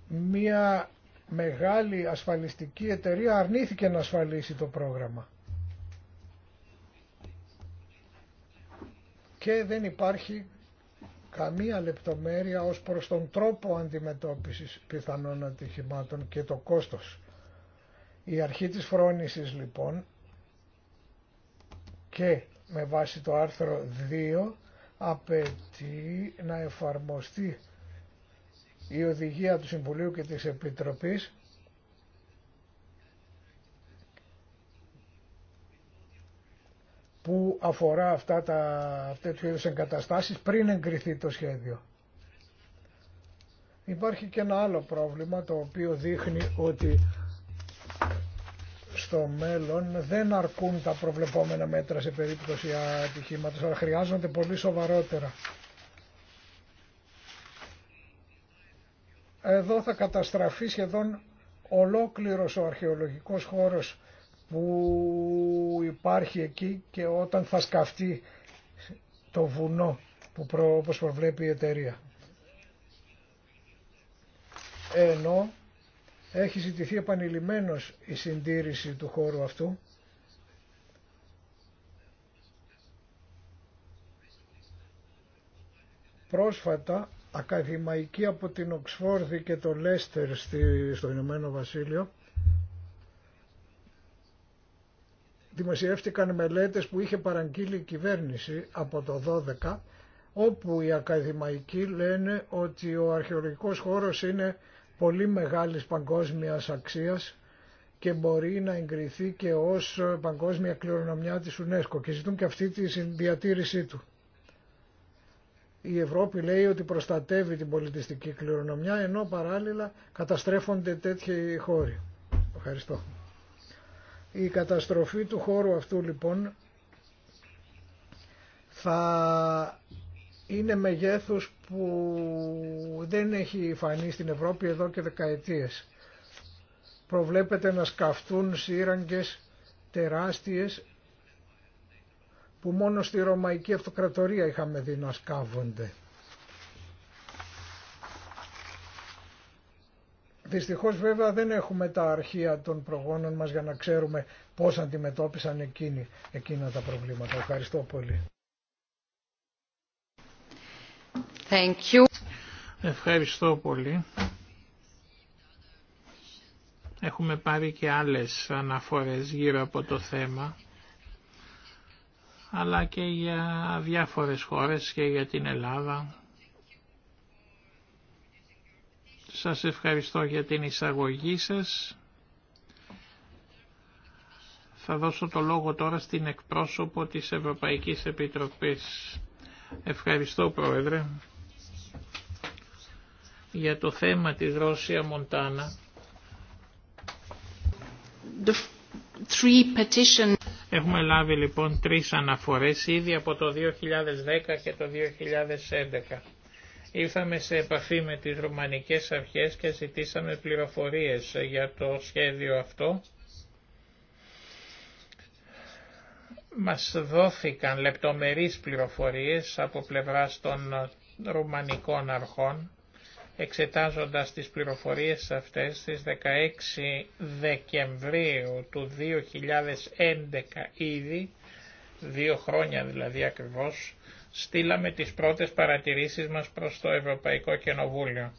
μία μεγάλη ασφαλιστική εταιρεία αρνήθηκε να ασφαλίσει το πρόγραμμα. Και δεν υπάρχει καμία λεπτομέρεια ως προς τον τρόπο αντιμετώπισης πιθανών ατυχημάτων και το κόστος. Η αρχή της φρόνησης λοιπόν και με βάση το άρθρο 2 απαιτεί να εφαρμοστεί η οδηγία του Συμβουλίου και της Επιτροπής που αφορά αυτά τα τέτοιου είδους εγκαταστάσεις πριν εγκριθεί το σχέδιο. Υπάρχει και ένα άλλο πρόβλημα το οποίο δείχνει ότι στο μέλλον δεν αρκούν τα προβλεπόμενα μέτρα σε περίπτωση ατυχήματος, αλλά χρειάζονται πολύ σοβαρότερα. Εδώ θα καταστραφεί σχεδόν ολόκληρος ο αρχαιολογικός χώρος που υπάρχει εκεί και όταν θα σκαφτεί το βουνό που όπως προβλέπει η εταιρεία. Ενώ έχει ζητηθεί επανειλημμένως η συντήρηση του χώρου αυτού Πρόσφατα ακαδημαϊκοί από την Οξφόρδη και το Λέστερ στο Ηνωμένο Βασίλειο δημοσιεύτηκαν μελέτες που είχε παραγγείλει η κυβέρνηση από το 12 όπου οι ακαδημαϊκοί λένε ότι ο αρχαιολογικός χώρος είναι πολύ μεγάλης παγκόσμιας αξίας και μπορεί να εγκριθεί και ως παγκόσμια κληρονομιά της UNESCO και ζητούν και αυτή τη διατήρησή του. Η Ευρώπη λέει ότι προστατεύει την πολιτιστική κληρονομιά ενώ παράλληλα καταστρέφονται τέτοιοι χώροι. Ευχαριστώ. Η καταστροφή του χώρου αυτού λοιπόν θα είναι μεγέθους που δεν έχει φανεί στην Ευρώπη εδώ και δεκαετίες. Προβλέπεται να σκαφτούν σύραγγες τεράστιες που μόνο στη Ρωμαϊκή Αυτοκρατορία είχαμε δει να σκάβονται. Δυστυχώς βέβαια δεν έχουμε τα αρχεία των προγόνων μας για να ξέρουμε πώς αντιμετώπισαν εκείνοι, εκείνα τα προβλήματα. Ευχαριστώ πολύ. Thank Ευχαριστώ πολύ. Έχουμε πάρει και άλλες αναφορές γύρω από το θέμα, αλλά και για διάφορες χώρες και για την Ελλάδα. Σας ευχαριστώ για την εισαγωγή σας. Θα δώσω το λόγο τώρα στην εκπρόσωπο της Ευρωπαϊκής Επιτροπής. Ευχαριστώ Πρόεδρε για το θέμα της Ρώσια Μοντάνα. Έχουμε λάβει λοιπόν τρεις αναφορές ήδη από το 2010 και το 2011. Ήρθαμε σε επαφή με τις Ρουμανικές Αρχές και ζητήσαμε πληροφορίες για το σχέδιο αυτό. Μας δόθηκαν λεπτομερείς πληροφορίες από πλευράς των Ρουμανικών Αρχών. Εξετάζοντας τις πληροφορίες αυτές στις 16 Δεκεμβρίου του 2011 ήδη, δύο χρόνια δηλαδή ακριβώς, στείλαμε τις πρώτες παρατηρήσεις μας προς το Ευρωπαϊκό Κοινοβούλιο.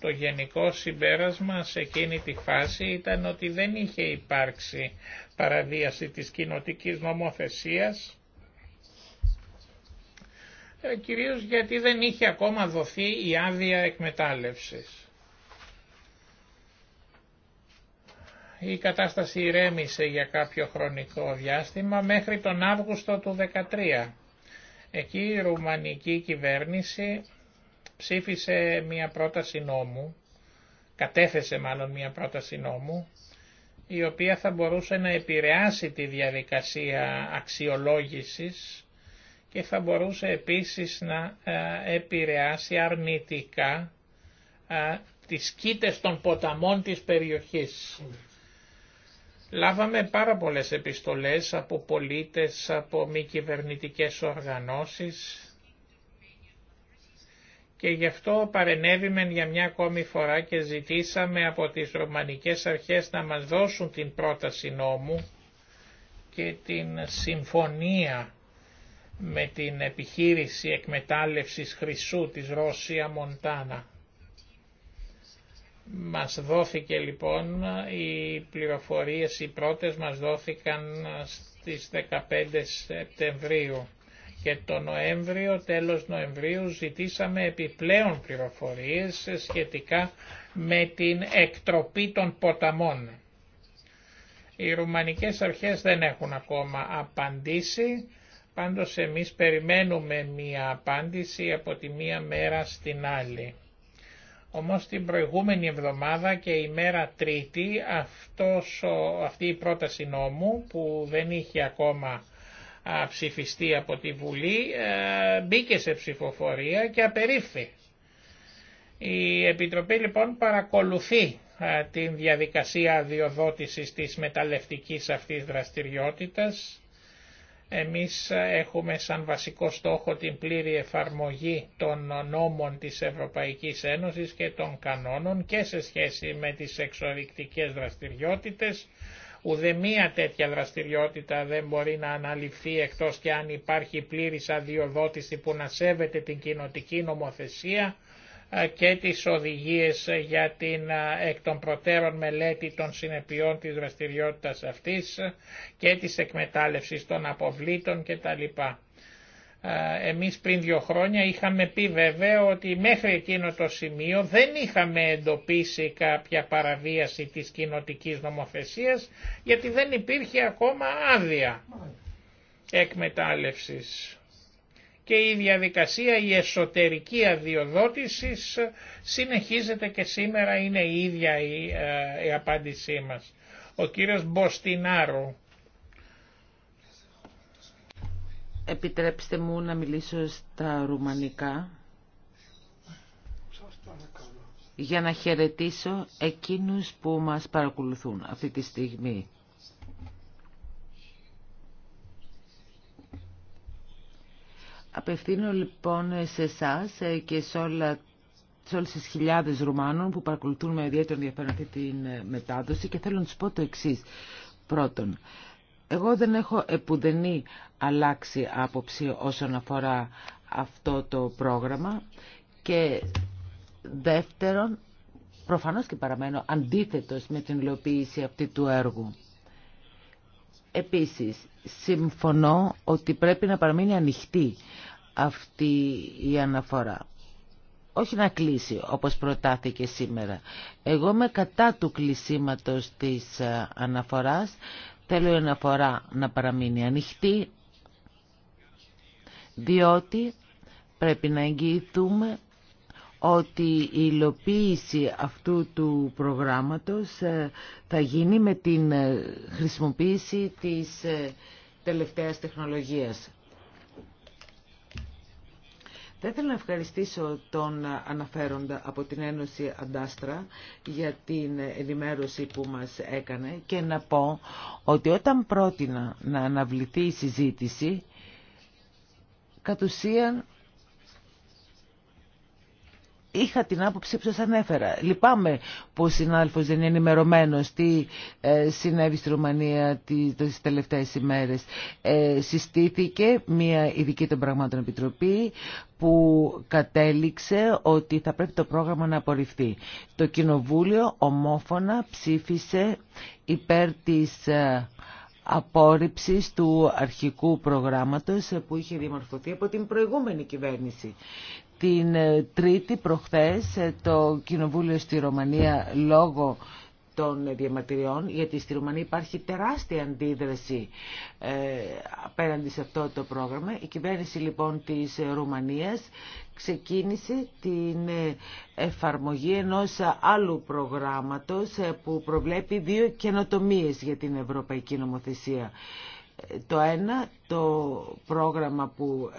Το γενικό συμπέρασμα σε εκείνη τη φάση ήταν ότι δεν είχε υπάρξει παραβίαση της κοινοτικής νομοθεσίας, ε, κυρίως γιατί δεν είχε ακόμα δοθεί η άδεια εκμετάλλευσης. Η κατάσταση ηρέμησε για κάποιο χρονικό διάστημα μέχρι τον Αύγουστο του 2013 Εκεί η ρουμανική κυβέρνηση ψήφισε μια πρόταση νόμου, κατέθεσε μάλλον μια πρόταση νόμου, η οποία θα μπορούσε να επηρεάσει τη διαδικασία αξιολόγησης και θα μπορούσε επίσης να ε, επηρεάσει αρνητικά ε, τις κήτες των ποταμών της περιοχής. Λάβαμε πάρα πολλές επιστολές από πολίτες, από μη κυβερνητικέ οργανώσεις και γι' αυτό παρενέβημε για μια ακόμη φορά και ζητήσαμε από τις Ρωμανικές Αρχές να μας δώσουν την πρόταση νόμου και την συμφωνία με την επιχείρηση εκμετάλλευσης χρυσού της Ρώσια Μοντάνα. Μας δόθηκε λοιπόν, οι πληροφορίες οι πρώτες μας δόθηκαν στις 15 Σεπτεμβρίου και το Νοέμβριο, τέλος Νοεμβρίου ζητήσαμε επιπλέον πληροφορίες σχετικά με την εκτροπή των ποταμών. Οι Ρουμανικές αρχές δεν έχουν ακόμα απαντήσει, πάντως εμείς περιμένουμε μία απάντηση από τη μία μέρα στην άλλη. Όμως την προηγούμενη εβδομάδα και η μέρα τρίτη αυτός, αυτή η πρόταση νόμου που δεν είχε ακόμα ψηφιστεί από τη Βουλή ε, μπήκε σε ψηφοφορία και απερίφθη. Η Επιτροπή λοιπόν παρακολουθεί την διαδικασία αδειοδότησης της μεταλλευτικής αυτής δραστηριότητας εμείς έχουμε σαν βασικό στόχο την πλήρη εφαρμογή των νόμων της Ευρωπαϊκής Ένωσης και των κανόνων και σε σχέση με τις εξορρυκτικές δραστηριότητες. Ουδεμία τέτοια δραστηριότητα δεν μπορεί να αναλυφθεί εκτός και αν υπάρχει πλήρης αδειοδότηση που να σέβεται την κοινοτική νομοθεσία ε, και τις οδηγίες ε, για την ε, εκ των προτέρων μελέτη των συνεπειών της δραστηριότητας αυτής και της εκμετάλλευσης των αποβλήτων κτλ. Εμείς πριν δύο χρόνια είχαμε πει βέβαια ότι μέχρι εκείνο το σημείο δεν είχαμε εντοπίσει κάποια παραβίαση της κοινοτικής νομοθεσίας γιατί δεν υπήρχε ακόμα άδεια εκμετάλλευσης και η διαδικασία η εσωτερική αδειοδότησης συνεχίζεται και σήμερα είναι η ίδια ε, η, απάντησή μας. Ο κύριος Μποστινάρου. Επιτρέψτε μου να μιλήσω στα ρουμανικά για να χαιρετήσω εκείνους που μας παρακολουθούν αυτή τη στιγμή. Απευθύνω λοιπόν σε εσά ε, και σε όλα σε όλες τις χιλιάδες Ρουμάνων που παρακολουθούν με ιδιαίτερο ενδιαφέρον αυτή τη ε, μετάδοση και θέλω να τους πω το εξή. Πρώτον, εγώ δεν έχω επουδενή αλλάξει άποψη όσον αφορά αυτό το πρόγραμμα και δεύτερον, προφανώς και παραμένω αντίθετος με την υλοποίηση αυτή του έργου. Επίσης, συμφωνώ ότι πρέπει να παραμείνει ανοιχτή αυτή η αναφορά. Όχι να κλείσει όπως προτάθηκε σήμερα. Εγώ με κατά του κλεισίματος της ε, αναφοράς. Θέλω η αναφορά να παραμείνει ανοιχτή, διότι πρέπει να εγγυηθούμε ότι η υλοποίηση αυτού του προγράμματος ε, θα γίνει με την ε, χρησιμοποίηση της ε, τελευταίας τεχνολογίας. Θα ήθελα να ευχαριστήσω τον αναφέροντα από την Ένωση Αντάστρα για την ενημέρωση που μας έκανε και να πω ότι όταν πρότεινα να αναβληθεί η συζήτηση, κατ' ουσίαν είχα την άποψη που σας ανέφερα. Λυπάμαι που ο συνάδελφος δεν είναι ενημερωμένος τι ε, συνέβη στη Ρουμανία τις τελευταίες ημέρες. Ε, συστήθηκε μια ειδική των πραγμάτων επιτροπή που κατέληξε ότι θα πρέπει το πρόγραμμα να απορριφθεί. Το Κοινοβούλιο ομόφωνα ψήφισε υπέρ της ε, απόρριψης του αρχικού προγράμματος που είχε διαμορφωθεί από την προηγούμενη κυβέρνηση. Την ε, Τρίτη προχθές ε, το Κοινοβούλιο στη Ρωμανία λόγω των διαμαρτυριών, γιατί στη Ρουμανία υπάρχει τεράστια αντίδραση ε, απέναντι σε αυτό το πρόγραμμα. Η κυβέρνηση λοιπόν της Ρουμανίας ξεκίνησε την εφαρμογή ενός άλλου προγράμματος που προβλέπει δύο καινοτομίες για την Ευρωπαϊκή Νομοθεσία. Το ένα, το πρόγραμμα που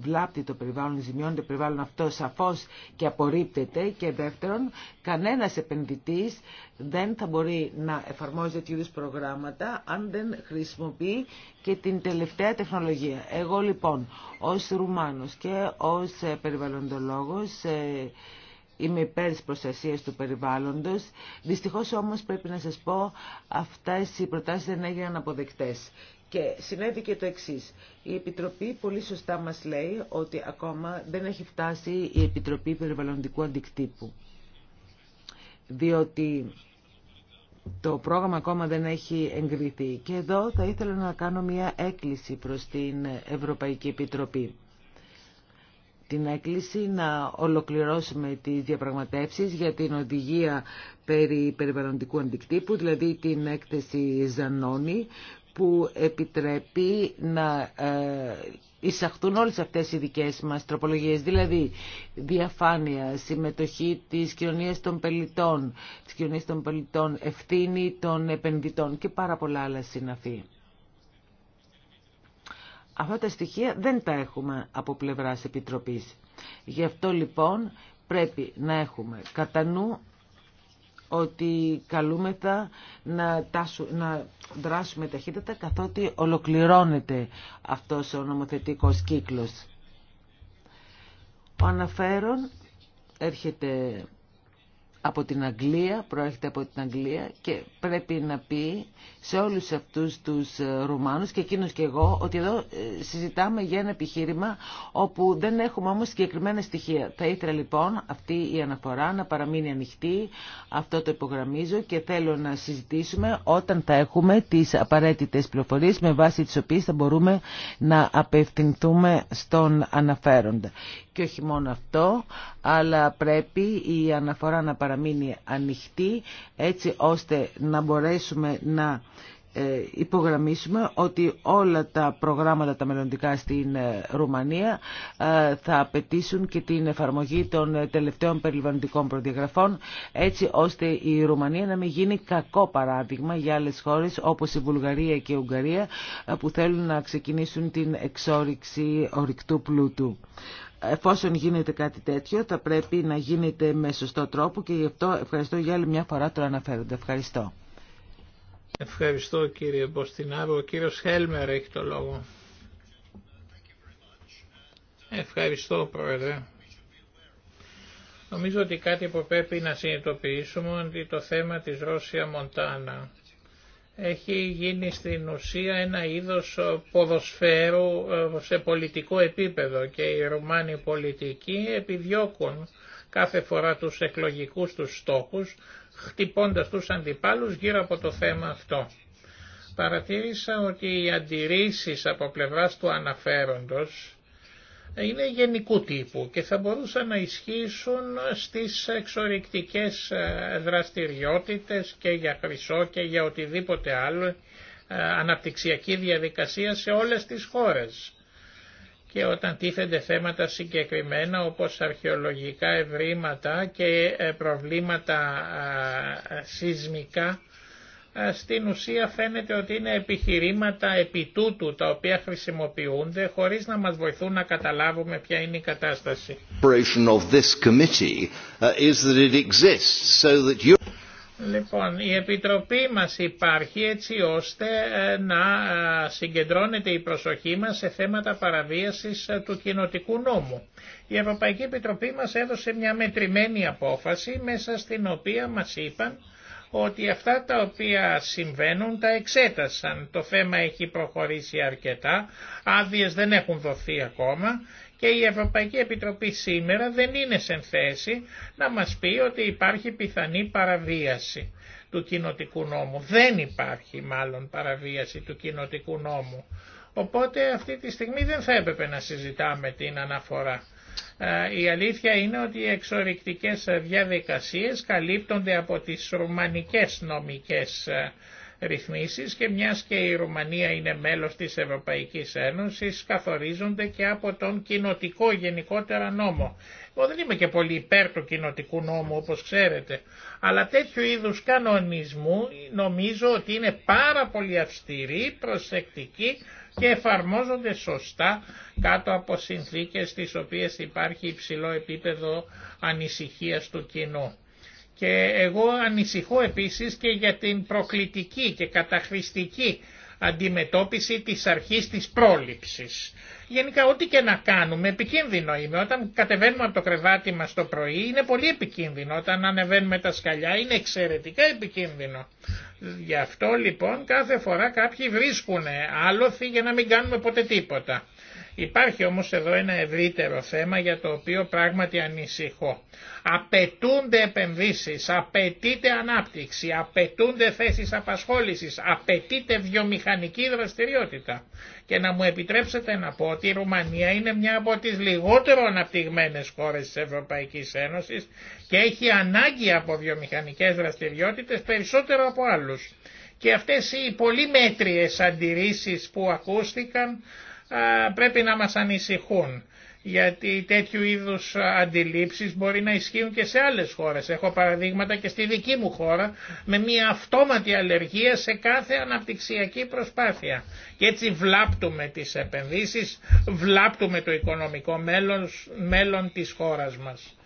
βλάπτει το περιβάλλον, ζημιώνει το περιβάλλον αυτό σαφώς και απορρίπτεται και δεύτερον κανένας επενδυτής δεν θα μπορεί να εφαρμόζει τέτοιου είδους προγράμματα αν δεν χρησιμοποιεί και την τελευταία τεχνολογία. Εγώ λοιπόν ως Ρουμάνος και ως ε, περιβαλλοντολόγος ε, είμαι υπέρ της προστασίας του περιβάλλοντος. Δυστυχώς όμως πρέπει να σας πω αυτές οι προτάσεις δεν έγιναν αποδεκτές. Και συνέβη και το εξή. Η Επιτροπή πολύ σωστά μας λέει ότι ακόμα δεν έχει φτάσει η Επιτροπή Περιβαλλοντικού Αντικτύπου. Διότι το πρόγραμμα ακόμα δεν έχει εγκριθεί. Και εδώ θα ήθελα να κάνω μια έκκληση προς την Ευρωπαϊκή Επιτροπή. Την έκκληση να ολοκληρώσουμε τις διαπραγματεύσεις για την οδηγία περί περιβαλλοντικού αντικτύπου, δηλαδή την έκθεση Ζανόνη, που επιτρέπει να ε, εισαχθούν όλες αυτές οι δικές μας τροπολογίες, δηλαδή διαφάνεια, συμμετοχή της κοινωνίας των πελιτών, της κοινωνίας των πελιτών, ευθύνη των επενδυτών και πάρα πολλά άλλα συναφή. Αυτά τα στοιχεία δεν τα έχουμε από πλευράς Επιτροπής. Γι' αυτό λοιπόν πρέπει να έχουμε κατά νου ότι καλούμεθα να, τάσου, να δράσουμε ταχύτατα καθότι ολοκληρώνεται αυτός ο νομοθετικός κύκλος. Ο αναφέρον έρχεται από την Αγγλία, προέρχεται από την Αγγλία και πρέπει να πει σε όλους αυτούς τους ε, Ρουμάνους και εκείνους και εγώ ότι εδώ ε, συζητάμε για ένα επιχείρημα όπου δεν έχουμε όμως συγκεκριμένα στοιχεία. Θα ήθελα λοιπόν αυτή η αναφορά να παραμείνει ανοιχτή, αυτό το υπογραμμίζω και θέλω να συζητήσουμε όταν θα έχουμε τις απαραίτητες πληροφορίες με βάση τις οποίες θα μπορούμε να απευθυνθούμε στον αναφέροντα. Και όχι μόνο αυτό, αλλά πρέπει η αναφορά να παραμείνει ανοιχτή έτσι ώστε να μπορέσουμε να ε, υπογραμμίσουμε ότι όλα τα προγράμματα τα μελλοντικά στην ε, Ρουμανία ε, θα απαιτήσουν και την εφαρμογή των τελευταίων περιβαλλοντικών προδιαγραφών έτσι ώστε η Ρουμανία να μην γίνει κακό παράδειγμα για άλλες χώρες όπως η Βουλγαρία και η Ουγγαρία που θέλουν να ξεκινήσουν την εξόριξη ορυκτού πλούτου. Εφόσον γίνεται κάτι τέτοιο θα πρέπει να γίνεται με σωστό τρόπο και γι' αυτό ευχαριστώ για άλλη μια φορά το αναφέρονται. Ευχαριστώ. Ευχαριστώ κύριε Μποστινάρο. Ο κύριος Χέλμερ έχει το λόγο. Ευχαριστώ πρόεδρε. Νομίζω ότι κάτι που πρέπει να συνειδητοποιήσουμε είναι το θέμα της Ρώσια Μοντάνα έχει γίνει στην ουσία ένα είδος ε, ποδοσφαίρου ε, σε πολιτικό επίπεδο και οι Ρουμάνοι πολιτικοί επιδιώκουν κάθε φορά τους εκλογικούς τους στόχους χτυπώντας τους αντιπάλους γύρω από το θέμα αυτό. Παρατήρησα ότι οι αντιρρήσεις από πλευράς του αναφέροντος είναι γενικού τύπου και θα μπορούσαν να ισχύσουν στις εξορρικτικές ε, δραστηριότητες και για χρυσό και για οτιδήποτε άλλο ε, αναπτυξιακή διαδικασία σε όλες τις χώρες. Και όταν τίθενται θέματα συγκεκριμένα όπως αρχαιολογικά ευρήματα και ε, προβλήματα σεισμικά ε, στην ουσία φαίνεται ότι είναι επιχειρήματα επιτούτου τα οποία χρησιμοποιούνται χωρίς να μας βοηθούν να καταλάβουμε ποια είναι η κατάσταση. Uh, λοιπόν, η Επιτροπή μας υπάρχει έτσι ώστε ε, να ε, συγκεντρώνεται η προσοχή μας σε θέματα παραβίασης του κοινοτικού νόμου. Η Ευρωπαϊκή Επιτροπή μας έδωσε μια μετρημένη απόφαση μέσα στην οποία μας είπαν ότι αυτά τα οποία συμβαίνουν τα εξέτασαν. Το θέμα έχει προχωρήσει αρκετά, άδειε δεν έχουν δοθεί ακόμα και η Ευρωπαϊκή Επιτροπή σήμερα δεν είναι σε θέση να μας πει ότι υπάρχει πιθανή παραβίαση του κοινοτικού νόμου. Δεν υπάρχει μάλλον παραβίαση του κοινοτικού νόμου. Οπότε αυτή τη στιγμή δεν θα έπρεπε να συζητάμε την αναφορά. Ε, η αλήθεια είναι ότι οι εξορρυκτικές διαδικασίες καλύπτονται από τις ρουμανικές νομικές ε, ρυθμίσεις και μιας και η Ρουμανία είναι μέλος της Ευρωπαϊκής Ένωσης καθορίζονται και από τον κοινοτικό γενικότερα νόμο. Εγώ δεν είμαι και πολύ υπέρ του κοινοτικού νόμου όπως ξέρετε, αλλά τέτοιου είδους κανονισμού νομίζω ότι είναι πάρα πολύ αυστηρή, προσεκτική και εφαρμόζονται σωστά κάτω από συνθήκες τις οποίες υπάρχει υψηλό επίπεδο ανησυχίας του κοινού. Και εγώ ανησυχώ επίσης και για την προκλητική και καταχρηστική αντιμετώπιση της αρχής της πρόληψης. Γενικά ό,τι και να κάνουμε επικίνδυνο είναι. Όταν κατεβαίνουμε από το κρεβάτι μας το πρωί είναι πολύ επικίνδυνο. Όταν ανεβαίνουμε τα σκαλιά είναι εξαιρετικά επικίνδυνο. Γι' αυτό λοιπόν κάθε φορά κάποιοι βρίσκουν άλοθη για να μην κάνουμε ποτέ τίποτα. Υπάρχει όμως εδώ ένα ευρύτερο θέμα για το οποίο πράγματι ανησυχώ. Απαιτούνται επενδύσεις, απαιτείται ανάπτυξη, απαιτούνται θέσεις απασχόλησης, απαιτείται βιομηχανική δραστηριότητα. Και να μου επιτρέψετε να πω ότι η Ρουμανία είναι μια από τις λιγότερο αναπτυγμένες χώρες της Ευρωπαϊκής Ένωσης και έχει ανάγκη από βιομηχανικές δραστηριότητες περισσότερο από άλλους. Και αυτές οι πολύ μέτριες αντιρρήσεις που ακούστηκαν πρέπει να μας ανησυχούν γιατί τέτοιου είδους αντιλήψεις μπορεί να ισχύουν και σε άλλες χώρες. Έχω παραδείγματα και στη δική μου χώρα με μια αυτόματη αλλεργία σε κάθε αναπτυξιακή προσπάθεια. Και έτσι βλάπτουμε τις επενδύσεις, βλάπτουμε το οικονομικό μέλλον, μέλλον της χώρας μας.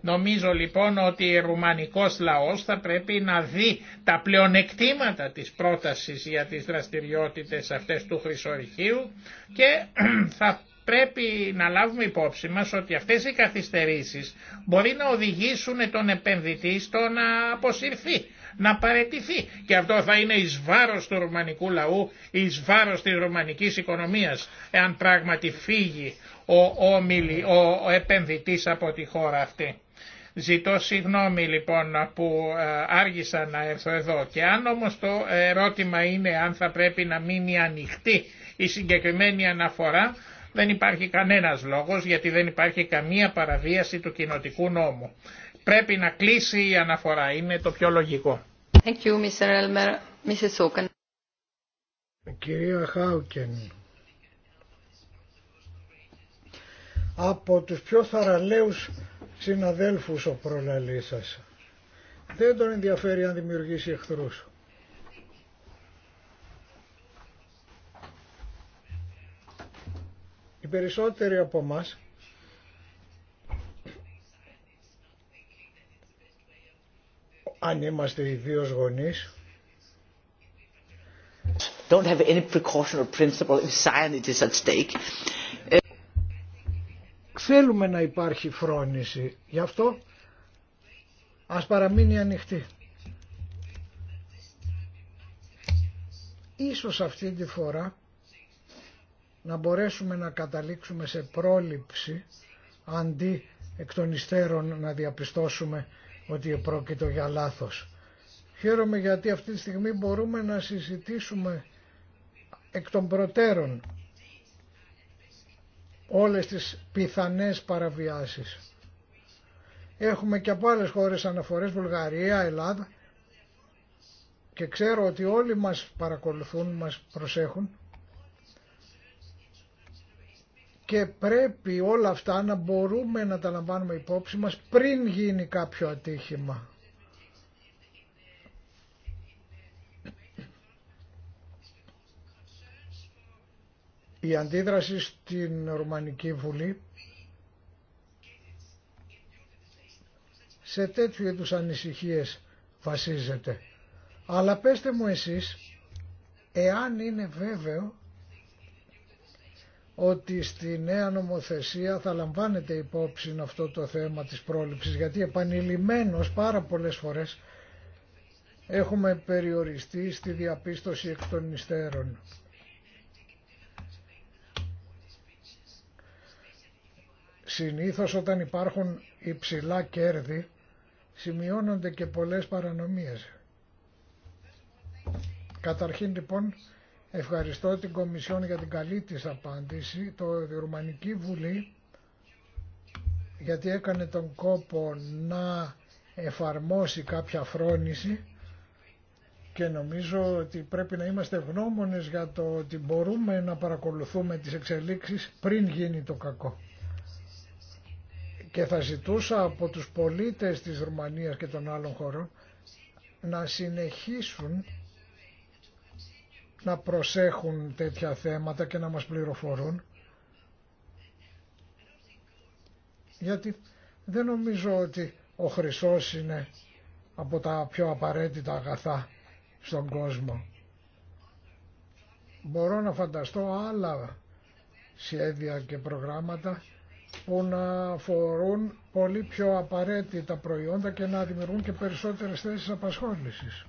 Νομίζω λοιπόν ότι ο ρουμανικός λαός θα πρέπει να δει τα πλεονεκτήματα της πρότασης για τις δραστηριότητες αυτές του χρυσορυχείου και θα πρέπει να λάβουμε υπόψη μας ότι αυτές οι καθυστερήσεις μπορεί να οδηγήσουν τον επενδυτή στο να αποσυρθεί, να παρετηθεί και αυτό θα είναι εις βάρος του ρουμανικού λαού, εις βάρος της ρουμανικής οικονομίας εάν πράγματι φύγει ο, ομιλη, ο, επενδυτής από τη χώρα αυτή. Ζητώ συγγνώμη λοιπόν που ε, άργησα να έρθω εδώ και αν όμως το ερώτημα είναι αν θα πρέπει να μείνει ανοιχτή η συγκεκριμένη αναφορά δεν υπάρχει κανένας λόγος γιατί δεν υπάρχει καμία παραβίαση του κοινοτικού νόμου. Πρέπει να κλείσει η αναφορά, είναι το πιο λογικό. Thank you, Mr. Elmer. Mrs. Κυρία Χάουκεν, από τους πιο θαραλέους συναδέλφους ο προλαλής σας. Δεν τον ενδιαφέρει αν δημιουργήσει εχθρούς. Οι περισσότεροι από μας αν είμαστε οι δύο γονείς Don't have any principle if is at stake. Uh, Θέλουμε να υπάρχει φρόνηση. Γι' αυτό ας παραμείνει ανοιχτή. Ίσως αυτή τη φορά να μπορέσουμε να καταλήξουμε σε πρόληψη αντί εκ των υστέρων να διαπιστώσουμε ότι πρόκειται για λάθος. Χαίρομαι γιατί αυτή τη στιγμή μπορούμε να συζητήσουμε εκ των προτέρων όλες τις πιθανές παραβιάσεις. Έχουμε και από άλλες χώρες αναφορές, Βουλγαρία, Ελλάδα και ξέρω ότι όλοι μας παρακολουθούν, μας προσέχουν και πρέπει όλα αυτά να μπορούμε να τα λαμβάνουμε υπόψη μας πριν γίνει κάποιο ατύχημα. Η αντίδραση στην Ρουμανική Βουλή σε τέτοιου είδου ανησυχίες βασίζεται. Αλλά πέστε μου εσείς, εάν είναι βέβαιο ότι στη νέα νομοθεσία θα λαμβάνεται υπόψη αυτό το θέμα της πρόληψης, γιατί επανειλημμένως πάρα πολλές φορές έχουμε περιοριστεί στη διαπίστωση εκ των υστέρων. Συνήθως όταν υπάρχουν υψηλά κέρδη σημειώνονται και πολλές παρανομίες. Καταρχήν λοιπόν ευχαριστώ την Κομισιόν για την καλή της απάντηση. Το Ρουμανική Βουλή γιατί έκανε τον κόπο να εφαρμόσει κάποια φρόνηση και νομίζω ότι πρέπει να είμαστε ευγνώμονες για το ότι μπορούμε να παρακολουθούμε τις εξελίξεις πριν γίνει το κακό και θα ζητούσα από τους πολίτες της Ρουμανίας και των άλλων χωρών να συνεχίσουν να προσέχουν τέτοια θέματα και να μας πληροφορούν γιατί δεν νομίζω ότι ο χρυσός είναι από τα πιο απαραίτητα αγαθά στον κόσμο. Μπορώ να φανταστώ άλλα σχέδια και προγράμματα που να φορούν πολύ πιο απαραίτητα προϊόντα και να δημιουργούν και περισσότερες θέσεις απασχόλησης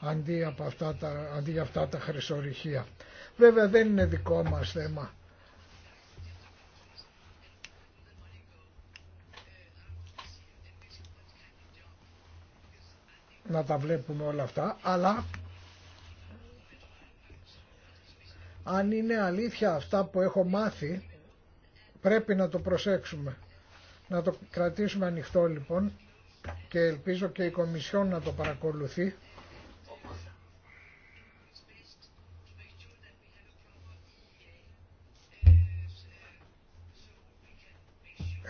αντί, αυτά τα, αντί για αυτά τα χρυσορυχεία. Βέβαια δεν είναι δικό μας θέμα. να τα βλέπουμε όλα αυτά, αλλά αν είναι αλήθεια αυτά που έχω μάθει, Πρέπει να το προσέξουμε. Να το κρατήσουμε ανοιχτό λοιπόν και ελπίζω και η Κομισιόν να το παρακολουθεί.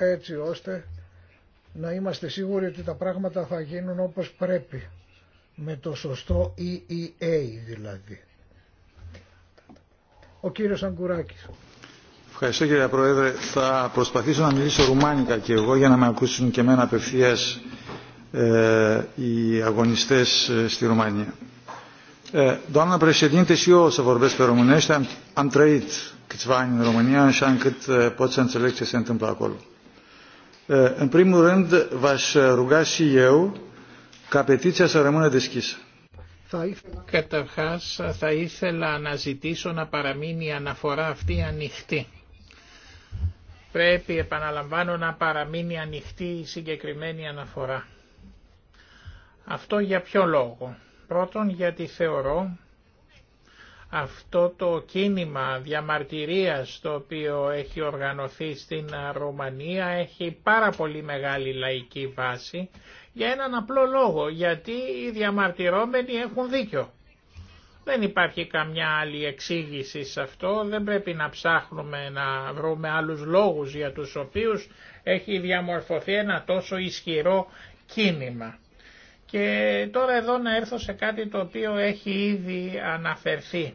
έτσι ώστε να είμαστε σίγουροι ότι τα πράγματα θα γίνουν όπως πρέπει με το σωστό EEA δηλαδή. Ο κύριος Αγκουράκης. Ευχαριστώ κύριε Πρόεδρε. Θα προσπαθήσω να μιλήσω ρουμάνικα και εγώ για να με ακούσουν και εμένα απευθεία ε, οι αγωνιστέ ε, στη Ρουμανία. Ε, doamna președinte, și eu o să vorbesc pe românește. Am, am trăit câțiva ani în România, așa încât e, pot să înțeleg ce se întâmplă acolo. E, în primul rând, v-aș ruga și eu ca petiția să rămână deschisă. Καταρχάς θα ήθελα να ζητήσω να παραμείνει η αναφορά αυτή ανοιχτή. Πρέπει, επαναλαμβάνω, να παραμείνει ανοιχτή η συγκεκριμένη αναφορά. Αυτό για ποιο λόγο. Πρώτον γιατί θεωρώ αυτό το κίνημα διαμαρτυρίας το οποίο έχει οργανωθεί στην Ρουμανία έχει πάρα πολύ μεγάλη λαϊκή βάση για έναν απλό λόγο, γιατί οι διαμαρτυρόμενοι έχουν δίκιο. Δεν υπάρχει καμιά άλλη εξήγηση σε αυτό, δεν πρέπει να ψάχνουμε να βρούμε άλλους λόγους για τους οποίους έχει διαμορφωθεί ένα τόσο ισχυρό κίνημα. Και τώρα εδώ να έρθω σε κάτι το οποίο έχει ήδη αναφερθεί.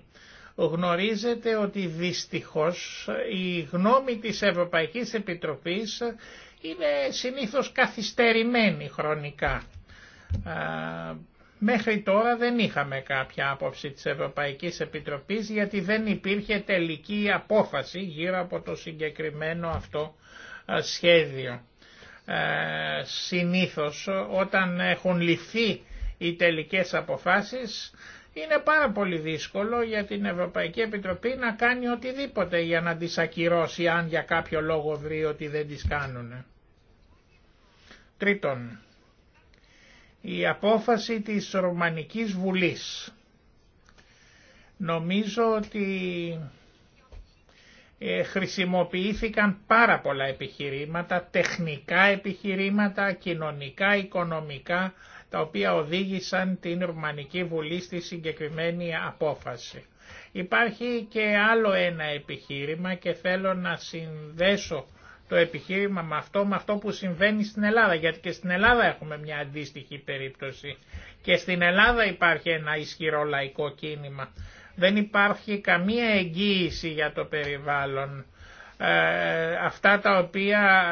Γνωρίζετε ότι δυστυχώς η γνώμη της Ευρωπαϊκής Επιτροπής είναι συνήθως καθυστερημένη χρονικά Μέχρι τώρα δεν είχαμε κάποια άποψη της Ευρωπαϊκής Επιτροπής γιατί δεν υπήρχε τελική απόφαση γύρω από το συγκεκριμένο αυτό σχέδιο. Ε, συνήθως όταν έχουν ληφθεί οι τελικές αποφάσεις είναι πάρα πολύ δύσκολο για την Ευρωπαϊκή Επιτροπή να κάνει οτιδήποτε για να τις ακυρώσει αν για κάποιο λόγο βρει ότι δεν τις κάνουν. Τρίτον, η απόφαση της Ρωμανικής Βουλής. Νομίζω ότι ε, χρησιμοποιήθηκαν πάρα πολλά επιχειρήματα, τεχνικά επιχειρήματα, κοινωνικά, οικονομικά, τα οποία οδήγησαν την Ρουμανική Βουλή στη συγκεκριμένη απόφαση. Υπάρχει και άλλο ένα επιχείρημα και θέλω να συνδέσω το επιχείρημα με αυτό, με αυτό που συμβαίνει στην Ελλάδα, γιατί και στην Ελλάδα έχουμε μια αντίστοιχη περίπτωση. Και στην Ελλάδα υπάρχει ένα ισχυρό λαϊκό κίνημα. Δεν υπάρχει καμία εγγύηση για το περιβάλλον. Ε, αυτά τα οποία,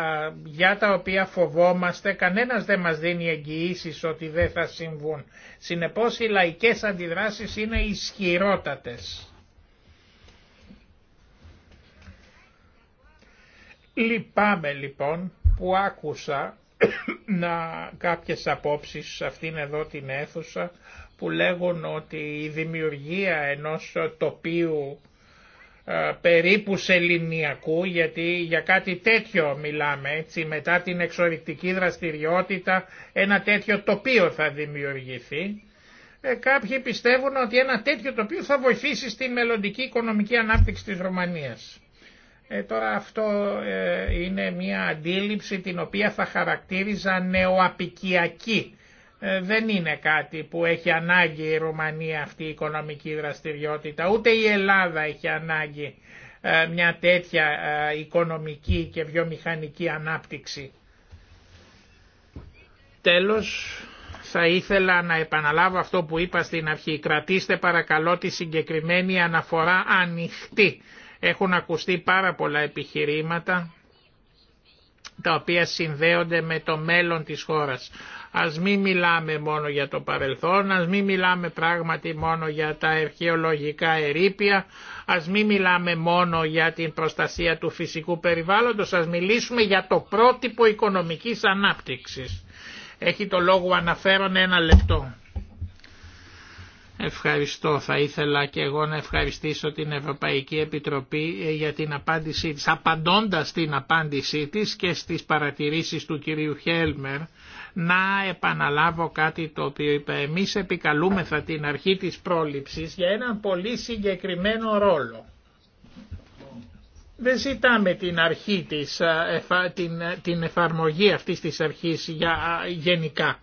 για τα οποία φοβόμαστε, κανένας δεν μας δίνει εγγυήσεις ότι δεν θα συμβούν. Συνεπώς οι λαϊκές αντιδράσεις είναι ισχυρότατες. Λυπάμαι λοιπόν που άκουσα να κάποιες απόψεις σε αυτήν εδώ την αίθουσα που λέγουν ότι η δημιουργία ενός τοπίου ε, περίπου σεληνιακού γιατί για κάτι τέτοιο μιλάμε έτσι μετά την εξορρυκτική δραστηριότητα ένα τέτοιο τοπίο θα δημιουργηθεί ε, κάποιοι πιστεύουν ότι ένα τέτοιο τοπίο θα βοηθήσει στη μελλοντική οικονομική ανάπτυξη της Ρωμανίας. Ε, τώρα αυτό ε, είναι μια αντίληψη την οποία θα χαρακτήριζα νεοαπικιακή. Ε, δεν είναι κάτι που έχει ανάγκη η Ρουμανία αυτή η οικονομική δραστηριότητα. Ούτε η Ελλάδα έχει ανάγκη ε, μια τέτοια οικονομική και βιομηχανική ανάπτυξη. Τέλος, θα ήθελα να επαναλάβω αυτό που είπα στην αρχή. Κρατήστε παρακαλώ τη συγκεκριμένη αναφορά ανοιχτή έχουν ακουστεί πάρα πολλά επιχειρήματα τα οποία συνδέονται με το μέλλον της χώρας. Ας μην μιλάμε μόνο για το παρελθόν, ας μην μιλάμε πράγματι μόνο για τα αρχαιολογικά ερήπια, ας μην μιλάμε μόνο για την προστασία του φυσικού περιβάλλοντος, ας μιλήσουμε για το πρότυπο οικονομικής ανάπτυξης. Έχει το λόγο αναφέρον ένα λεπτό. Ευχαριστώ. Θα ήθελα και εγώ να ευχαριστήσω την Ευρωπαϊκή Επιτροπή ε, για την απάντησή της, απαντώντας την απάντησή της και στις παρατηρήσεις του κυρίου Χέλμερ να επαναλάβω κάτι το οποίο είπα. Εμείς επικαλούμεθα την αρχή της πρόληψης για έναν πολύ συγκεκριμένο ρόλο. Δεν ζητάμε την αρχή της, ε, την, ε, την εφαρμογή αυτής της αρχής για, γενικά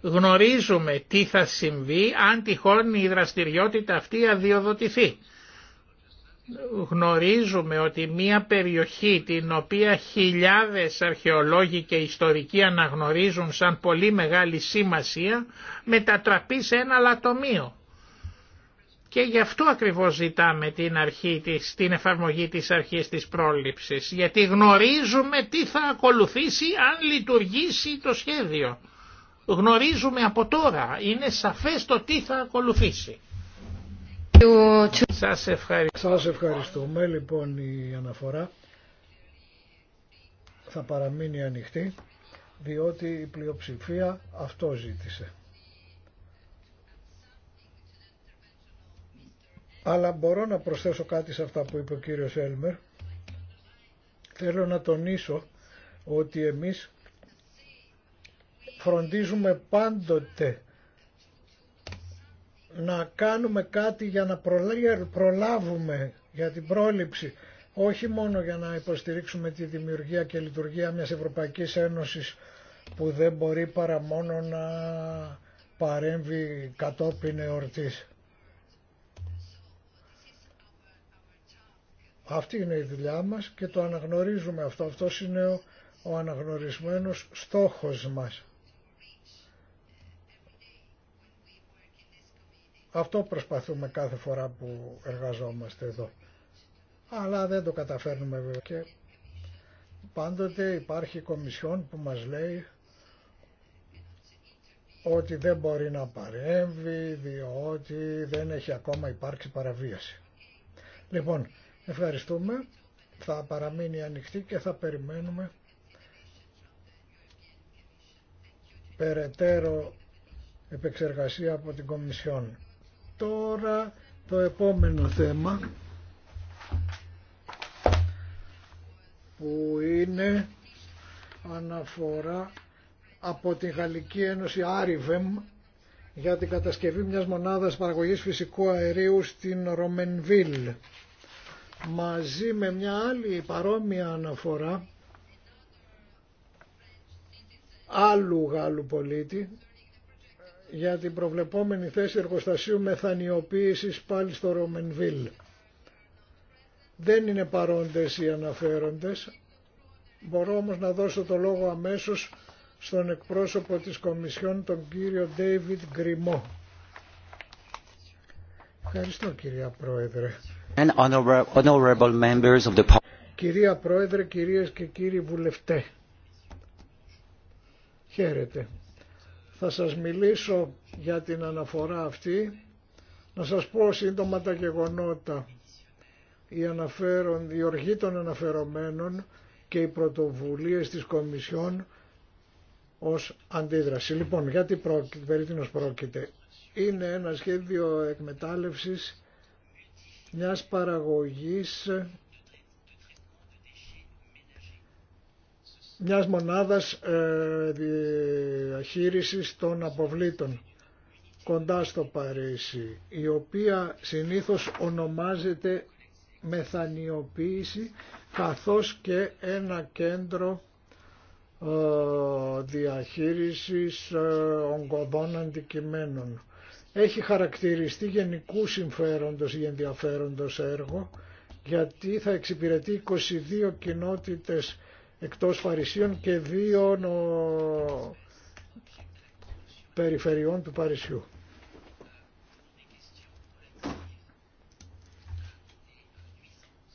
γνωρίζουμε τι θα συμβεί αν τυχόν η δραστηριότητα αυτή αδειοδοτηθεί. Γνωρίζουμε ότι μία περιοχή την οποία χιλιάδες αρχαιολόγοι και ιστορικοί αναγνωρίζουν σαν πολύ μεγάλη σημασία μετατραπεί σε ένα λατομείο. Και γι' αυτό ακριβώς ζητάμε την, αρχή της, την εφαρμογή της αρχής της πρόληψης, γιατί γνωρίζουμε τι θα ακολουθήσει αν λειτουργήσει το σχέδιο γνωρίζουμε από τώρα. Είναι σαφές το τι θα ακολουθήσει. Σας, Σας ευχαριστούμε. Λοιπόν η αναφορά θα παραμείνει ανοιχτή διότι η πλειοψηφία αυτό ζήτησε. Αλλά μπορώ να προσθέσω κάτι σε αυτά που είπε ο κύριος Έλμερ. Θέλω να τονίσω ότι εμείς φροντίζουμε πάντοτε να κάνουμε κάτι για να προλάβουμε για την πρόληψη όχι μόνο για να υποστηρίξουμε τη δημιουργία και λειτουργία μιας Ευρωπαϊκής Ένωσης που δεν μπορεί παρά μόνο να παρέμβει κατόπιν εορτής. Αυτή είναι η δουλειά μας και το αναγνωρίζουμε αυτό. Αυτό είναι ο, ο αναγνωρισμένος στόχος μας. Αυτό προσπαθούμε κάθε φορά που εργαζόμαστε εδώ. Αλλά δεν το καταφέρνουμε βέβαια. Και πάντοτε υπάρχει κομισιόν που μας λέει ότι δεν μπορεί να παρέμβει διότι δεν έχει ακόμα υπάρξει παραβίαση. Λοιπόν, ευχαριστούμε. Θα παραμείνει ανοιχτή και θα περιμένουμε περαιτέρω επεξεργασία από την Κομισιόν. Τώρα το επόμενο θέμα που είναι αναφορά από την Γαλλική Ένωση Άριβεμ για την κατασκευή μιας μονάδας παραγωγής φυσικού αερίου στην Ρομενβίλ. Μαζί με μια άλλη παρόμοια αναφορά άλλου Γάλλου πολίτη για την προβλεπόμενη θέση εργοστασίου μεθανιοποίησης πάλι στο Ρομενβίλ. Δεν είναι παρόντες οι αναφέροντες. Μπορώ όμως να δώσω το λόγο αμέσως στον εκπρόσωπο της Κομισιόν, τον κύριο Ντέιβιτ Γκριμό. Ευχαριστώ κυρία Πρόεδρε. Κυρία Πρόεδρε, κυρίες και κύριοι βουλευτές. Χαίρετε. Θα σας μιλήσω για την αναφορά αυτή. Να σας πω σύντομα τα γεγονότα. η οργή των αναφερομένων και οι πρωτοβουλίες της Κομισιόν ως αντίδραση. Λοιπόν, γιατί πρόκειται, πρόκειται. Είναι ένα σχέδιο εκμετάλλευσης μιας παραγωγής μιας μονάδας ε, διαχείρισης των αποβλήτων κοντά στο Παρίσι, η οποία συνήθως ονομάζεται μεθανιοποίηση καθώς και ένα κέντρο ε, διαχείρισης ε, ογκωδών αντικειμένων. Έχει χαρακτηριστεί γενικού συμφέροντος ή ενδιαφέροντος έργο γιατί θα εξυπηρετεί 22 κοινότητες εκτός Παρισίων και δύο περιφερειών του Παρισιού.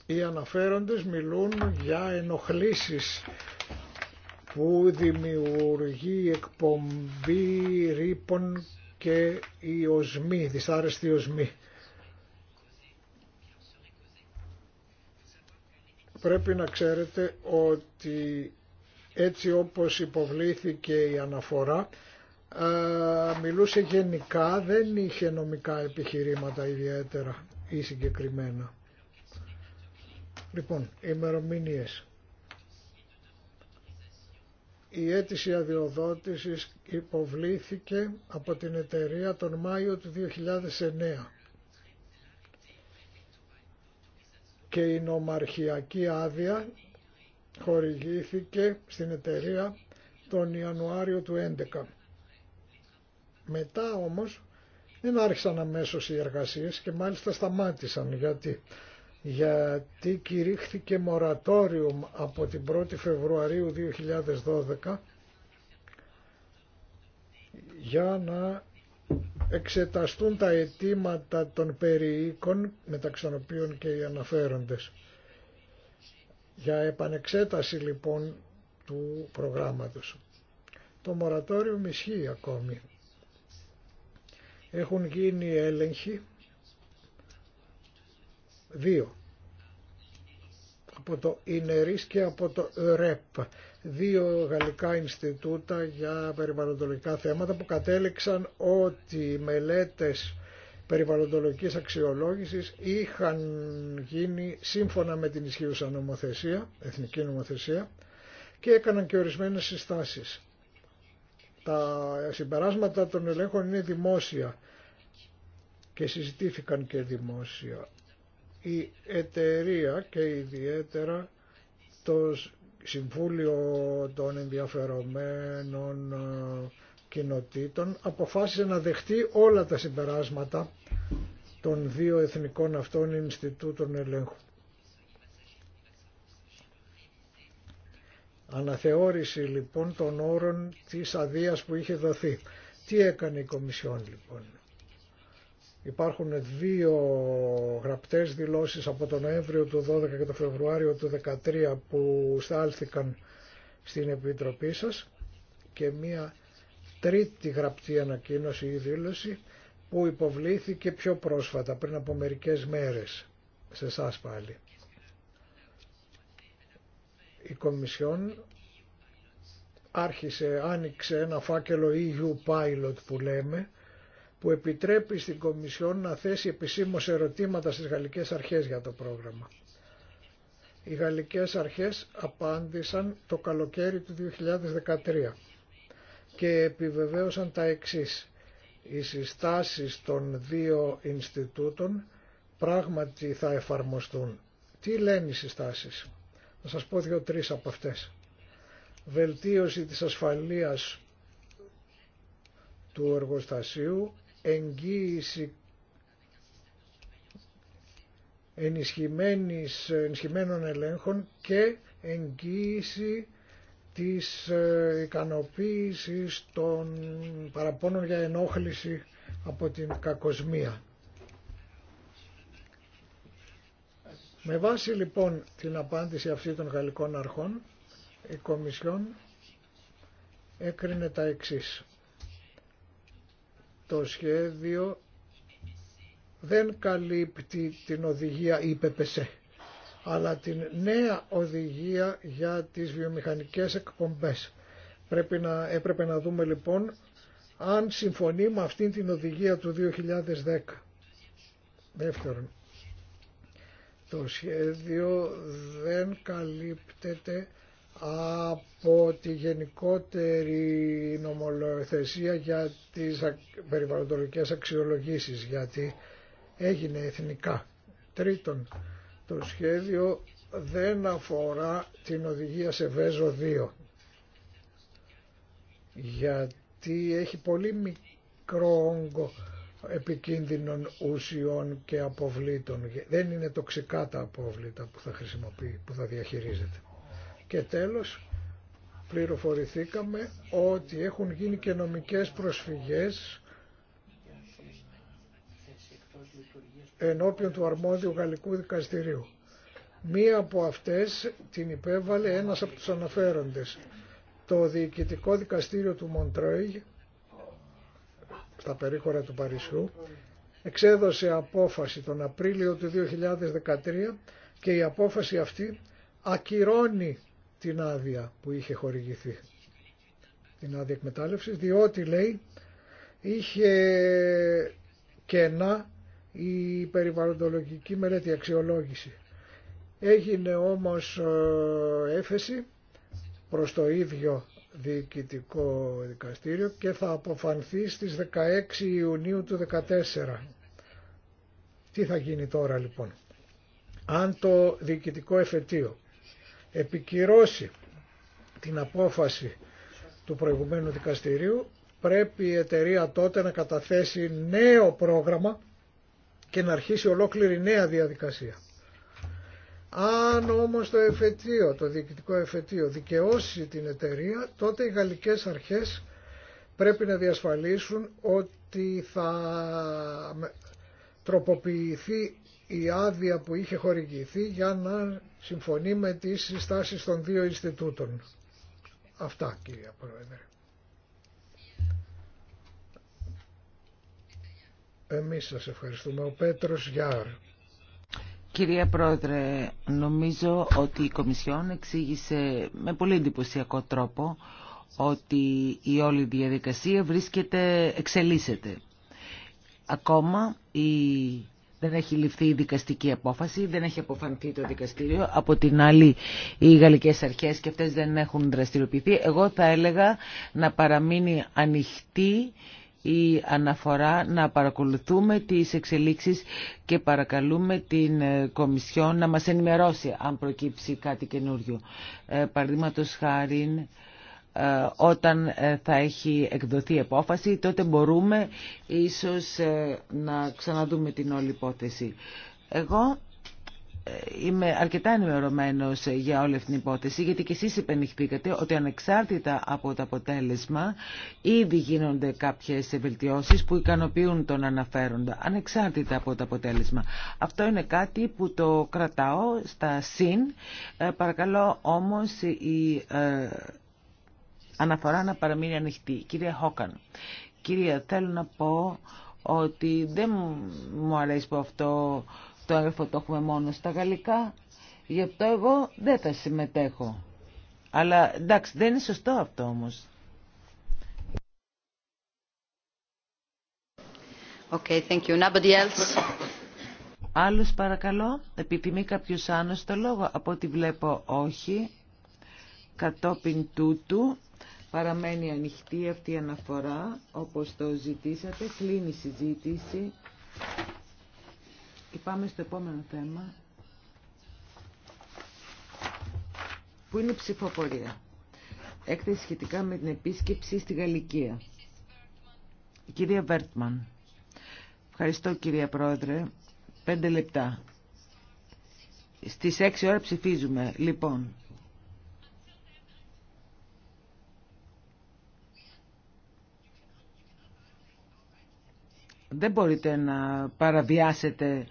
Οι αναφέροντες μιλούν για ενοχλήσεις που δημιουργεί εκπομπή ρήπων και η οσμή, δυσάρεστη οσμή. πρέπει να ξέρετε ότι έτσι όπως υποβλήθηκε η αναφορά μιλούσε γενικά, δεν είχε νομικά επιχειρήματα ιδιαίτερα ή συγκεκριμένα. Λοιπόν, ημερομηνίε. Η αίτηση αδειοδότησης υποβλήθηκε από την εταιρεία τον Μάιο του 2009. και η νομαρχιακή άδεια χορηγήθηκε στην εταιρεία τον Ιανουάριο του 11. Μετά όμως δεν άρχισαν αμέσως οι εργασίες και μάλιστα σταμάτησαν γιατί, γιατί κηρύχθηκε μορατόριο από την 1η Φεβρουαρίου 2012 για να εξεταστούν τα αιτήματα των περιοίκων, μεταξύ των οποίων και οι αναφέροντες. Για επανεξέταση λοιπόν του προγράμματος. Το μορατόριο ισχύει ακόμη. Έχουν γίνει έλεγχοι δύο από το ΙΝΕΡΙΣ και από το ΡΕΠ δύο γαλλικά Ινστιτούτα για περιβαλλοντολογικά θέματα που κατέληξαν ότι οι μελέτες περιβαλλοντολογικής αξιολόγησης είχαν γίνει σύμφωνα με την ισχύουσα νομοθεσία, εθνική νομοθεσία και έκαναν και ορισμένες συστάσεις. Τα συμπεράσματα των ελέγχων είναι δημόσια και συζητήθηκαν και δημόσια. Η εταιρεία και ιδιαίτερα το Συμβούλιο των Ενδιαφερομένων ε, Κοινοτήτων αποφάσισε να δεχτεί όλα τα συμπεράσματα των δύο εθνικών αυτών Ινστιτούτων Ελέγχου. Αναθεώρηση λοιπόν των όρων της αδείας που είχε δοθεί. Τι έκανε η Κομισιόν λοιπόν. Υπάρχουν δύο γραπτές δηλώσεις από τον Νοέμβριο του 12 και τον Φεβρουάριο του 13 που στάλθηκαν στην Επιτροπή σας και μία τρίτη γραπτή ανακοίνωση ή δήλωση που υποβλήθηκε πιο πρόσφατα πριν από μερικές μέρες σε εσά πάλι. Η Κομισιόν άρχισε, άνοιξε ένα φάκελο EU Pilot που λέμε που επιτρέπει στην Κομισιόν να θέσει επισήμως ερωτήματα στις γαλλικές αρχές για το πρόγραμμα. Οι γαλλικές αρχές απάντησαν το καλοκαίρι του 2013 και επιβεβαίωσαν τα εξής. Οι συστάσεις των δύο Ινστιτούτων πράγματι θα εφαρμοστούν. Τι λένε οι συστάσεις. Να σας πω δύο-τρεις από αυτές. Βελτίωση της ασφαλείας του εργοστασίου εγγύηση ενισχυμένων ελέγχων και εγγύηση της ε, ικανοποίησης των παραπώνων για ενόχληση από την κακοσμία. Με βάση λοιπόν την απάντηση αυτή των γαλλικών αρχών, η Κομισιόν έκρινε τα εξής το σχέδιο δεν καλύπτει την οδηγία IPPC, αλλά την νέα οδηγία για τις βιομηχανικές εκπομπές. Πρέπει να, έπρεπε να δούμε λοιπόν αν συμφωνεί με αυτήν την οδηγία του 2010. Δεύτερον, το σχέδιο δεν καλύπτεται από τη γενικότερη νομολοθεσία για τις περιβαλλοντολογικές αξιολογήσεις γιατί έγινε εθνικά. Τρίτον, το σχέδιο δεν αφορά την οδηγία σε Βέζο 2 γιατί έχει πολύ μικρό όγκο επικίνδυνων ουσιών και αποβλήτων. Δεν είναι τοξικά τα απόβλητα που θα χρησιμοποιεί, που θα διαχειρίζεται. Και τέλος, πληροφορηθήκαμε ότι έχουν γίνει και νομικές προσφυγές ενώπιον του αρμόδιου γαλλικού δικαστηρίου. Μία από αυτές την υπέβαλε ένας από τους αναφέροντες. Το Διοικητικό Δικαστήριο του Μοντρόιγ, στα περίχωρα του Παρισιού, εξέδωσε απόφαση τον Απρίλιο του 2013 και η απόφαση αυτή ακυρώνει την άδεια που είχε χορηγηθεί, την άδεια εκμετάλλευση διότι λέει είχε κενά η περιβαλλοντολογική μελέτη αξιολόγηση. Έγινε όμως ε, έφεση προς το ίδιο διοικητικό δικαστήριο και θα αποφανθεί στις 16 Ιουνίου του 2014. Τι θα γίνει τώρα λοιπόν. Αν το διοικητικό εφετείο επικυρώσει την απόφαση του προηγουμένου δικαστηρίου πρέπει η εταιρεία τότε να καταθέσει νέο πρόγραμμα και να αρχίσει ολόκληρη νέα διαδικασία. Αν όμως το εφετείο, το διοικητικό εφετείο δικαιώσει την εταιρεία, τότε οι γαλλικές αρχές πρέπει να διασφαλίσουν ότι θα τροποποιηθεί η άδεια που είχε χορηγηθεί για να συμφωνεί με τις συστάσεις των δύο Ινστιτούτων. Αυτά κύριε Πρόεδρε. Εμείς σας ευχαριστούμε. Ο Πέτρος Γιάρ. Κυρία Πρόεδρε, νομίζω ότι η Κομισιόν εξήγησε με πολύ εντυπωσιακό τρόπο ότι η όλη διαδικασία βρίσκεται, εξελίσσεται. Ακόμα η δεν έχει ληφθεί η δικαστική απόφαση, δεν έχει αποφανθεί το δικαστήριο. Από την άλλη οι γαλλικές αρχές και αυτές δεν έχουν δραστηριοποιηθεί. Εγώ θα έλεγα να παραμείνει ανοιχτή η αναφορά να παρακολουθούμε τις εξελίξεις και παρακαλούμε την ε, Κομισιόν να μας ενημερώσει αν προκύψει κάτι καινούριο. Ε, Παραδείγματος χάρη ε, όταν ε, θα έχει εκδοθεί απόφαση, τότε μπορούμε ίσως ε, να ξαναδούμε την όλη υπόθεση. Εγώ είμαι αρκετά ενημερωμένο για όλη αυτή την υπόθεση, γιατί και εσείς υπενηχθήκατε ότι ανεξάρτητα από το αποτέλεσμα ήδη γίνονται κάποιες βελτιώσεις που ικανοποιούν τον αναφέροντα, ανεξάρτητα από το αποτέλεσμα. Αυτό είναι κάτι που το κρατάω στα συν. παρακαλώ όμως η αναφορά να παραμείνει ανοιχτή. Κυρία Χόκαν, κυρία θέλω να πω ότι δεν μου αρέσει που αυτό το έγγραφο το έχουμε μόνο στα γαλλικά, γι' αυτό εγώ δεν θα συμμετέχω. Αλλά εντάξει, δεν είναι σωστό αυτό όμως. Okay, thank you. Nobody else. Άλλος παρακαλώ, επιθυμεί κάποιος άνος το λόγο, από ό,τι βλέπω όχι, κατόπιν τούτου Παραμένει ανοιχτή αυτή η αναφορά, όπως το ζητήσατε, κλείνει η συζήτηση και πάμε στο επόμενο θέμα, που είναι η ψηφοφορία. Έκθεση σχετικά με την επίσκεψη στη Γαλλικία. Η κυρία Βέρτμαν. Ευχαριστώ κυρία Πρόεδρε. Πέντε λεπτά. Στις έξι ώρα ψηφίζουμε. Λοιπόν, Δεν μπορείτε να παραβιάσετε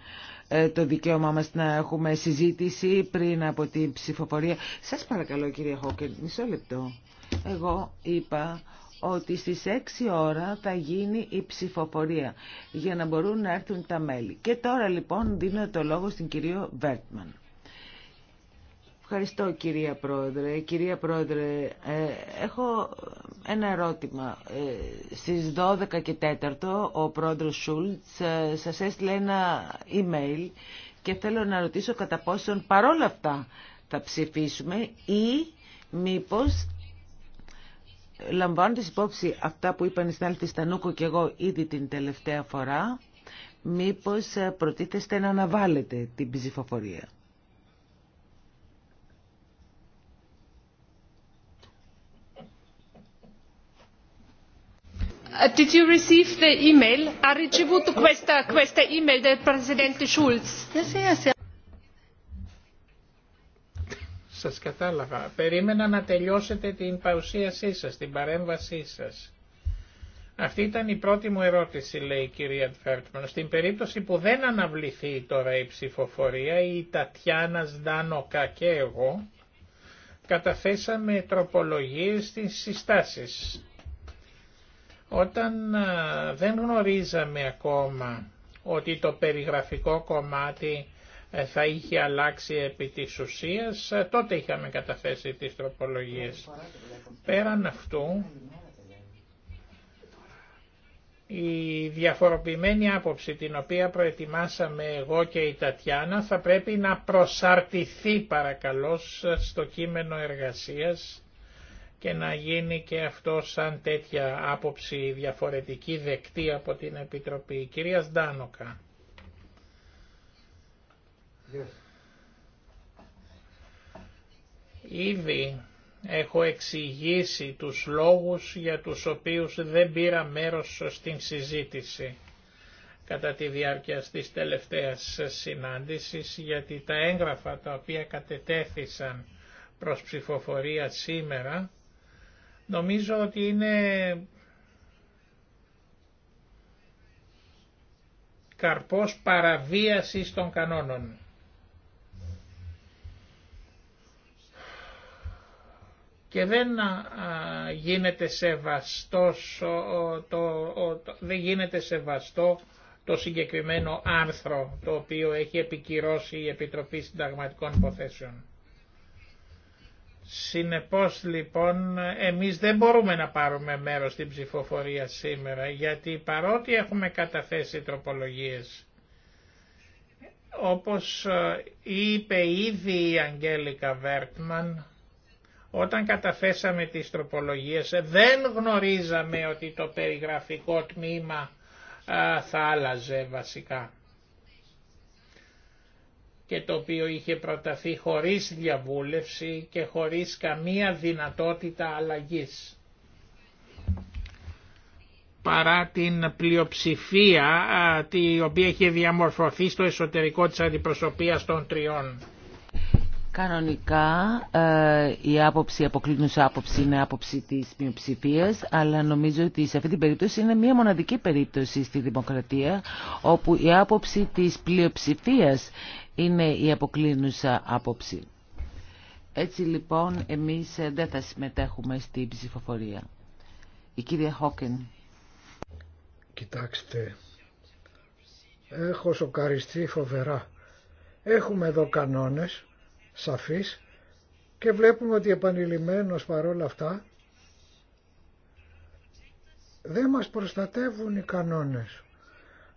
ε, το δικαίωμά μας να έχουμε συζήτηση πριν από την ψηφοφορία. Σας παρακαλώ κύριε Χόκερ, μισό λεπτό. Εγώ είπα ότι στις 6 ώρα θα γίνει η ψηφοφορία για να μπορούν να έρθουν τα μέλη. Και τώρα λοιπόν δίνω το λόγο στην κυρία Βέρτμαν. Ευχαριστώ κυρία Πρόεδρε. Κυρία Πρόεδρε, ε, έχω ένα ερώτημα. Ε, στις 12 και 4 ο πρόεδρος Σούλτς ε, σας έστειλε ένα email και θέλω να ρωτήσω κατά πόσον παρόλα αυτά θα ψηφίσουμε ή μήπως λαμβάνοντας υπόψη αυτά που είπαν οι Στάλτη Στανούκο και εγώ ήδη την τελευταία φορά, μήπως ε, προτίθεστε να αναβάλλετε την ψηφοφορία. Uh, did Σας κατάλαβα. Περίμενα να τελειώσετε την παρουσίασή σας, την παρέμβασή σας. Αυτή ήταν η πρώτη μου ερώτηση, λέει η κυρία Τφέρτμαν. Στην περίπτωση που δεν αναβληθεί τώρα η ψηφοφορία, η Τατιάνα Σδάνοκα και εγώ καταθέσαμε τροπολογίες στις συστάσεις όταν ε, δεν γνωρίζαμε ακόμα ότι το περιγραφικό κομμάτι ε, θα είχε αλλάξει επί της ουσίας, ε, τότε είχαμε καταθέσει τις τροπολογίες. Πέραν αυτού, η διαφοροποιημένη άποψη την οποία προετοιμάσαμε εγώ και η Τατιάνα θα πρέπει να προσαρτηθεί παρακαλώ στο κείμενο εργασίας και να γίνει και αυτό σαν τέτοια άποψη διαφορετική δεκτή από την Επιτροπή. κυρία Σντάνοκα. Yes. Ήδη έχω εξηγήσει τους λόγους για τους οποίους δεν πήρα μέρος στην συζήτηση κατά τη διάρκεια της τελευταίας συνάντησης, γιατί τα έγγραφα τα οποία κατετέθησαν προς ψηφοφορία σήμερα Νομίζω ότι είναι καρπός παραβίασης των κανόνων. και δεν γίνεται σεβαστός, το, δεν γίνεται σεβαστό το συγκεκριμένο άρθρο το οποίο έχει επικυρώσει η Επιτροπή Συνταγματικών Υποθέσεων. Συνεπώς λοιπόν εμείς δεν μπορούμε να πάρουμε μέρος στην ψηφοφορία σήμερα γιατί παρότι έχουμε καταθέσει τροπολογίες όπως ε, είπε ήδη η Αγγέλικα Βέρτμαν όταν καταθέσαμε τις τροπολογίες δεν γνωρίζαμε ότι το περιγραφικό τμήμα ε, θα άλλαζε βασικά και το οποίο είχε προταθεί χωρίς διαβούλευση και χωρίς καμία δυνατότητα αλλαγής. Παρά την πλειοψηφία η οποία είχε διαμορφωθεί στο εσωτερικό της αντιπροσωπείας των τριών. Κανονικά ε, η άποψη, η αποκλίνουσα άποψη είναι άποψη της μειοψηφία, αλλά νομίζω ότι σε αυτή την περίπτωση είναι μία μοναδική περίπτωση στη δημοκρατία όπου η άποψη της πλειοψηφία είναι η αποκλίνουσα άποψη. Έτσι λοιπόν εμείς ε, δεν θα συμμετέχουμε στη ψηφοφορία. Η κυρία Χόκεν. Κοιτάξτε, έχω σοκαριστεί φοβερά. Έχουμε εδώ κανόνες, σαφείς, και βλέπουμε ότι επανειλημμένος παρόλα αυτά δεν μας προστατεύουν οι κανόνες.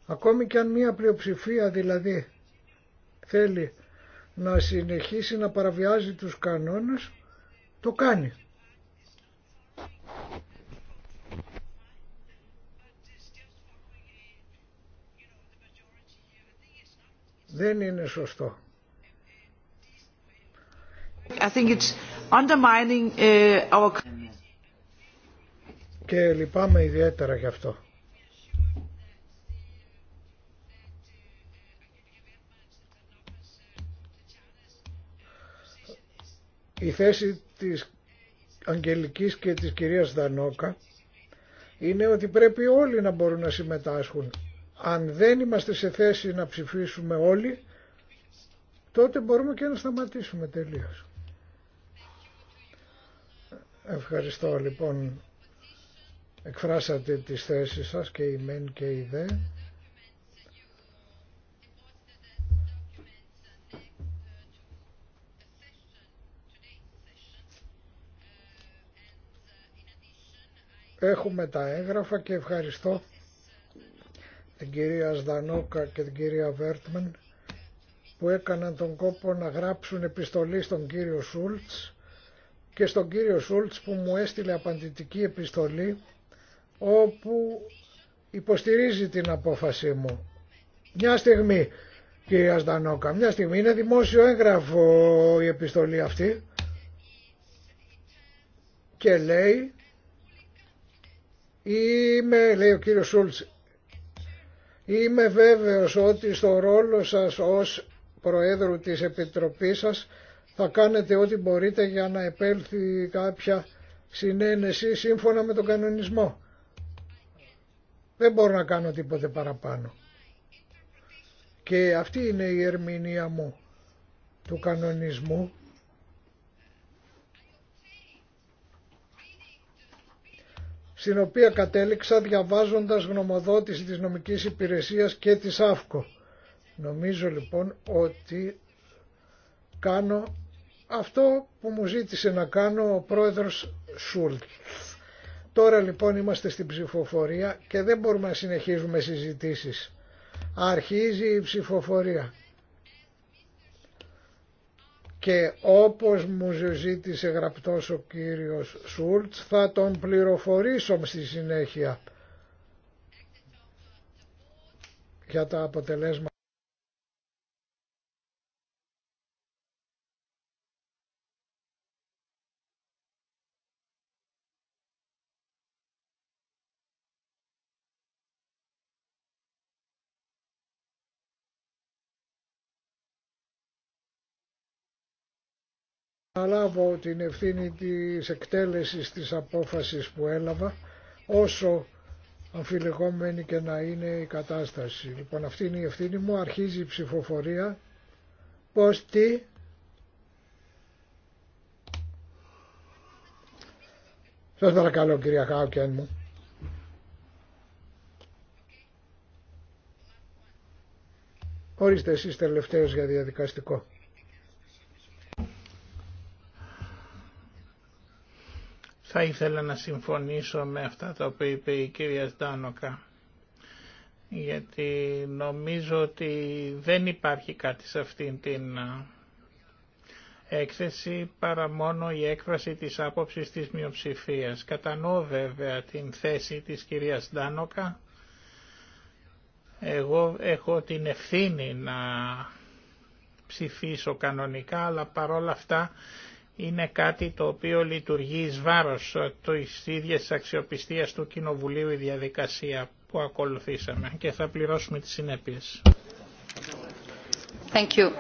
Ακόμη και αν μία πλειοψηφία δηλαδή θέλει να συνεχίσει να παραβιάζει τους κανόνες, το κάνει. Δεν είναι σωστό. I think it's undermining uh, our... Και λυπάμαι ιδιαίτερα γι' αυτό. Η θέση της Αγγελικής και της κυρίας Δανόκα είναι ότι πρέπει όλοι να μπορούν να συμμετάσχουν. Αν δεν είμαστε σε θέση να ψηφίσουμε όλοι, τότε μπορούμε και να σταματήσουμε τελείως. Ευχαριστώ λοιπόν. Εκφράσατε τις θέσεις σας και η μεν και η δε. Έχουμε τα έγγραφα και ευχαριστώ την κυρία Σδανόκα και την κυρία Βέρτμεν που έκαναν τον κόπο να γράψουν επιστολή στον κύριο Σούλτς και στον κύριο Σούλτς που μου έστειλε απαντητική επιστολή όπου υποστηρίζει την απόφασή μου. Μια στιγμή κυρία Σδανόκα, μια στιγμή είναι δημόσιο έγγραφο η επιστολή αυτή και λέει Είμαι, λέει ο κύριος Σούλτς, είμαι βέβαιος ότι στο ρόλο σας ως Προέδρου της Επιτροπής σας θα κάνετε ό,τι μπορείτε για να επέλθει κάποια συνένεση σύμφωνα με τον κανονισμό. Δεν μπορώ να κάνω τίποτε παραπάνω. Και αυτή είναι η ερμηνεία μου του κανονισμού στην οποία κατέληξα διαβάζοντας γνωμοδότηση της νομικής υπηρεσίας και της ΑΦΚΟ. Νομίζω λοιπόν ότι κάνω αυτό που μου ζήτησε να κάνω ο πρόεδρος Σούλτ. Τώρα λοιπόν είμαστε στην ψηφοφορία και δεν μπορούμε να συνεχίζουμε συζητήσεις. Αρχίζει η ψηφοφορία και όπως μου ζήτησε γραπτός ο κύριος Σούλτς θα τον πληροφορήσω στη συνέχεια για τα αποτελέσματα. λάβω την ευθύνη της εκτέλεσης της απόφασης που έλαβα όσο αμφιλεγόμενη και να είναι η κατάσταση. Λοιπόν αυτή είναι η ευθύνη μου, αρχίζει η ψηφοφορία. Πώς τι... Σας παρακαλώ κυρία Χάουκεν μου. Ορίστε εσείς τελευταίος για διαδικαστικό. Θα ήθελα να συμφωνήσω με αυτά τα οποία είπε η κυρία Στάνοκα γιατί νομίζω ότι δεν υπάρχει κάτι σε αυτήν την έκθεση παρά μόνο η έκφραση της άποψης της μειοψηφίας. Κατανοώ βέβαια την θέση της κυρίας Ντάνοκα. Εγώ έχω την ευθύνη να ψηφίσω κανονικά, αλλά παρόλα αυτά είναι κάτι το οποίο λειτουργεί εις βάρος ε, της ίδιας αξιοπιστίας του Κοινοβουλίου η διαδικασία που ακολουθήσαμε και θα πληρώσουμε τις συνέπειες. Thank you.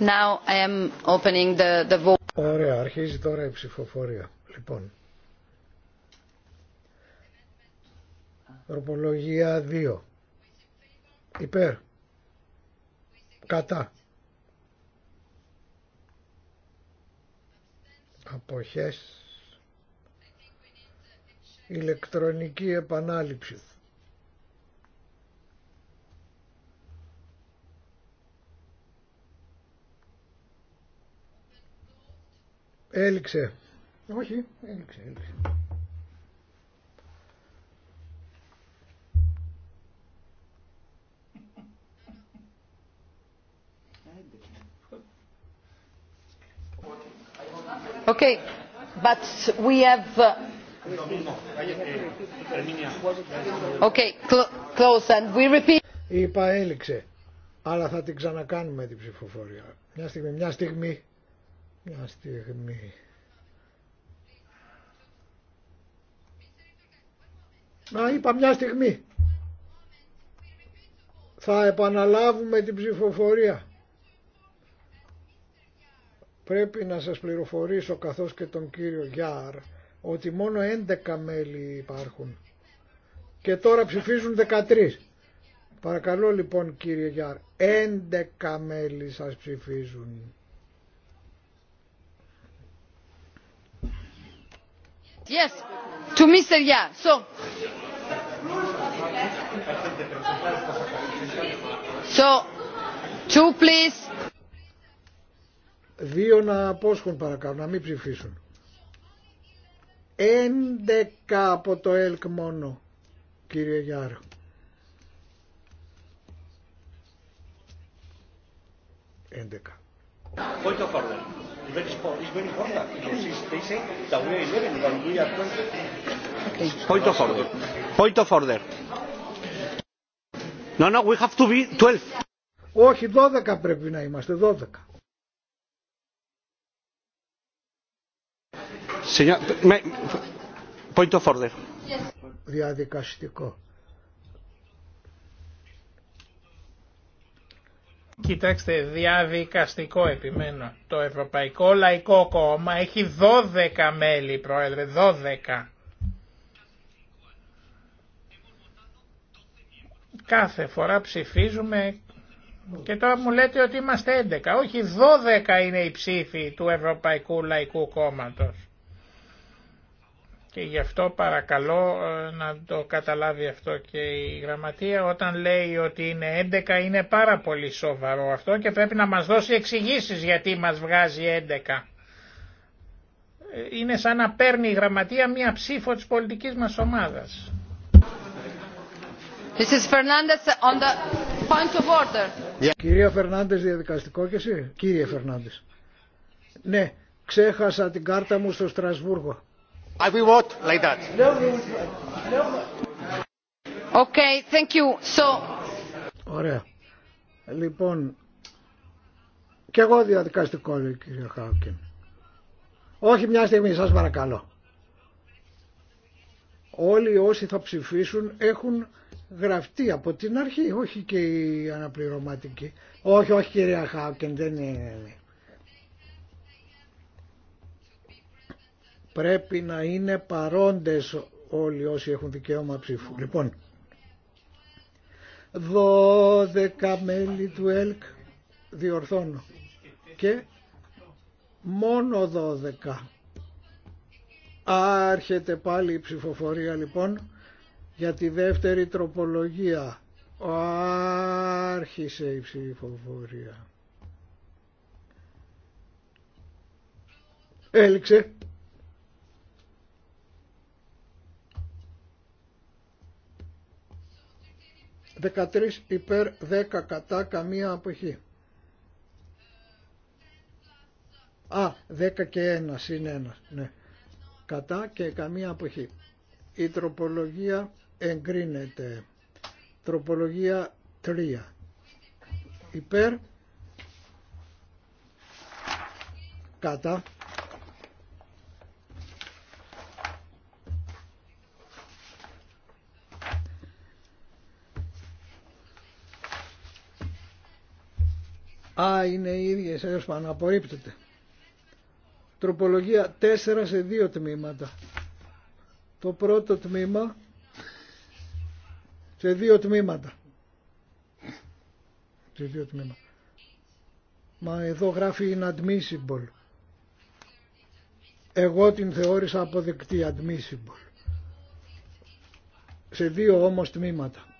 Now I am opening the, the vote. Ωραία, αρχίζει τώρα η ψηφοφορία. Λοιπόν, τροπολογία 2. Υπέρ. Κατά. αποχές ηλεκτρονική επανάληψη έληξε όχι έληξε έληξε Okay, but we have. Uh, okay, Είπα έληξε, αλλά θα την ξανακάνουμε την ψηφοφορία. Μια στιγμή, μια στιγμή, μια στιγμή. Να είπα μια στιγμή. Θα επαναλάβουμε την ψηφοφορία. Πρέπει να σας πληροφορήσω καθώς και τον κύριο Γιάρ ότι μόνο 11 μέλη υπάρχουν και τώρα ψηφίζουν 13. Παρακαλώ λοιπόν κύριε Γιάρ, 11 μέλη σας ψηφίζουν. Yes, to Mr. Yar. So. So, two please. Δύο να απόσχουν παρακαλώ, να μην ψηφίσουν. 11 από το ΕΛΚ μόνο, κύριε Γιάρο. Έντεκα. Point of order. Point of order. No, no, we have to be 12. Όχι, 12 πρέπει να είμαστε, 12. Διαδικαστικό. Κοιτάξτε, διαδικαστικό επιμένω. Το Ευρωπαϊκό Λαϊκό Κόμμα έχει 12 μέλη, Πρόεδρε, 12. Κάθε φορά ψηφίζουμε και τώρα μου λέτε ότι είμαστε 11. Όχι, 12 είναι οι ψήφοι του Ευρωπαϊκού Λαϊκού Κόμματος. Και γι' αυτό παρακαλώ ε, να το καταλάβει αυτό και η γραμματεία όταν λέει ότι είναι 11 είναι πάρα πολύ σοβαρό αυτό και πρέπει να μας δώσει εξηγήσεις γιατί μας βγάζει 11. Ε, είναι σαν να παίρνει η γραμματεία μία ψήφο της πολιτικής μας ομάδας. On the point of order. Κυρία Φερνάντες διαδικαστικό και εσύ. Κύριε Φερνάντες. Ναι, ξέχασα την κάρτα μου στο Στρασβούργο. I will vote like that. Okay, thank Ωραία. Λοιπόν, και εγώ διαδικαστικό κύριε Χάουκεν. Όχι μια στιγμή, σας παρακαλώ. Όλοι όσοι θα ψηφίσουν έχουν γραφτεί από την αρχή, όχι και οι αναπληρωματικοί. Όχι, όχι κυρία Χάουκεν, δεν είναι. πρέπει να είναι παρόντες όλοι όσοι έχουν δικαίωμα ψήφου. Λοιπόν, 12 μέλη του ΕΛΚ διορθώνω και μόνο 12. Άρχεται πάλι η ψηφοφορία λοιπόν για τη δεύτερη τροπολογία. Άρχισε η ψηφοφορία. Έληξε. 13 υπέρ 10 κατά καμία αποχή. Α, 10 και 1 είναι 1. Ναι. Κατά και καμία αποχή. Η τροπολογία εγκρίνεται. Τροπολογία 3. Υπέρ. Κατά. Α, είναι οι ίδιες, έως πάνω, απορρίπτεται. Τροπολογία 4 σε 2 τμήματα. Το πρώτο τμήμα σε 2 τμήματα. Σε 2 τμήματα. Μα εδώ γράφει inadmissible. Εγώ την θεώρησα αποδεκτή admissible. Σε δύο όμως τμήματα.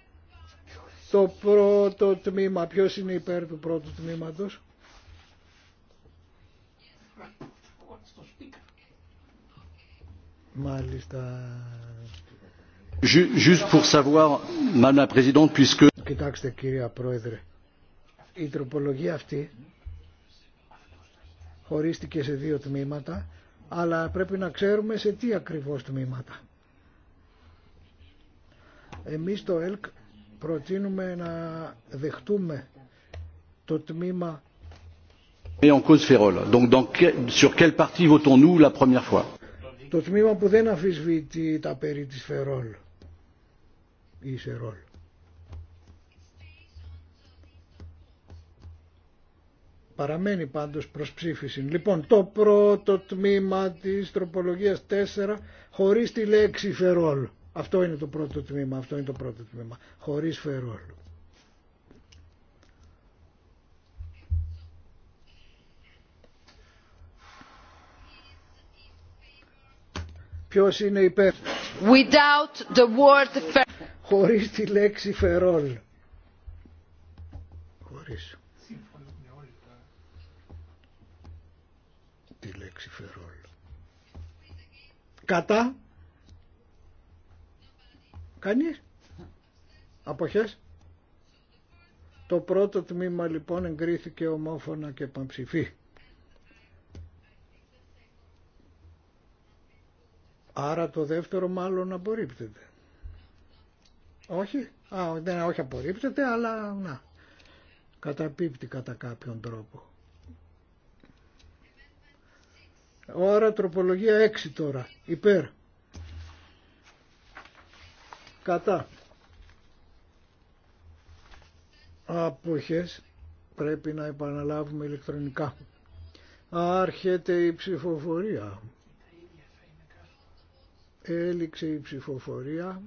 Το πρώτο τμήμα, ποιος είναι υπέρ του πρώτου τμήματος. Μάλιστα. pour savoir, Madame la Présidente, puisque... Κοιτάξτε κυρία Πρόεδρε, η τροπολογία αυτή χωρίστηκε σε δύο τμήματα, αλλά πρέπει να ξέρουμε σε τι ακριβώς τμήματα. Εμείς το ΕΛΚ προτείνουμε να δεχτούμε το τμήμα το τμήμα που δεν αφισβητεί τα περί της Φερόλ ή Σερόλ. Παραμένει πάντως προς ψήφιση. Λοιπόν, το πρώτο τμήμα της τροπολογίας 4 χωρίς τη λέξη Φερόλ. Αυτό είναι το πρώτο τμήμα, αυτό είναι το πρώτο τμήμα, χωρίς φερόλ. Ποιος είναι υπέρ. Without the word Χωρίς τη λέξη φερόλ. Χωρίς. Τη λέξη φερόλ. Κατά. Κανείς. Αποχές. Το πρώτο τμήμα λοιπόν εγκρίθηκε ομόφωνα και πανψηφί. Άρα το δεύτερο μάλλον απορρίπτεται. Όχι, α, δεν, όχι απορρίπτεται, αλλά να, καταπίπτει κατά κάποιον τρόπο. Ώρα τροπολογία 6 τώρα, υπέρ κατά αποχές πρέπει να επαναλάβουμε ηλεκτρονικά. Άρχεται η ψηφοφορία. Έληξε η ψηφοφορία.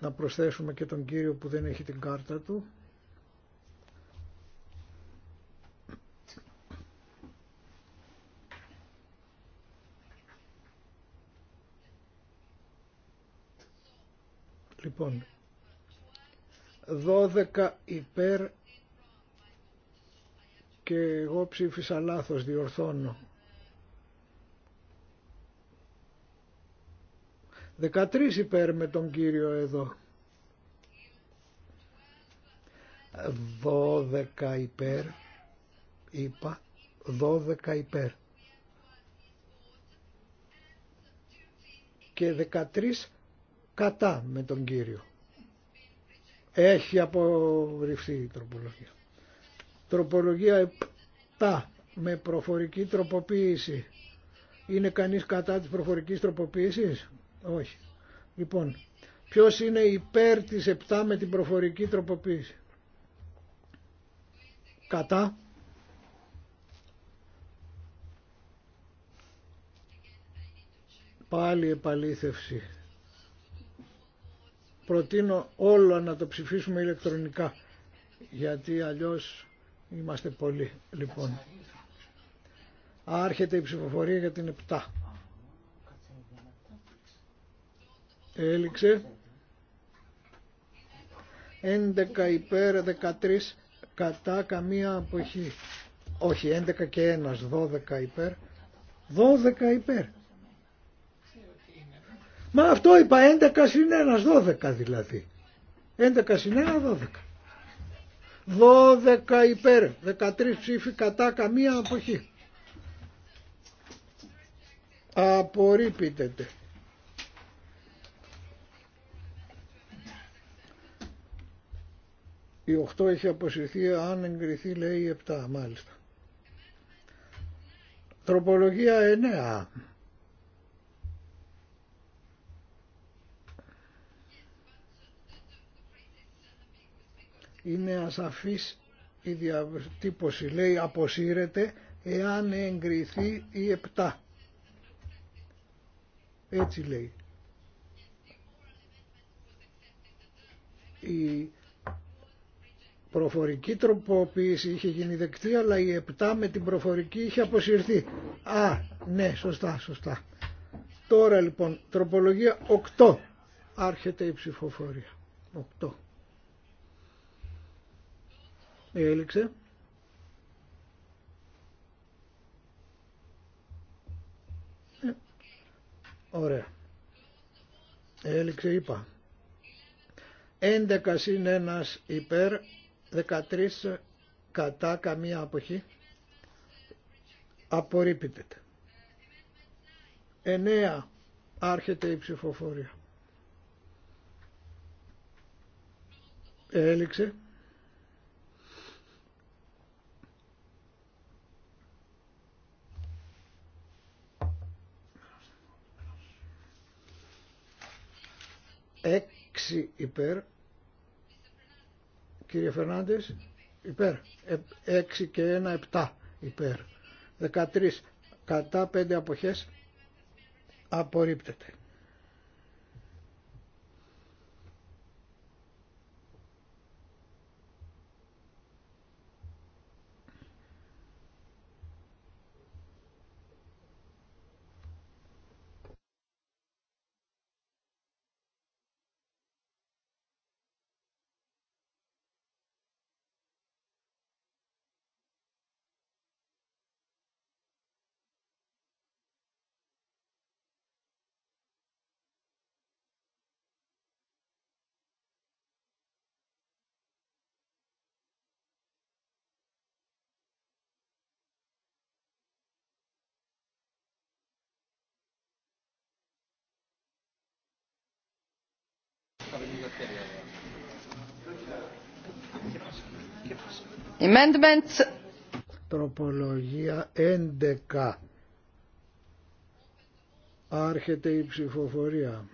Να προσθέσουμε και τον κύριο που δεν έχει την κάρτα του. Λοιπόν, 12 υπέρ και εγώ ψήφισα λάθος, διορθώνω. 13 υπέρ με τον κύριο εδώ. 12 υπέρ, είπα, 12 υπέρ. Και 13 κατά με τον Κύριο. Έχει απορριφθεί η τροπολογία. Τροπολογία 7 με προφορική τροποποίηση. Είναι κανείς κατά της προφορικής τροποποίησης? Όχι. Λοιπόν, ποιος είναι υπέρ της 7 με την προφορική τροποποίηση? Κατά. Πάλι επαλήθευση προτείνω όλο να το ψηφίσουμε ηλεκτρονικά γιατί αλλιώς είμαστε πολλοί λοιπόν. Άρχεται η ψηφοφορία για την 7. Έληξε. 11 υπέρ 13 κατά καμία αποχή. Όχι, 11 και 1, 12 υπέρ. 12 υπέρ. Μα αυτό είπα 11 συν 1, 12 δηλαδή. 11 συν 1, 12. 12 υπέρ, 13 ψήφοι κατά καμία αποχή. Απορρίπτεται. Η 8 έχει αποσυρθεί αν εγκριθεί λέει η 7 μάλιστα. Τροπολογία 9. είναι ασαφής η διατύπωση. Λέει αποσύρεται εάν εγκριθεί η 7. Έτσι λέει. Η προφορική τροποποίηση είχε γίνει δεκτή αλλά η 7 με την προφορική είχε αποσυρθεί. Α, ναι, σωστά, σωστά. Τώρα λοιπόν, τροπολογία 8. Άρχεται η ψηφοφορία. 8. Έληξε. Ε, ωραία. Έληξε είπα. 11 συν 1 υπέρ, 13 κατά καμία αποχή. Απορρίπτεται. 9 άρχεται η ψηφοφορία. Έληξε. 6 υπέρ. Κύριε Φερνάντες, υπέρ. 6 ε, και 1, 7 υπέρ. 13 κατά 5 αποχές απορρίπτεται. Amendments. Τροπολογία 11. Άρχεται η ψηφοφορία.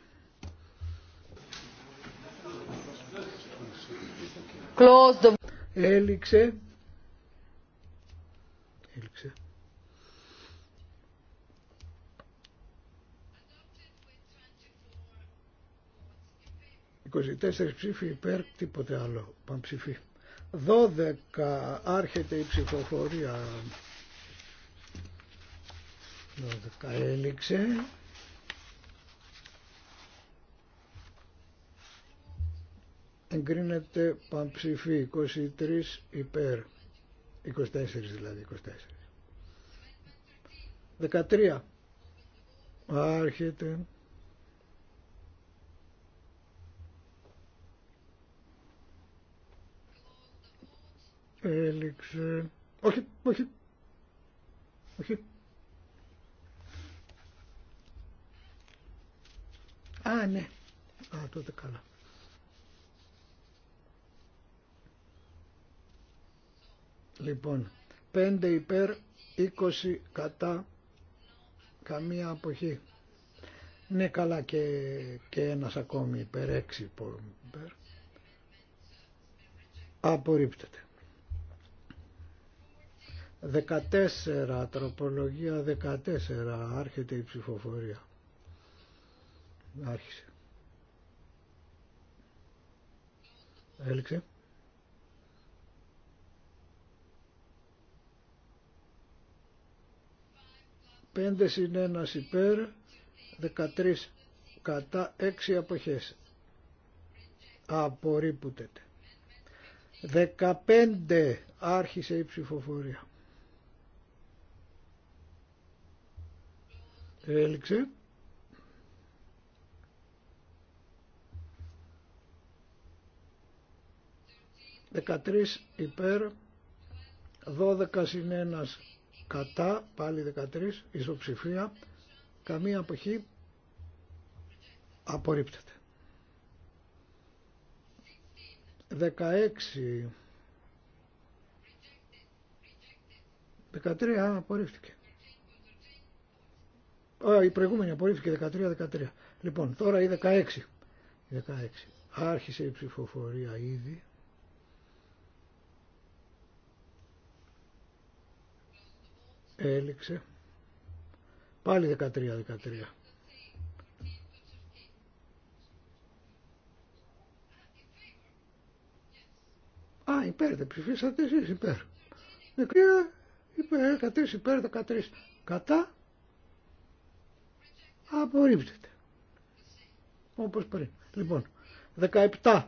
Close the... Έληξε. Έληξε. 24 ψήφοι υπέρ, τίποτε άλλο, πανψηφί. 12 άρχεται η ψηφοφορία. 12 έληξε. Εγκρίνεται πανψηφί 23 υπέρ. 24 δηλαδή, 24. 13. Άρχεται. έληξε. Όχι, όχι, όχι. Α, ναι. Α, τότε καλά. Λοιπόν, πέντε υπέρ, είκοσι κατά, καμία αποχή. Ναι, καλά και, και ένας ακόμη υπέρ, έξι υπέρ. Απορρίπτεται. 14, τροπολογία 14, άρχεται η ψηφοφορία. Άρχισε. Έληξε. 5 συν ένας υπέρ, 13 κατά, 6 αποχές. Απορρίπτεται. 15 άρχισε η ψηφοφορία. Έληξε. 13 υπέρ, 12 συν 1 κατά, πάλι 13, ισοψηφία, καμία αποχή απορρίπτεται. 16, 13 απορρίφθηκε η προηγούμενη απορρίφθηκε 13-13. Λοιπόν, τώρα η 16. 16. Άρχισε η ψηφοφορία ήδη. Έληξε. Πάλι 13-13. Α, υπέρ, δεν ψηφίσατε εσείς, υπέρ. 13 υπέρ, 13 υπέρ, 13 κατά, Απορρίπτεται. Όπω πριν. Λοιπόν, 17.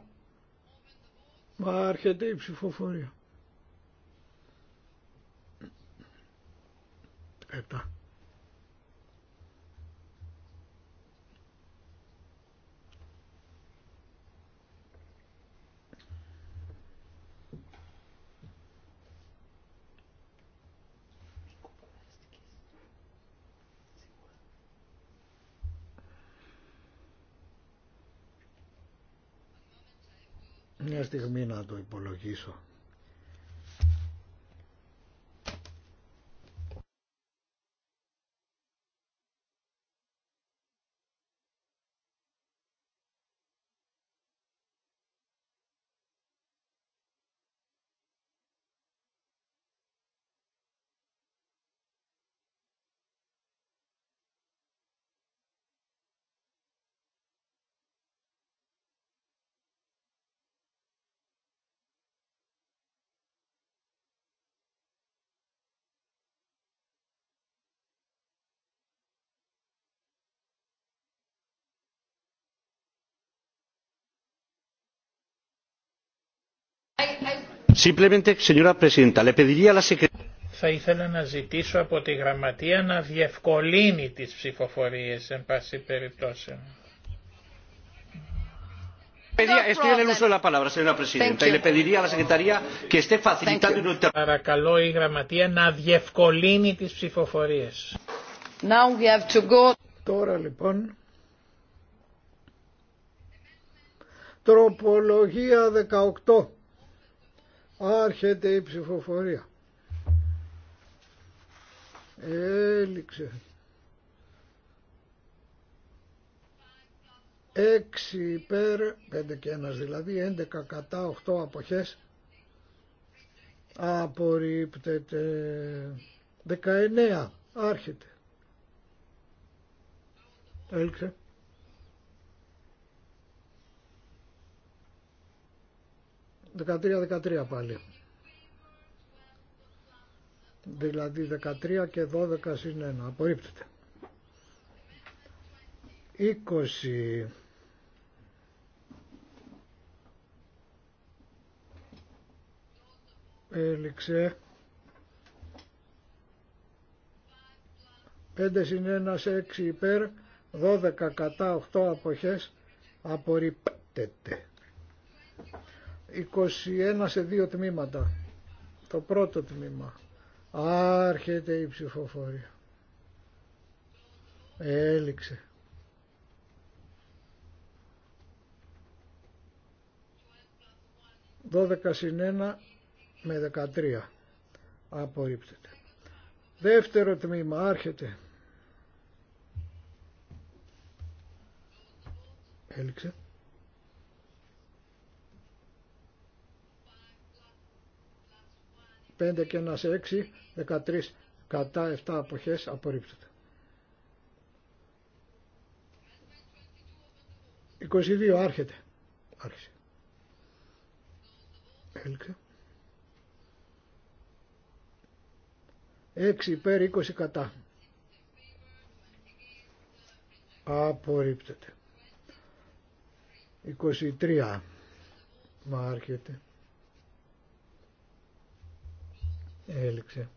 Άρχεται η ψηφοφορία. 17. Μια στιγμή να το υπολογίσω. Θα ήθελα να ζητήσω από τη Γραμματεία να διευκολύνει τις ψηφοφορίες, εν πάση περιπτώσει. Παρακαλώ η Γραμματεία να διευκολύνει τις ψηφοφορίες. Τώρα λοιπόν τροπολογία 18 Άρχεται η ψηφοφορία. Έληξε. 6 υπέρ, 5 και 1 δηλαδή, 11 κατά 8 αποχέ. Απορρίπτεται 19. Άρχεται. Έληξε. 13-13 πάλι. Δηλαδή 13 και 12 συν 1. Απορρίπτεται. 20. Έληξε. 5 συν 1 σε 6 υπέρ, 12 κατά 8 αποχές απορρίπτεται. 21 σε δύο τμήματα. Το πρώτο τμήμα. Άρχεται η ψηφοφορία. Έληξε. Δώδεκα συν ένα με δεκατρία. Απορρίπτεται. Δεύτερο τμήμα. Άρχεται. Έληξε. 5 και ένας 6, 13 κατά 7 αποχές απορρίπτεται. 22 άρχεται. Άρχισε. Έλξε. 6 υπέρ 20 κατά. Απορρίπτεται. 23 μα άρχεται. έληξε.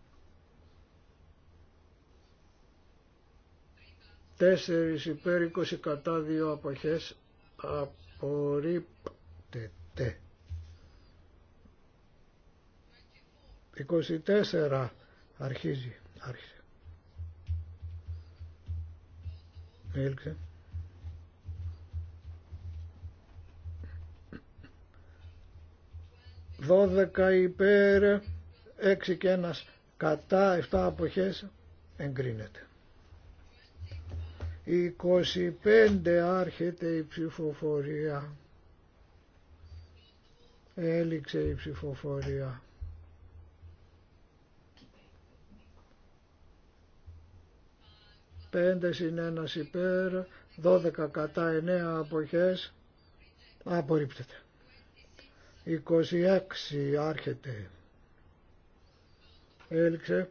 Τέσσερις υπέρ υπέρα κατά δύο αποχές απορρίπτεται. 24 αρχίζει, άρχισε. Έληξε. Δώδεκα υπέρ 6 και 1 κατά 7 αποχές εγκρίνεται. 25 άρχεται η ψηφοφορία. Έληξε η ψηφοφορία. 5 συν ένας υπέρ, 12 κατά 9 αποχές, απορρίπτεται. 26 άρχεται έληξε.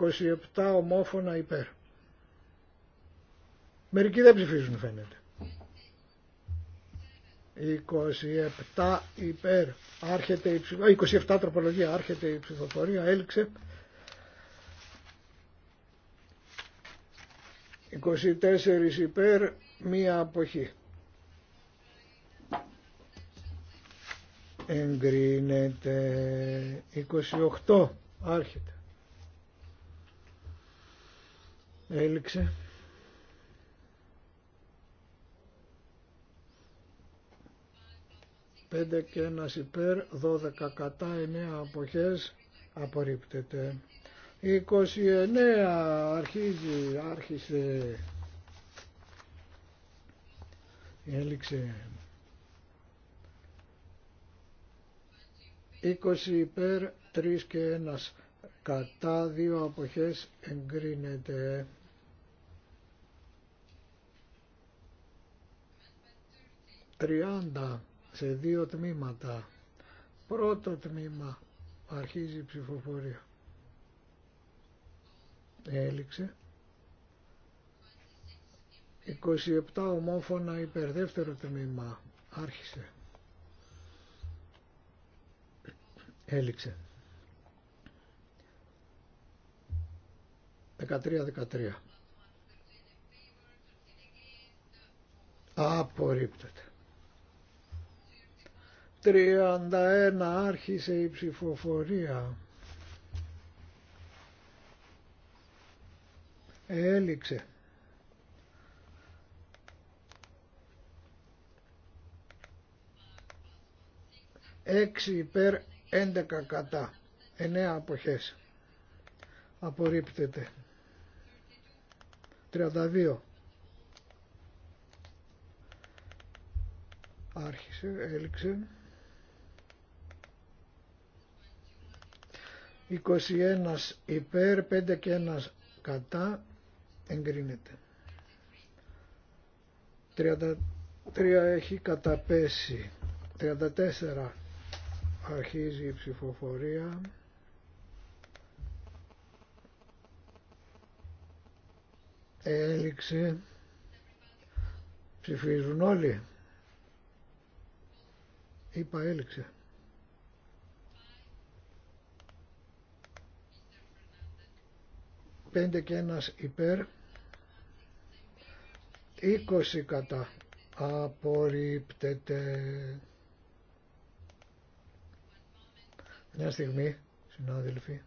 «27 ομόφωνα υπέρ». Μερικοί δεν ψηφίζουν φαίνεται. 27 υπέρ, άρχεται η ψηφοφορία, 27 τροπολογία, άρχεται η 27 τροπολογια αρχεται έληξε. 24 υπέρ, μία αποχή. εγκρίνεται 28 άρχεται έληξε 5 και 1 υπέρ 12 κατά 9 αποχές απορρίπτεται 29 αρχίζει άρχισε έληξε 20 υπέρ, 3 και 1 κατά, δύο αποχές εγκρίνεται. 30 σε δύο τμήματα. Πρώτο τμήμα αρχίζει η ψηφοφορία. Έληξε. 27 ομόφωνα υπερ δεύτερο τμήμα. Άρχισε. Έληξε. 13-13. Απορρίπτεται. 31 άρχισε η ψηφοφορία. Έληξε. Έξι υπέρ 11 κατά, 9 αποχές. Απορρίπτεται. 32. Άρχισε, έληξε. 21 υπέρ, 5 και 1 κατά, εγκρίνεται. 33 έχει καταπέσει. 34 Αρχίζει η ψηφοφορία. Έληξε. Ψηφίζουν όλοι. Είπα έληξε. Πέντε και ένας υπέρ. 20 κατά απορρίπτεται. Μια στιγμή, συνάδελφοι.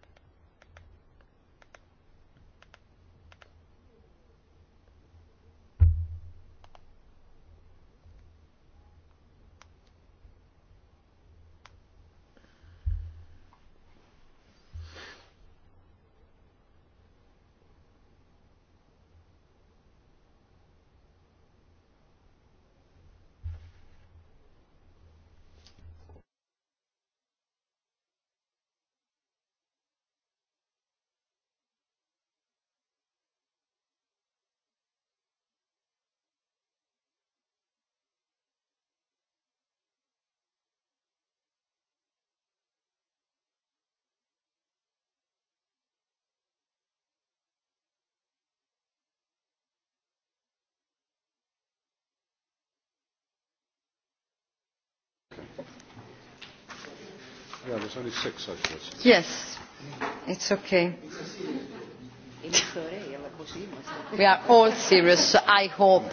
Yeah, there's only six, I suppose. Yes, it's okay. We are all serious, I hope.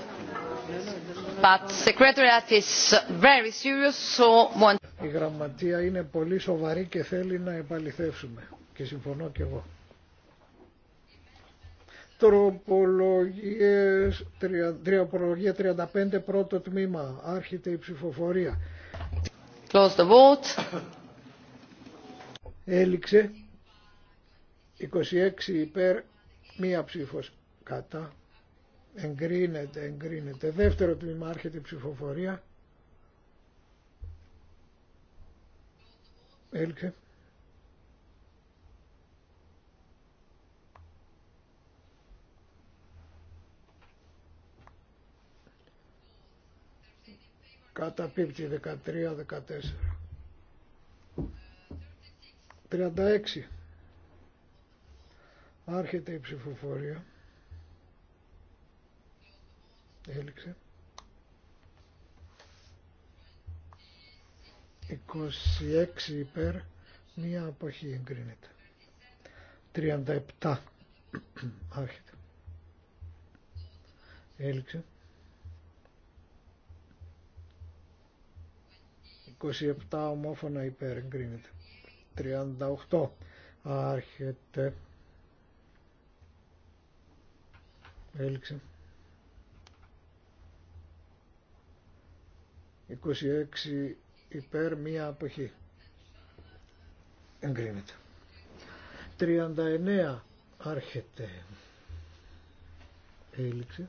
But Secretariat is very serious, so one... Η γραμματεία είναι πολύ σοβαρή και θέλει να επαληθεύσουμε. Και συμφωνώ και εγώ. Τροπολογίες, τροπολογία 35 πρώτο τμήμα. Άρχεται η ψηφοφορία. Close the vote έληξε 26 υπέρ μία ψήφος κατά εγκρίνεται εγκρίνεται δεύτερο τμήμα άρχεται ψηφοφορία έληξε Κατά πίπτη 13-14. 36. Άρχεται η ψηφοφορία. Έληξε. 26 υπέρ, μία αποχή εγκρίνεται. 37 άρχεται. Έληξε. 27 ομόφωνα υπέρ εγκρίνεται. 38 άρχεται έληξε 26 υπέρ μία αποχή εγκρίνεται 39 άρχεται έληξε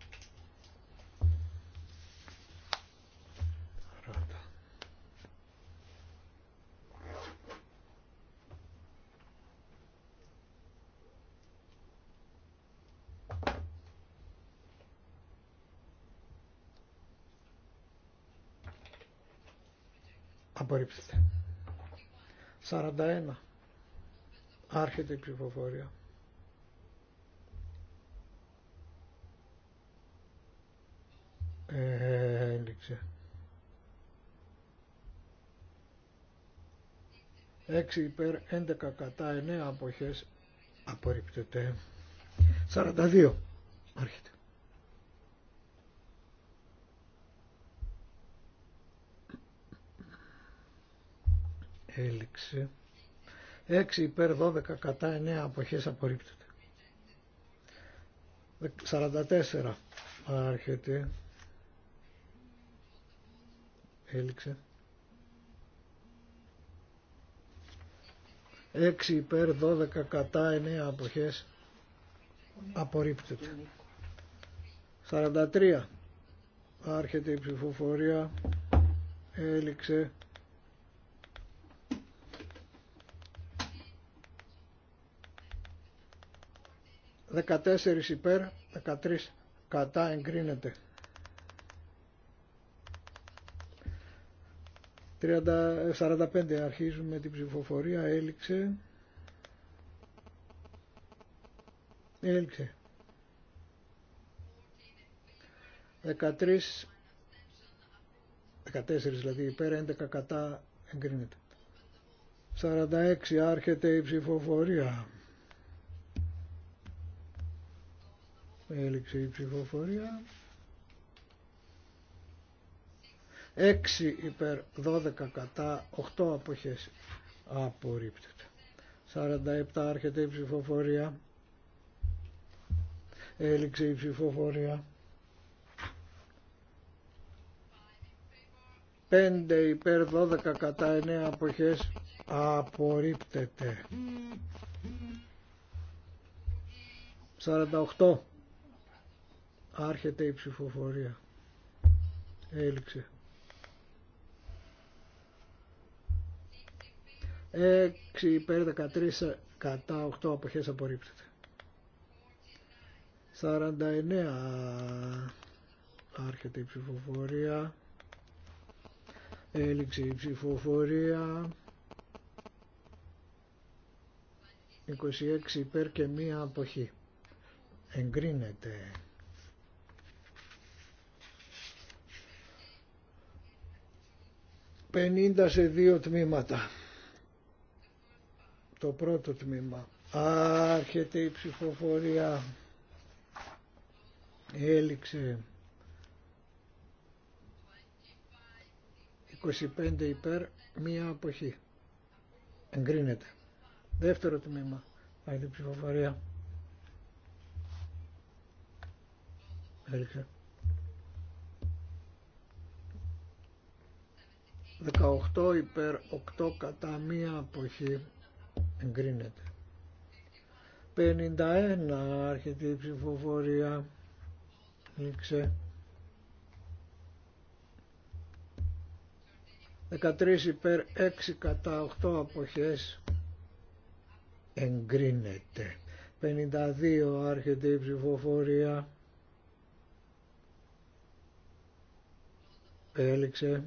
απορρίπτεται. 41. Άρχεται η ψηφοφορία. Ε, έληξε. 6 υπέρ 11 κατά 9 αποχές απορρίπτεται. 42. Άρχεται. έληξε 6 υπέρ 12 κατά 9 αποχές απορρίπτεται 44 άρχεται έληξε 6 υπέρ 12 κατά 9 αποχές απορρίπτεται 43 άρχεται η ψηφοφορία έληξε 14 υπέρ, 13 κατά εγκρίνεται. 45 αρχίζουμε την ψηφοφορία, έληξε. Έληξε. 13, 14 δηλαδή υπέρ, 11 κατά εγκρίνεται. 46 άρχεται η ψηφοφορία. Έληξε η ψηφοφορία. 6 υπέρ 12 κατά 8 αποχές απορρίπτεται. 47 άρχεται η ψηφοφορία. Έληξε η ψηφοφορία. 5 υπέρ 12 κατά 9 αποχές απορρίπτεται. 48 Άρχεται η ψηφοφορία. Έληξε. 6 υπέρ 13 κατά 8 αποχές απορρίπτεται. 49 άρχεται η ψηφοφορία. Έληξε η ψηφοφορία. 26 υπέρ και μία αποχή. Εγκρίνεται. 50 σε δύο τμήματα. Το πρώτο τμήμα. Άρχεται η ψηφοφορία. Έληξε. 25 υπέρ, μία αποχή. Εγκρίνεται. Δεύτερο τμήμα. Άρχεται η ψηφοφορία. Έληξε. 18 υπέρ 8 κατά μία αποχή εγκρίνεται. 51 άρχεται η ψηφοφορία. 13 υπέρ 6 κατά 8 αποχές εγκρίνεται. 52 άρχεται η ψηφοφορία. Έληξε.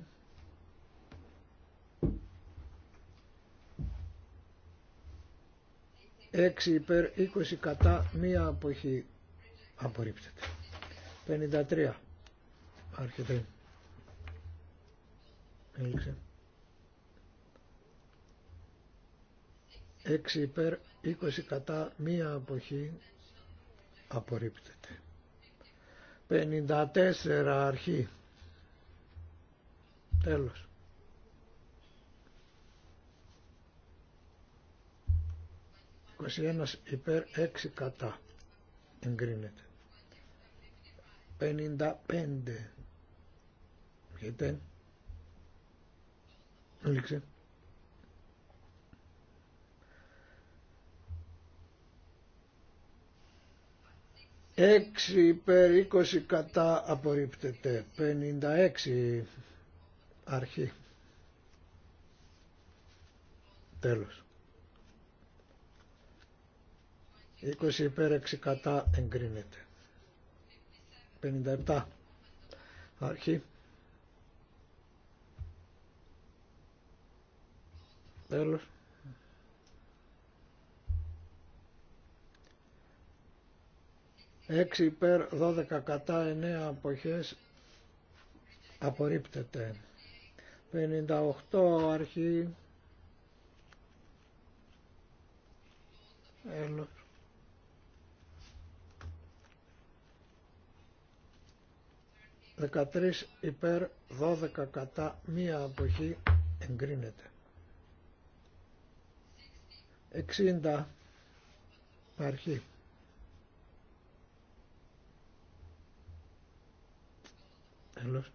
6 υπέρ 20 κατά μία αποχή απορρίπτεται. 53 άρχεται. Έλήξε. 6 υπέρ 20 κατά μία αποχή απορρίπτεται. 54 αρχή. Τέλος. 21 υπέρ 6 κατά εγκρίνεται. 55 γιατί έληξε. Έξι υπέρ 20 κατά απορρίπτεται. 56 αρχή. Τέλος. 20 υπέρ 6 κατά εγκρίνεται. 57 αρχή. Τέλος. Έξι υπέρ 12 κατά 9 αποχές απορρίπτεται. 58 αρχή. Έλος. 13 υπέρ 12 κατά μία αποχή εγκρίνεται. 60 αρχή. Τέλος.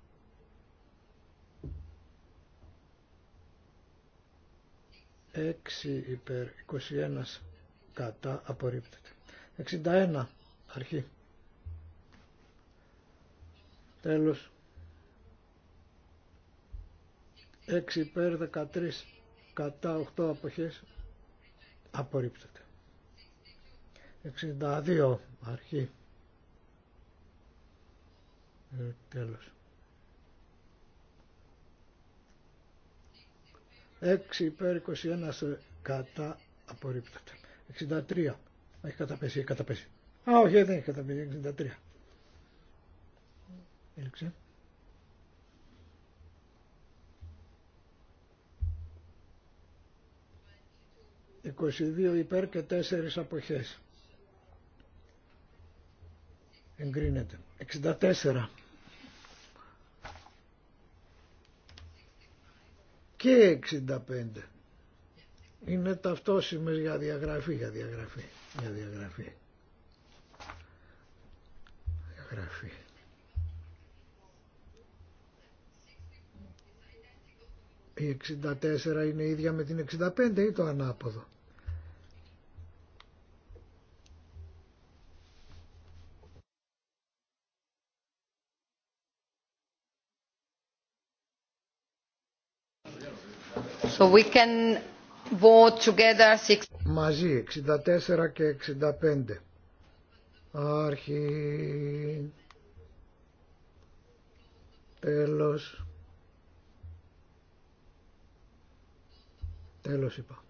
Έξι υπέρ 21 κατά απορρίπτεται. 61 αρχή. Τέλος. 6 υπέρ 13 κατά 8 αποχές απορρίπτεται. 62 αρχή. Ε, τέλος. 6 υπέρ 21 κατά απορρίπτεται. 63. Έχει καταπέσει, έχει καταπέσει. Α, όχι, δεν έχει καταπέσει. 63 έλξε. «22 υπέρ και 4 αποχές». Εγκρίνεται. 64. Και 65. Είναι ταυτόσιμες για διαγραφή, για διαγραφή, για διαγραφή. Διαγραφή. Η 64 είναι ίδια με την 65 ή το ανάποδο. So we can vote together six... Μαζί 64 και 65. Αρχη, Τέλος. Τέλος είπα.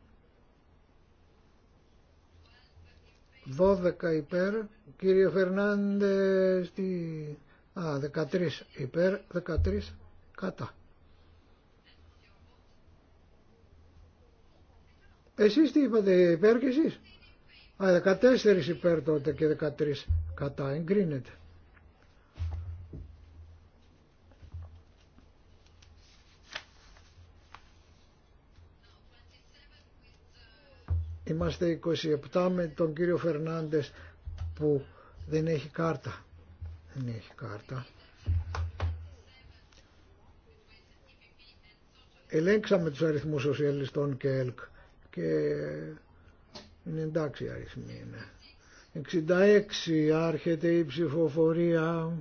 12 υπέρ, κύριε Φερνάντε, στη... Α, 13 υπέρ, 13 κατά. Εσείς τι είπατε, υπέρ και εσείς. Α, 14 υπέρ τότε και 13 κατά, εγκρίνεται. Είμαστε 27 με τον κύριο Φερνάντες που δεν έχει κάρτα. Δεν έχει κάρτα. Ελέγξαμε τους αριθμούς σοσιαλιστών και ΕΛΚ και είναι εντάξει οι αριθμοί είναι. 66 άρχεται η ψηφοφορία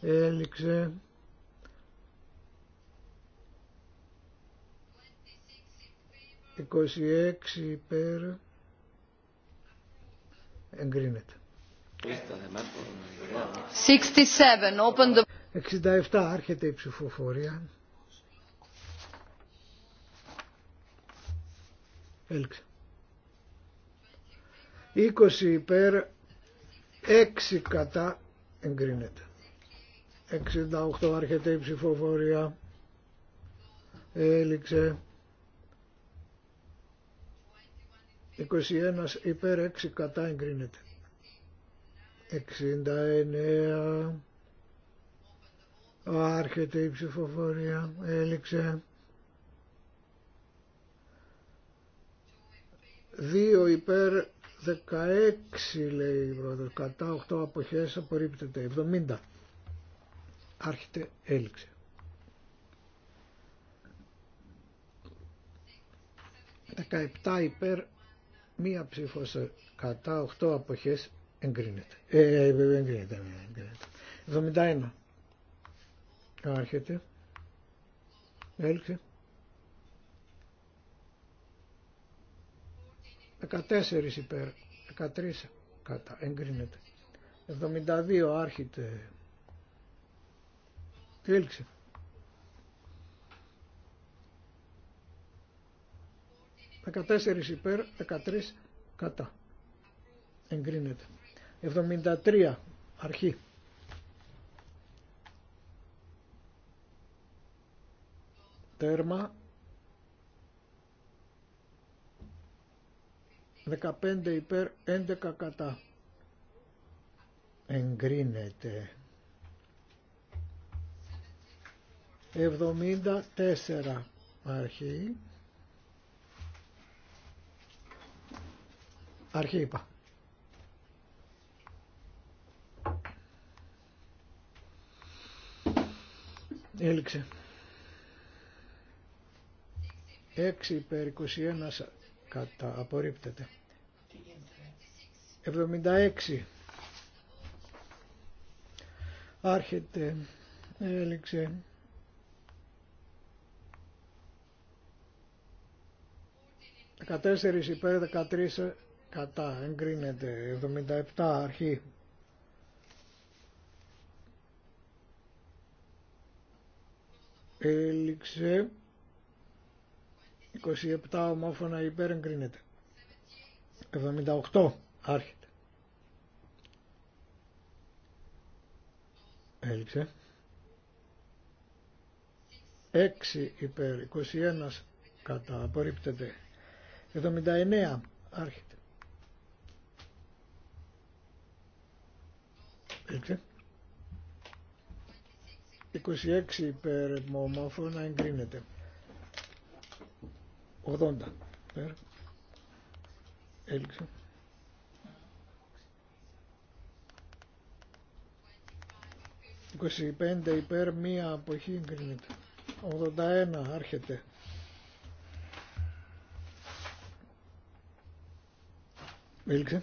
έληξε 26 υπέρ εγκρίνεται. 67 άρχεται η ψηφοφορία. Έλξε. 20 υπέρ 6 κατά εγκρίνεται. 68 άρχεται η ψηφοφορία. Έληξε. 21 υπέρ 6 κατά εγκρίνεται. 69 άρχεται η ψηφοφορία, έληξε. 2 υπέρ 16 λέει η πρόεδρο, κατά 8 αποχές απορρίπτεται, 70 άρχεται, έληξε. 17 υπέρ μία ψήφο ε, κατά 8 αποχές εγκρίνεται. Ε, εγκρίνεται, εγκρίνεται. 71. Άρχεται. Έλξε. 14 υπέρ, 13 κατά, εγκρίνεται. 72 άρχεται. Έλξε. 14 υπέρ, 13 κατά. Εγκρίνεται. 73 αρχή. Τέρμα. 15 υπέρ, 11 κατά. Εγκρίνεται. 74 αρχή. Αρχή είπα. Έληξε. 6 υπέρ 21 κατά. Απορρίπτεται. 76. Άρχεται. Έληξε. 14 υπέρ 13 κατά εγκρίνεται 77 αρχή έληξε 27 ομόφωνα υπέρ εγκρίνεται 78 άρχεται έληξε 6 υπέρ 21 κατά απορρίπτεται 79 άρχεται 26 υπέρ να εγκρίνεται. 80 υπέρ. Έλξε. 25 υπέρ μία αποχή εγκρίνεται. 81 άρχεται. Έλξε.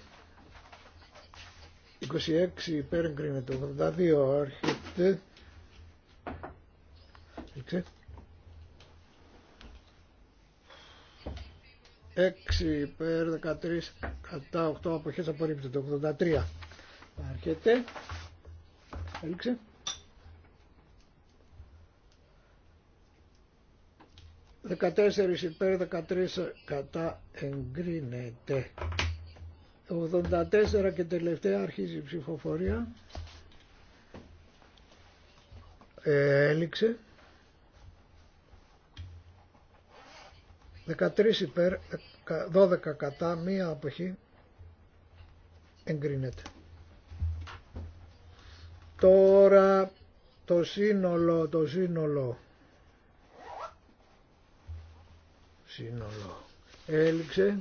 26 υπέρ εγκρίνεται. 82 έρχεται. 6 υπέρ 13 κατά 8 αποχές απορρίπτεται. 83 έρχεται Έλξε. 14 υπέρ, 13 κατά εγκρίνεται. 84 και τελευταία αρχίζει η ψηφοφορία. Ε, έληξε. 13 υπέρ, 12 κατά, μία αποχή εγκρίνεται. Τώρα το σύνολο, το σύνολο, σύνολο, έληξε.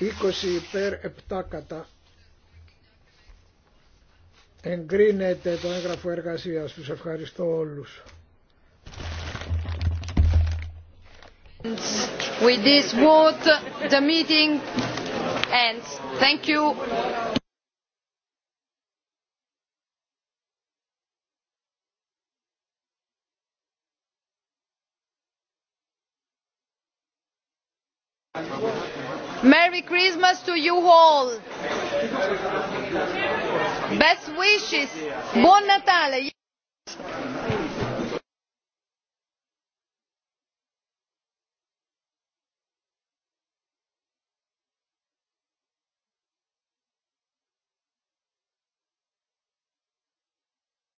20 υπέρ 7 κατά. Εγκρίνεται το έγγραφο εργασίας. Τους ευχαριστώ όλους. With this vote, the meeting ends. Thank you. Christmas to you all. Best wishes. Buon Natale.